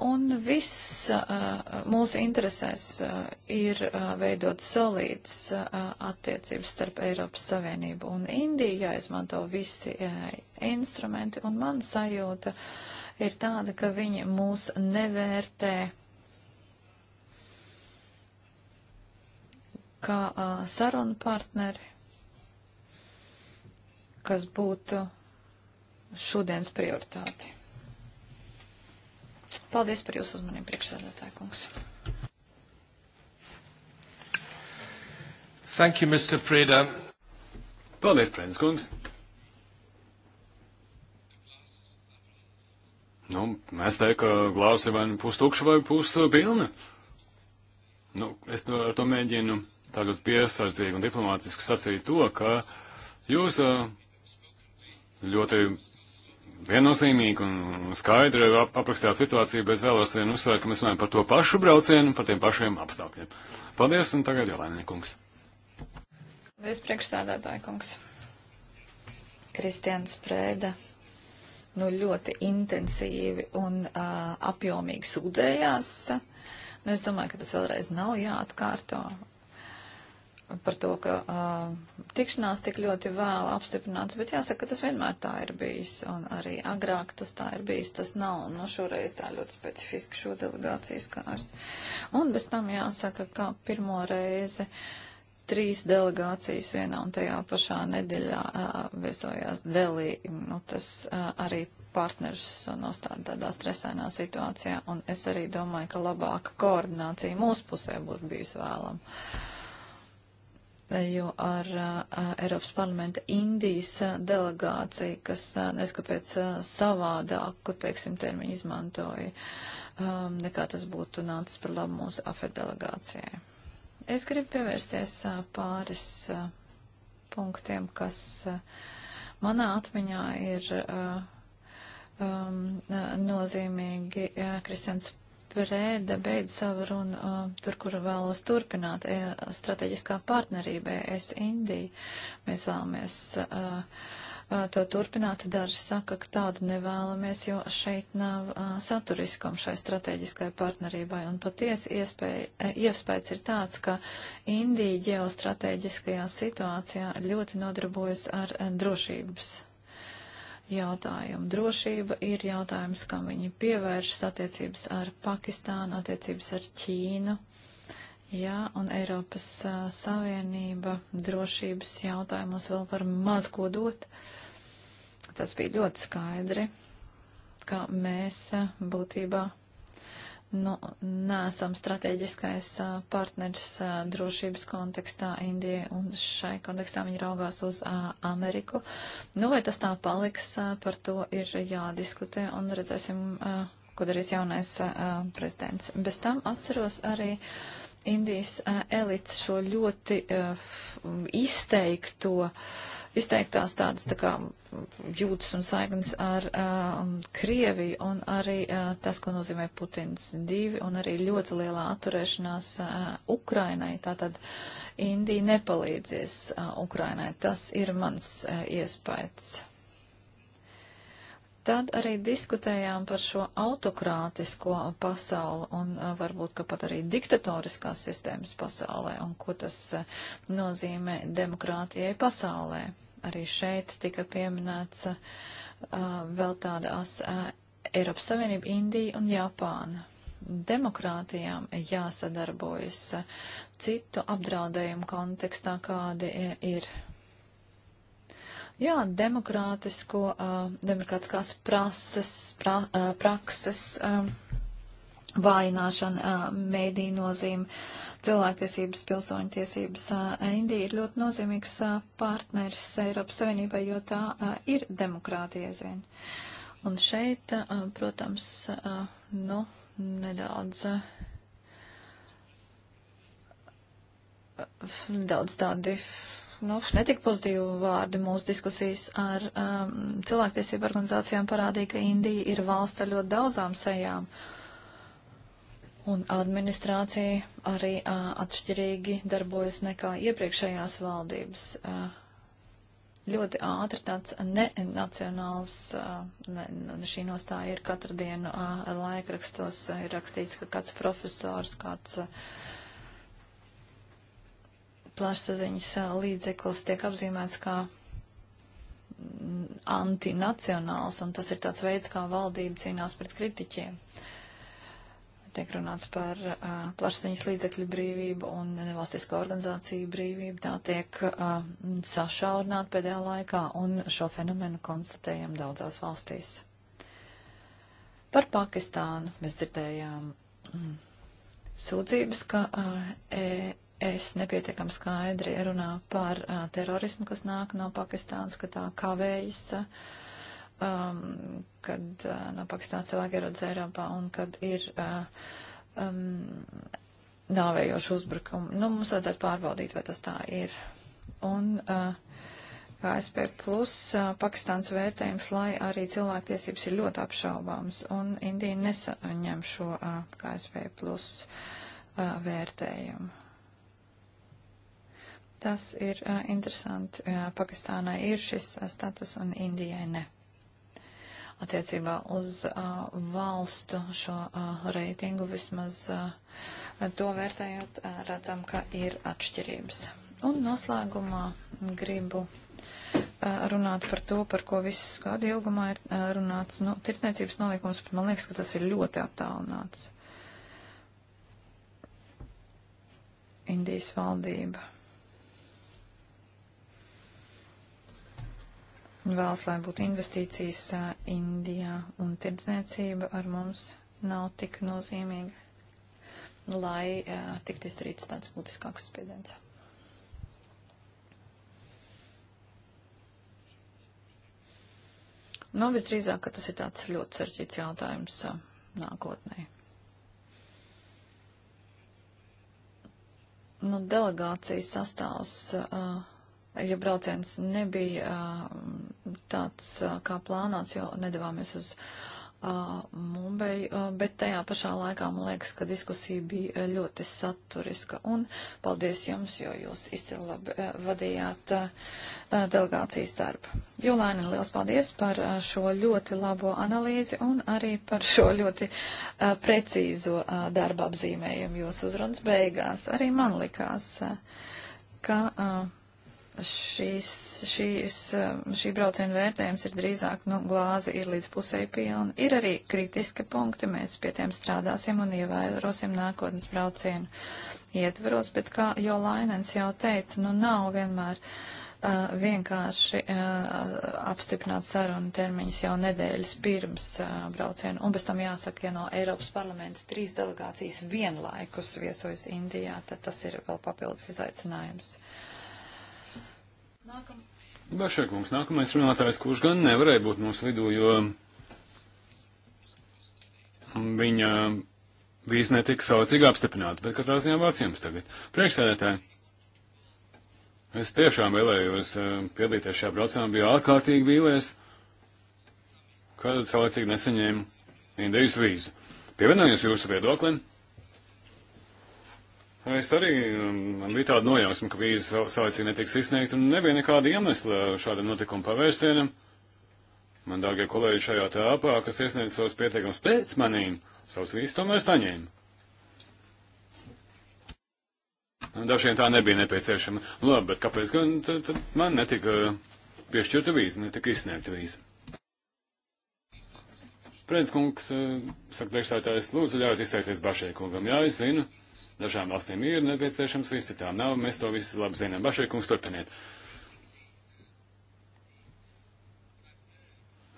Un viss uh, mūsu interesēs uh, ir uh, veidot solīdas uh, attiecības starp Eiropas Savienību un Indiju, jāizmanto visi uh, instrumenti, un man sajūta ir tāda, ka viņi mūs nevērtē kā uh, sarunu partneri, kas būtu šodienas prioritāti. Paldies par jūsu uzmanību, priekšsēdētāja kungs. Thank you, Mr. Preda. Paldies, Prēdnes kungs. Nu, mēs teiktu, ka glāze ir vai nu pustukša vai puspilna. Nu, es to, ar to mēģinu tā ļoti piesardzīgi un diplomātiski sacīt to, ka jūs ļoti viennozīmīgi un skaidri ap, aprakstījāt situāciju, bet vēlos vien uzsvērt, ka mēs runājam par to pašu braucienu, par tiem pašiem apstākļiem. Paldies, un tagad Jolēnē kungs. Paldies, priekšsādātāja kungs. Kristians Prēda nu, ļoti intensīvi un uh, apjomīgi sūdzējās. Nu, es domāju, ka tas vēlreiz nav jāatkārto par to, ka uh, tikšanās tik ļoti vēl apstiprināts, bet jāsaka, ka tas vienmēr tā ir bijis, un arī agrāk tas tā ir bijis, tas nav, nu, šoreiz tā ļoti specifiski šo delegāciju skārs. Un bez tam jāsaka, ka pirmo reizi trīs delegācijas vienā un tajā pašā nedēļā uh, viesojās Delī, nu, tas uh, arī partners nostāda tādā stresainā situācijā, un es arī domāju, ka labāka koordinācija mūsu pusē būtu bijusi vēlama. Uh, jo ar uh, Eiropas parlamenta Indijas uh, delegāciju, kas uh, neskapēc uh, savādāku, teiksim, termiņu izmantoja, um, nekā tas būtu nācis par labu mūsu AFE delegācijai. Es gribu pievērsties uh, pāris uh, punktiem, kas uh, manā atmiņā ir. Uh, um, nozīmīgi. Kristians Prēda beidz savu runu uh, tur, kur vēlos turpināt e, strateģiskā partnerība ES Indija. Mēs vēlamies uh, uh, to turpināt. Daži saka, ka tādu nevēlamies, jo šeit nav uh, saturiskuma šai strateģiskai partnerībai. Un patiesi iespējas ir tāds, ka Indija ģeostrateģiskajā situācijā ļoti nodarbojas ar uh, drošības jautājumu. Drošība ir jautājums, kam viņi pievēršas attiecības ar Pakistānu, attiecības ar Ķīnu. Jā, un Eiropas a, Savienība drošības jautājumos vēl var maz ko dot. Tas bija ļoti skaidri, ka mēs a, būtībā nu, nesam strateģiskais partners drošības kontekstā Indijai, un šai kontekstā viņi raugās uz Ameriku. Nu, vai tas tā paliks, par to ir jādiskutē, un redzēsim, ko darīs jaunais prezidents. Bez tam atceros arī Indijas elites šo ļoti izteikto. Uh, izteiktās tādas tā kā mm, jūtas un saiknes ar uh, Krieviju un arī uh, tas, ko nozīmē Putins divi un arī ļoti lielā atturēšanās uh, Ukrainai. Tātad Indija nepalīdzies uh, Ukrainai. Tas ir mans uh, iespējas. Tad arī diskutējām par šo autokrātisko pasauli un varbūt, ka pat arī diktatoriskās sistēmas pasaulē un ko tas nozīmē demokrātijai pasaulē. Arī šeit tika pieminēts uh, vēl tāda as uh, Eiropas Savienība, Indija un Japāna. Demokrātijām jāsadarbojas citu apdraudējumu kontekstā, kādi e, ir Jā, demokrātisko, uh, demokrātiskās prases, pra, uh, prakses um, vājināšana uh, mēdī nozīme, cilvēktiesības, pilsoņu tiesības. Uh, Indija ir ļoti nozīmīgs uh, partners Eiropas Savienībai, jo tā uh, ir demokrātija aizvien. Un šeit, uh, protams, uh, nu, nedaudz. Uh, daudz tādi nu, netika pozitīvu vārdu mūsu diskusijas ar um, cilvēktiesību organizācijām parādīja, ka Indija ir valsts ar ļoti daudzām sejām. Un administrācija arī uh, atšķirīgi darbojas nekā iepriekšējās valdības. Uh, ļoti ātri tāds nenacionāls, uh, ne, šī nostāja ir katru dienu uh, laikrakstos, uh, ir rakstīts, ka kāds profesors, kāds plašsaziņas līdzeklis tiek apzīmēts kā mm, antinacionāls, un tas ir tāds veids, kā valdība cīnās pret kritiķiem. Tiek runāts par uh, plašsaziņas līdzekļu brīvību un nevalstisko organizāciju brīvību. Tā tiek uh, sašaurināta pēdējā laikā, un šo fenomenu konstatējam daudzās valstīs. Par Pakistānu mēs dzirdējām mm, sūdzības, ka uh, e, es nepietiekam skaidri runā par uh, terorismu, kas nāk no Pakistānas, ka tā kavējas, um, kad uh, no Pakistānas cilvēki ierodas Eiropā un kad ir uh, um, nāvējoši uzbrukumi. Nu, mums vajadzētu pārbaudīt, vai tas tā ir. Un, uh, ASP plus Pakistāns vērtējums, lai arī cilvēktiesības ir ļoti apšaubāms, un Indija nesaņem šo ASP plus vērtējumu. Tas ir uh, interesanti. Uh, Pakistānai ir šis uh, status un Indijai ne. Attiecībā uz uh, valstu šo uh, reitingu vismaz uh, to vērtējot, uh, redzam, ka ir atšķirības. Un noslēgumā gribu runāt par to, par ko visu gadu ilgumā ir runāts nu, tirdzniecības nolīgums, bet man liekas, ka tas ir ļoti attālināts. Indijas valdība vēlas, lai būtu investīcijas Indijā un tirdzniecība ar mums nav tik nozīmīga, lai tikt izdarīts tāds būtiskāks spiediens. Nu, visdrīzāk, ka tas ir tāds ļoti sarežģīts jautājums a, nākotnē. Nu, delegācijas sastāvs uh, jo brauciens nebija uh, tāds uh, kā plānots, jo nedavāmies uz uh, Mumbeju, uh, bet tajā pašā laikā man liekas, ka diskusija bija ļoti saturiska. Un paldies jums, jo jūs izcili labi uh, vadījāt uh, delegācijas darbu. Jūlēni, liels paldies par uh, šo ļoti labo analīzi un arī par šo ļoti uh, precīzo uh, darba apzīmējumu jūsu uzrunas beigās. Arī man likās, uh, ka. Uh, šīs, šīs, um, šī brauciena vērtējums ir drīzāk, nu, glāze ir līdz pusēji pilna. Ir arī kritiski punkti, mēs pie tiem strādāsim un ievērosim nākotnes braucienu ietveros, bet kā jau Lainens jau teica, nu, nav vienmēr uh, vienkārši uh, apstiprināt sarunu termiņus jau nedēļas pirms uh, brauciena. Un bez tam jāsaka, ja no Eiropas parlamenta trīs delegācijas vienlaikus viesojas Indijā, tad tas ir vēl papildus izaicinājums. Uh, Nākam. Bašekungs, nākamais runātājs, kurš gan nevarēja būt mūsu vidū, jo viņa vīza netika saucīgi apstiprināta, bet katrā ziņā vārds jums tagad. Priekšsēdētāji, es tiešām vēlējos eh, piedalīties šajā braucienā, biju ārkārtīgi vīlies, kad saucīgi nesaņēmu Indijas vīzu. Pievienojos jūsu viedoklim. Es arī, um, man bija tāda nojausma, ka vīza salicīja netiks izsniegta, un nebija nekāda iemesla šādam notikuma pavērstienam. Man dārgie kolēģi šajā tāpā, kas iesniedz savus pieteikumus pēc manīm, savus vīzas tomēr saņēma. Nu, dažiem tā nebija nepieciešama. Nu, labi, bet kāpēc gan tad, tad man netika uh, piešķirta vīza, netika izsniegta vīza? Prēns kungs, uh, saka priekšstādātājs, lūdzu ļaut izteikties Bašai kungam. Jā, es zinu. Dažām valstīm ir nepieciešams, viss citām nav. Mēs to visi labi zinām. Bašīkums turpiniet.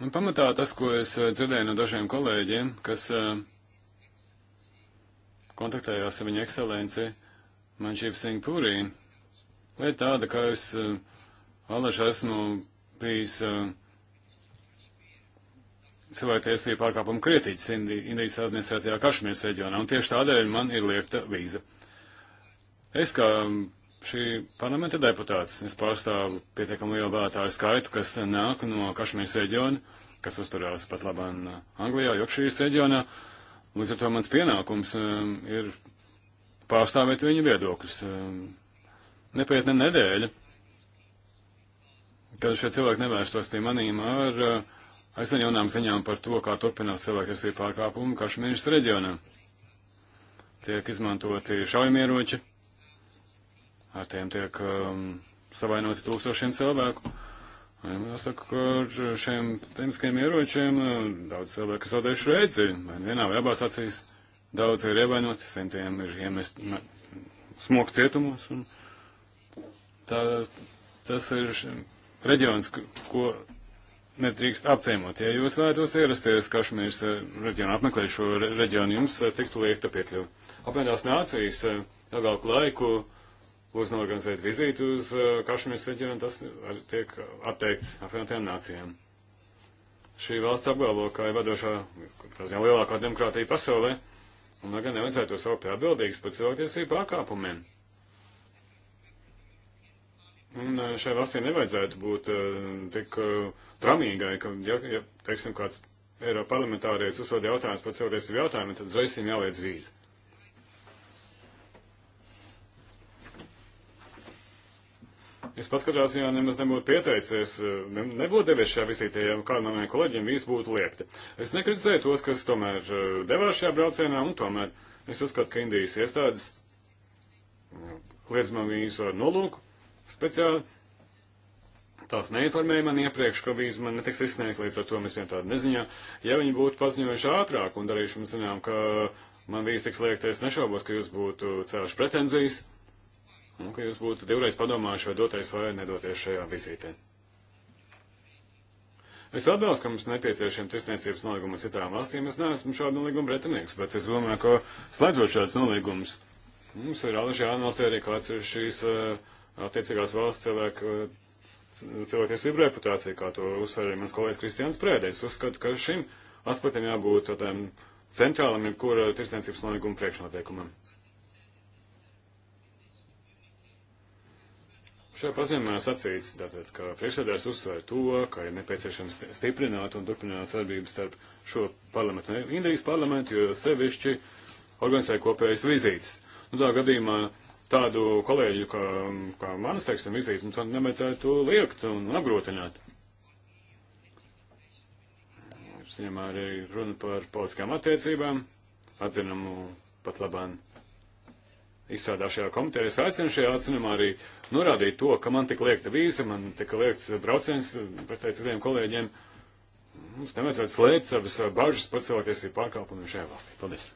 Un pamatā tas, ko es eh, dzirdēju no dažiem kolēģiem, kas eh, kontaktējās ar viņa ekscelenci Manšīvu Singpūrī, lieta tāda, ka es eh, alaži esmu bijis uh, cilvēktiesību pārkāpumu kritiķis Indi, Indijas administrētajā Kašmīras reģionā, un tieši tādēļ man ir liekta vīza. Es kā um, šī parlamenta deputāts, es pārstāvu pietiekami lielu vēlētāju skaitu, kas nāk no Kašmīras reģiona, kas uzturās pat labāk uh, Anglijā, Jokšīras reģionā, līdz ar to mans pienākums um, ir pārstāvēt viņu viedokļus. Um, Nepietna nedēļa, kad šie cilvēki nevērstos pie manīm ar uh, aizvien jaunām ziņām par to, kā turpinās cilvēktiesību pārkāpumi Kašmīras reģionā. Tiek izmantoti šaujamieroči, ar tiem tiek um, savainoti tūkstošiem cilvēku. Jāsaka, ka ar šiem ķīmiskiem ieročiem uh, daudz cilvēku zaudējuši redzi, vai nu vienā vai abās acīs. Daudz ir ievainoti, simtiem ir iemest smoku cietumos. Tā, tas ir reģions, ko nedrīkst apciemot. Ja jūs vēlētos ierasties Kašmīras eh, reģionā, apmeklēt šo reģionu, jums eh, tiktu liekta piekļuva. Apvienotās nācijas eh, ilgāku laiku uznorganizēt vizīti uz Kašmīras reģionu, tas tiek atteikts apvienotajām nācijām. Šī valsts apgalvo, ka ir vadošā, tas jau lielākā demokrātija pasaulē, un lai gan nevajadzētu to saukt atbildīgs par cilvēktiesību pārkāpumiem. Un eh, šai valstī nevajadzētu būt uh, tik uh, tramīgai, ka, ja, ja teiksim, kāds Eiropa parlamentārietis uzsod jautājumus par cilvēku jautājumu, tad uzreiz viņam jāliedz vīza. Es pats katrā ziņā nemaz nebūtu pieteicies, ne, nebūtu devies šajā vizītē, ja kādam no maniem kolēģiem viss būtu liekta. Es nekritizēju tos, kas tomēr devās šajā braucienā, un tomēr es uzskatu, ka Indijas iestādes liedz man vīzu ar nolūku, speciāli. Tās neinformēja man iepriekš, ka vīzu man netiks izsniegt, līdz ar to mēs vien tādu neziņā. Ja viņi būtu paziņojuši ātrāk un darījuši mums zinām, ka man vīzu tiks liekt, es nešaubos, ka jūs būtu cēluši pretenzijas, un ka jūs būtu divreiz padomājuši, vai doties vai nedoties šajā vizītē. Es atbalstu, ka mums nepieciešama tirsniecības nolīguma ar citām valstīm. Es neesmu šādu nolīgumu pretinieks, bet es domāju, ka slēdzot šāds nolīgums, mums ir jāanalizē arī kāds ir šīs uh, attiecīgās valsts cilvēku, eh, cilvēktiesību reputāciju, kā to uzsver mans kolēģis Kristians Prēdējs. Uzskatu, ka šim aspektam jābūt tādam centrālam, jebkura tirsniecības nolīguma priekšnoteikumam. Šajā paziņojumā sacīts, tātad, ka priekšsēdājs uzsver to, ka ir nepieciešams stiprināt un turpināt sadarbību starp šo parlamentu, Indijas parlamentu, jo sevišķi organizēja kopējas vizītes. Nu, tā gadījumā tādu kolēģu kā, kā manas, teiksim, vizīti, nu, tad nevajadzētu liekt un apgrotināt. Viņam arī runa par politiskām attiecībām, atzinumu pat labāk izstrādā šajā komitejā. Es aicinu šajā atzinumā arī norādīt to, ka man tika liekta vīza, man tika liekts brauciens pretēji citiem kolēģiem. Mums nevajadzētu slēpt savas bažas par cilvēktiesību pārkāpumiem šajā valstī. Paldies!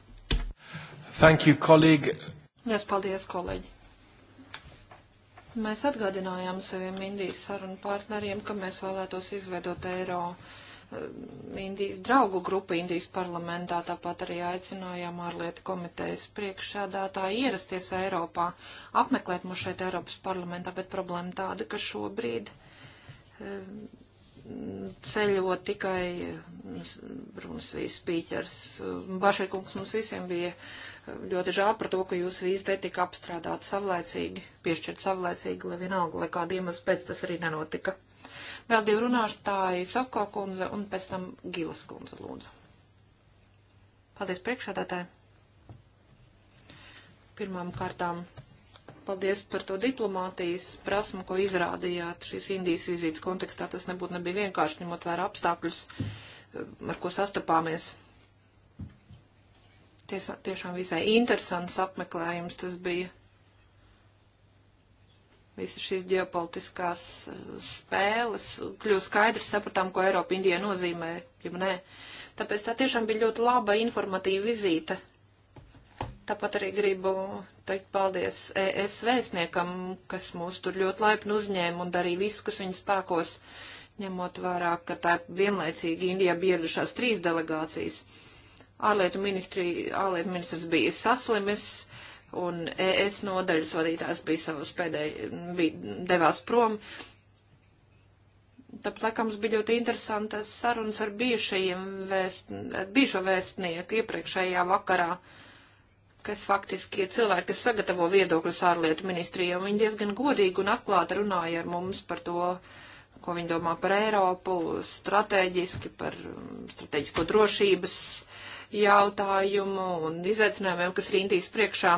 Thank you, colleague. Lies paldies, kolēģi! Mēs atgādinājām saviem Indijas sarunu partneriem, ka mēs vēlētos izveidot eiro eh, Indijas draugu grupu Indijas parlamentā, tāpat arī aicinājām ārlietu komitejas priekšsēdētāji ierasties Eiropā, apmeklēt mūs šeit Eiropas parlamentā, bet problēma tāda, ka šobrīd eh, ceļot tikai eh, runas vīrs pīķers. Bašekungs mums visiem bija ļoti žēl par to, ka jūsu vīzi te tika apstrādāta savlaicīgi, piešķirt savlaicīgi, lai vienalga, lai kādu iemeslu pēc tas arī nenotika. Vēl divi runāštāji Sofko kundze un pēc tam Gilas kundze lūdzu. Paldies priekšādātāji. Pirmām kārtām paldies par to diplomātijas prasmu, ko izrādījāt šīs Indijas vizītes kontekstā. Tas nebūtu nebija vienkārši, ņemot vērā apstākļus, eh, ar ko sastapāmies. Tiesa, tiešām visai interesants apmeklējums tas bija. Visas šīs ģeopolitiskās eh, spēles kļūst skaidrs, sapratām, ko Eiropa Indija nozīmē, ja nē. Tāpēc tā tiešām bija ļoti laba informatīva vizīte. Tāpat arī gribu teikt paldies ES vēstniekam, kas mūs tur ļoti laipni uzņēma un darīja visu, kas viņa spēkos, ņemot vērā, ka tā vienlaicīgi Indijā bija ieradušās trīs delegācijas. Ārlietu, ministri, ārlietu ministrs bija saslimis, un ES nodaļas vadītājs bija savus pēdēj, bija devās prom. Tāpēc, laikam, mums bija ļoti interesantas sarunas ar bijušajiem vēst, ar bijušo vēstnieku iepriekšējā vakarā, kas faktiski ir cilvēki, kas sagatavo viedokļus ārlietu ministrijām. Viņi diezgan godīgi un atklāti runāja ar mums par to, ko viņi domā par Eiropu, strateģiski, par strateģisko drošības jautājumu un izaicinājumiem, kas rindīs priekšā.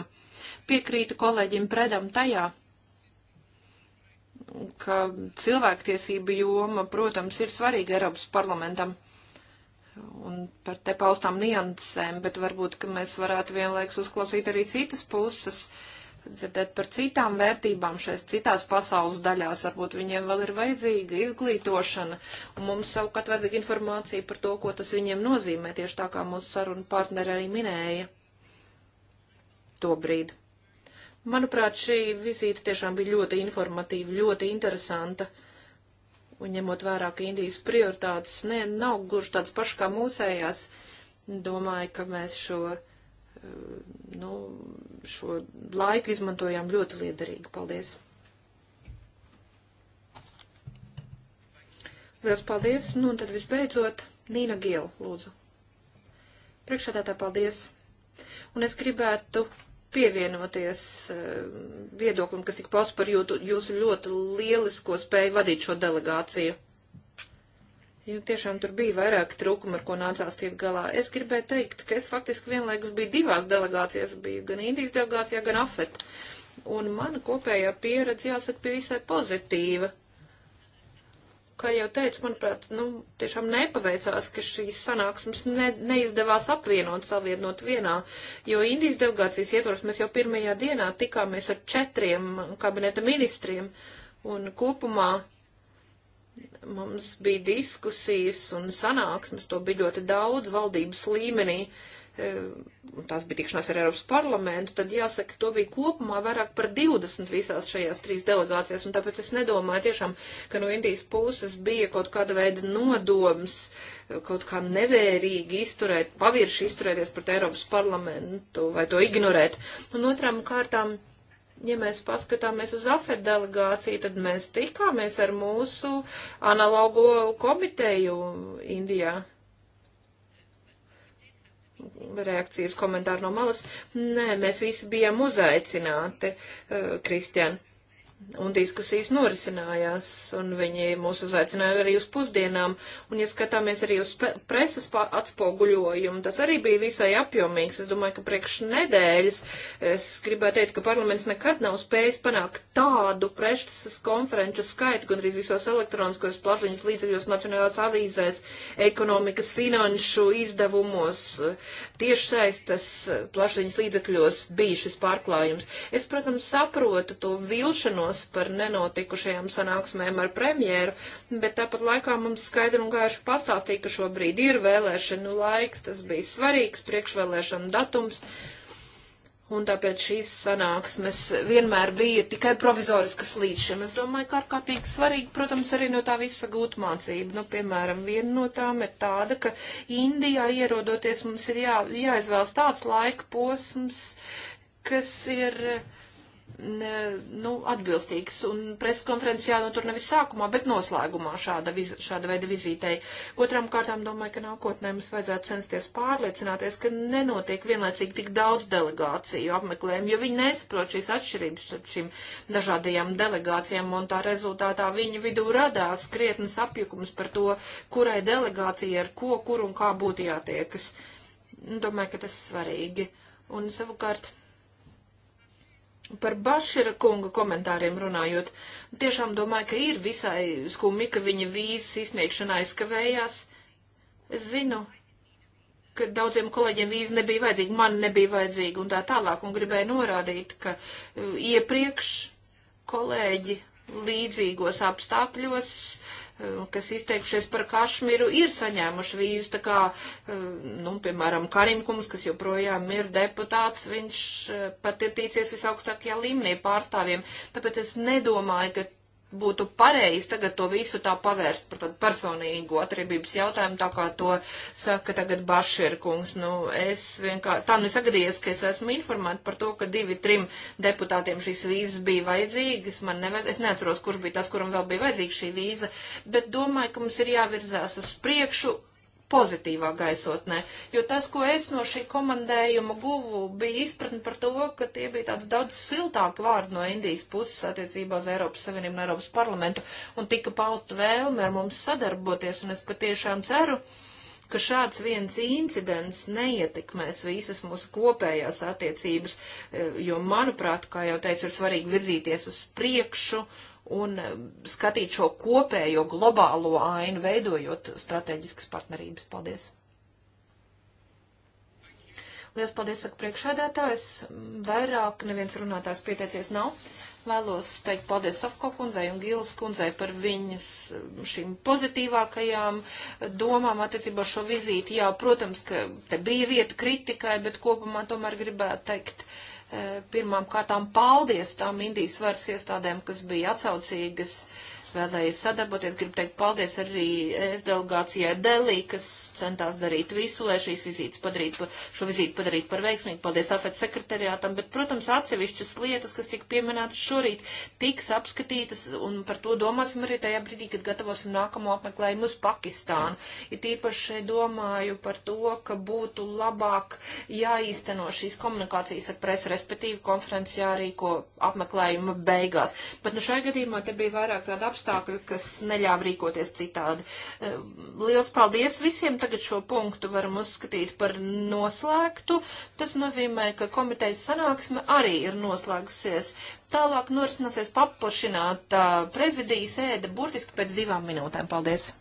Piekrītu kolēģim Predam tajā, ka cilvēktiesība joma, protams, ir svarīga Eiropas parlamentam un par te paustām niansēm, bet varbūt, ka mēs varētu vienlaiks uzklausīt arī citas puses. Uh, dzirdēt par citām vērtībām šajās citās pasaules daļās. Varbūt viņiem vēl ir vajadzīga izglītošana, un mums savukārt vajadzīga informācija par to, ko tas viņiem nozīmē, tieši tā kā mūsu saruna partneri arī minēja to brīdi. Manuprāt, šī vizīte tiešām bija ļoti informatīva, ļoti interesanta. Un ņemot vērā, ka Indijas prioritātes ne, nav gluži tādas pašas kā mūsējās, domāju, ka mēs šo nu, šo laiku izmantojām ļoti liederīgi. Paldies! Liels paldies! Nu, un tad visbeidzot, Nīna Giela, lūdzu. Priekšādātā paldies! Un es gribētu pievienoties eh, viedoklim, kas tika pausts par jūtu, jūsu ļoti lielisko spēju vadīt šo delegāciju. Jo nu, tiešām tur bija vairāk trūkumu, ar ko nācās tikt galā. Es gribēju teikt, ka es faktiski vienlaikus biju divās delegācijās, biju gan Indijas delegācijā, gan AFET. Un mana kopējā pieredze, jāsaka, bija visai pozitīva. Kā jau teicu, manuprāt, nu, tiešām nepaveicās, ka šīs sanāksmes ne, neizdevās apvienot, savienot vienā, jo Indijas delegācijas ietvaros mēs jau pirmajā dienā tikāmies ar četriem kabineta ministriem, un kopumā Mums bija diskusijas un sanāksmes, to bija ļoti daudz valdības līmenī, e, un tās bija tikšanās ar Eiropas parlamentu, tad jāsaka, to bija kopumā vairāk par 20 visās šajās trīs delegācijās, un tāpēc es nedomāju tiešām, ka no Indijas puses bija kaut kāda veida nodoms kaut kā nevērīgi izturēt, pavirši izturēties pret Eiropas parlamentu vai to ignorēt. Un otrām kārtām ja mēs paskatāmies uz AFED delegāciju, tad mēs tikāmies ar mūsu analogo komiteju Indijā. Reakcijas komentāri no malas. Nē, mēs visi bijām uzaicināti, eh, Kristian. Uh, un diskusijas norisinājās, un viņi mūs uzaicināja arī uz pusdienām, un, ja skatāmies arī uz preses atspoguļojumu, tas arī bija visai apjomīgs. Es domāju, ka priekš nedēļas es gribētu teikt, ka parlaments nekad nav spējis panākt tādu preses konferenču skaitu, gan arī visos elektroniskos plašiņas līdzekļos, nacionālās avīzēs, ekonomikas, finanšu izdevumos, tiešsaistes plašiņas līdzekļos bija šis pārklājums. Es, protams, saprotu to vilšanos, atvainojamies par nenotikušajām sanāksmēm ar premjeru, bet tāpat laikā mums skaidri un gaiši pastāstīja, ka šobrīd ir vēlēšanu laiks, tas bija svarīgs priekšvēlēšanu datums. Un tāpēc šīs sanāksmes vienmēr bija tikai provizoriskas līdz šim. Es domāju, ka ārkārtīgi svarīgi, protams, arī no tā visa gūt mācību. Nu, piemēram, viena no tām ir tāda, ka Indijā ierodoties mums ir jā, jāizvēlas tāds laika posms, kas ir uh, ne, nu, atbilstīgs. Un presa konferences jānotur nevis sākumā, bet noslēgumā šāda, viz, šāda veida vizītei. Otram kārtām domāju, ka nākotnē mums vajadzētu censties pārliecināties, ka nenotiek vienlaicīgi tik daudz delegāciju apmeklējumu, jo viņi nesaprot šīs atšķirības starp šīm dažādajām delegācijām, un tā rezultātā viņu vidū radās krietnes apjukums par to, kurai delegācija ar ko, kur un kā būtu jātiekas. Domāju, ka tas svarīgi. Un savukārt Par Bašira kunga komentāriem runājot, tiešām domāju, ka ir visai skumji, ka viņa vīzas izsniegšana aizkavējās. Es zinu, ka daudziem kolēģiem vīza nebija vajadzīga, man nebija vajadzīga un tā tālāk, un gribēju norādīt, ka uh, iepriekš kolēģi līdzīgos apstākļos uh, Eh, kas izteikušies par Kašmiru, ir saņēmuši vīzu. Tā kā, eh, nu, piemēram, Karimkums, kas joprojām ir deputāts, viņš eh, pat ir tīcies visaugstākajā līmenī pārstāvjiem. Tāpēc es nedomāju, ka būtu pareizi tagad to visu tā pavērst par tādu personīgu atriebības jautājumu, tā kā to saka tagad Bašierkungs. Nu, es vienkārši, tā nu sagadījies, ka es esmu informēta par to, ka divi, trim deputātiem šīs vīzas bija vajadzīgas. Man nevajag, es neatceros, kurš bija tas, kuram vēl bija vajadzīga šī vīza, bet domāju, ka mums ir jāvirzās uz priekšu pozitīvā gaisotnē. Jo tas, ko es no šī komandējuma guvu, bija izpratni par to, ka tie bija tāds daudz siltāki vārdi no Indijas puses attiecībā uz Eiropas Savienību un Eiropas parlamentu, un tika paust vēlme ar mums sadarboties, un es patiešām ceru, ka šāds viens incidents neietekmēs visas mūsu kopējās attiecības, eh, jo, manuprāt, kā jau teicu, ir svarīgi virzīties uz priekšu un um, skatīt šo kopējo globālo ainu, veidojot strateģiskas partnerības. Paldies! Lielas paldies, saka priekšēdētājs. Vairāk neviens runātājs pieteicies nav. Vēlos teikt paldies Safko kundzei un Gīles kundzei par viņas um, šīm pozitīvākajām domām attiecībā šo vizīti. Jā, protams, ka te bija vieta kritikai, bet kopumā tomēr gribētu teikt. Uh, Pirmām kārtām paldies tām Indijas varas iestādēm, kas bija atsaucīgas uh, vēlējies sadarboties. Gribu teikt paldies arī es delegācijai Delī, kas centās darīt visu, lai šīs vizītes padarītu, šo vizīti padarītu par veiksmīgu. Paldies AFET sekretariātam, bet, protams, atsevišķas lietas, kas tika pieminētas šorīt, tiks apskatītas, un par to domāsim arī tajā brīdī, kad gatavosim nākamo apmeklējumu uz Pakistānu. Ir tīpaši domāju par to, ka būtu labāk jāīsteno šīs komunikācijas ar presi, respektīvi konferences jārīko apmeklējuma beigās. Bet, nu, šajā gadījumā te bija vairāk tāda apstākļa apstākļi, kas neļāva rīkoties citādi. Ehm, liels paldies visiem! Tagad šo punktu varam uzskatīt par noslēgtu. Tas nozīmē, ka komitejas sanāksme arī ir noslēgusies. Tālāk norisināsies paplašināta prezidijas ēda burtiski pēc divām minūtēm. Paldies!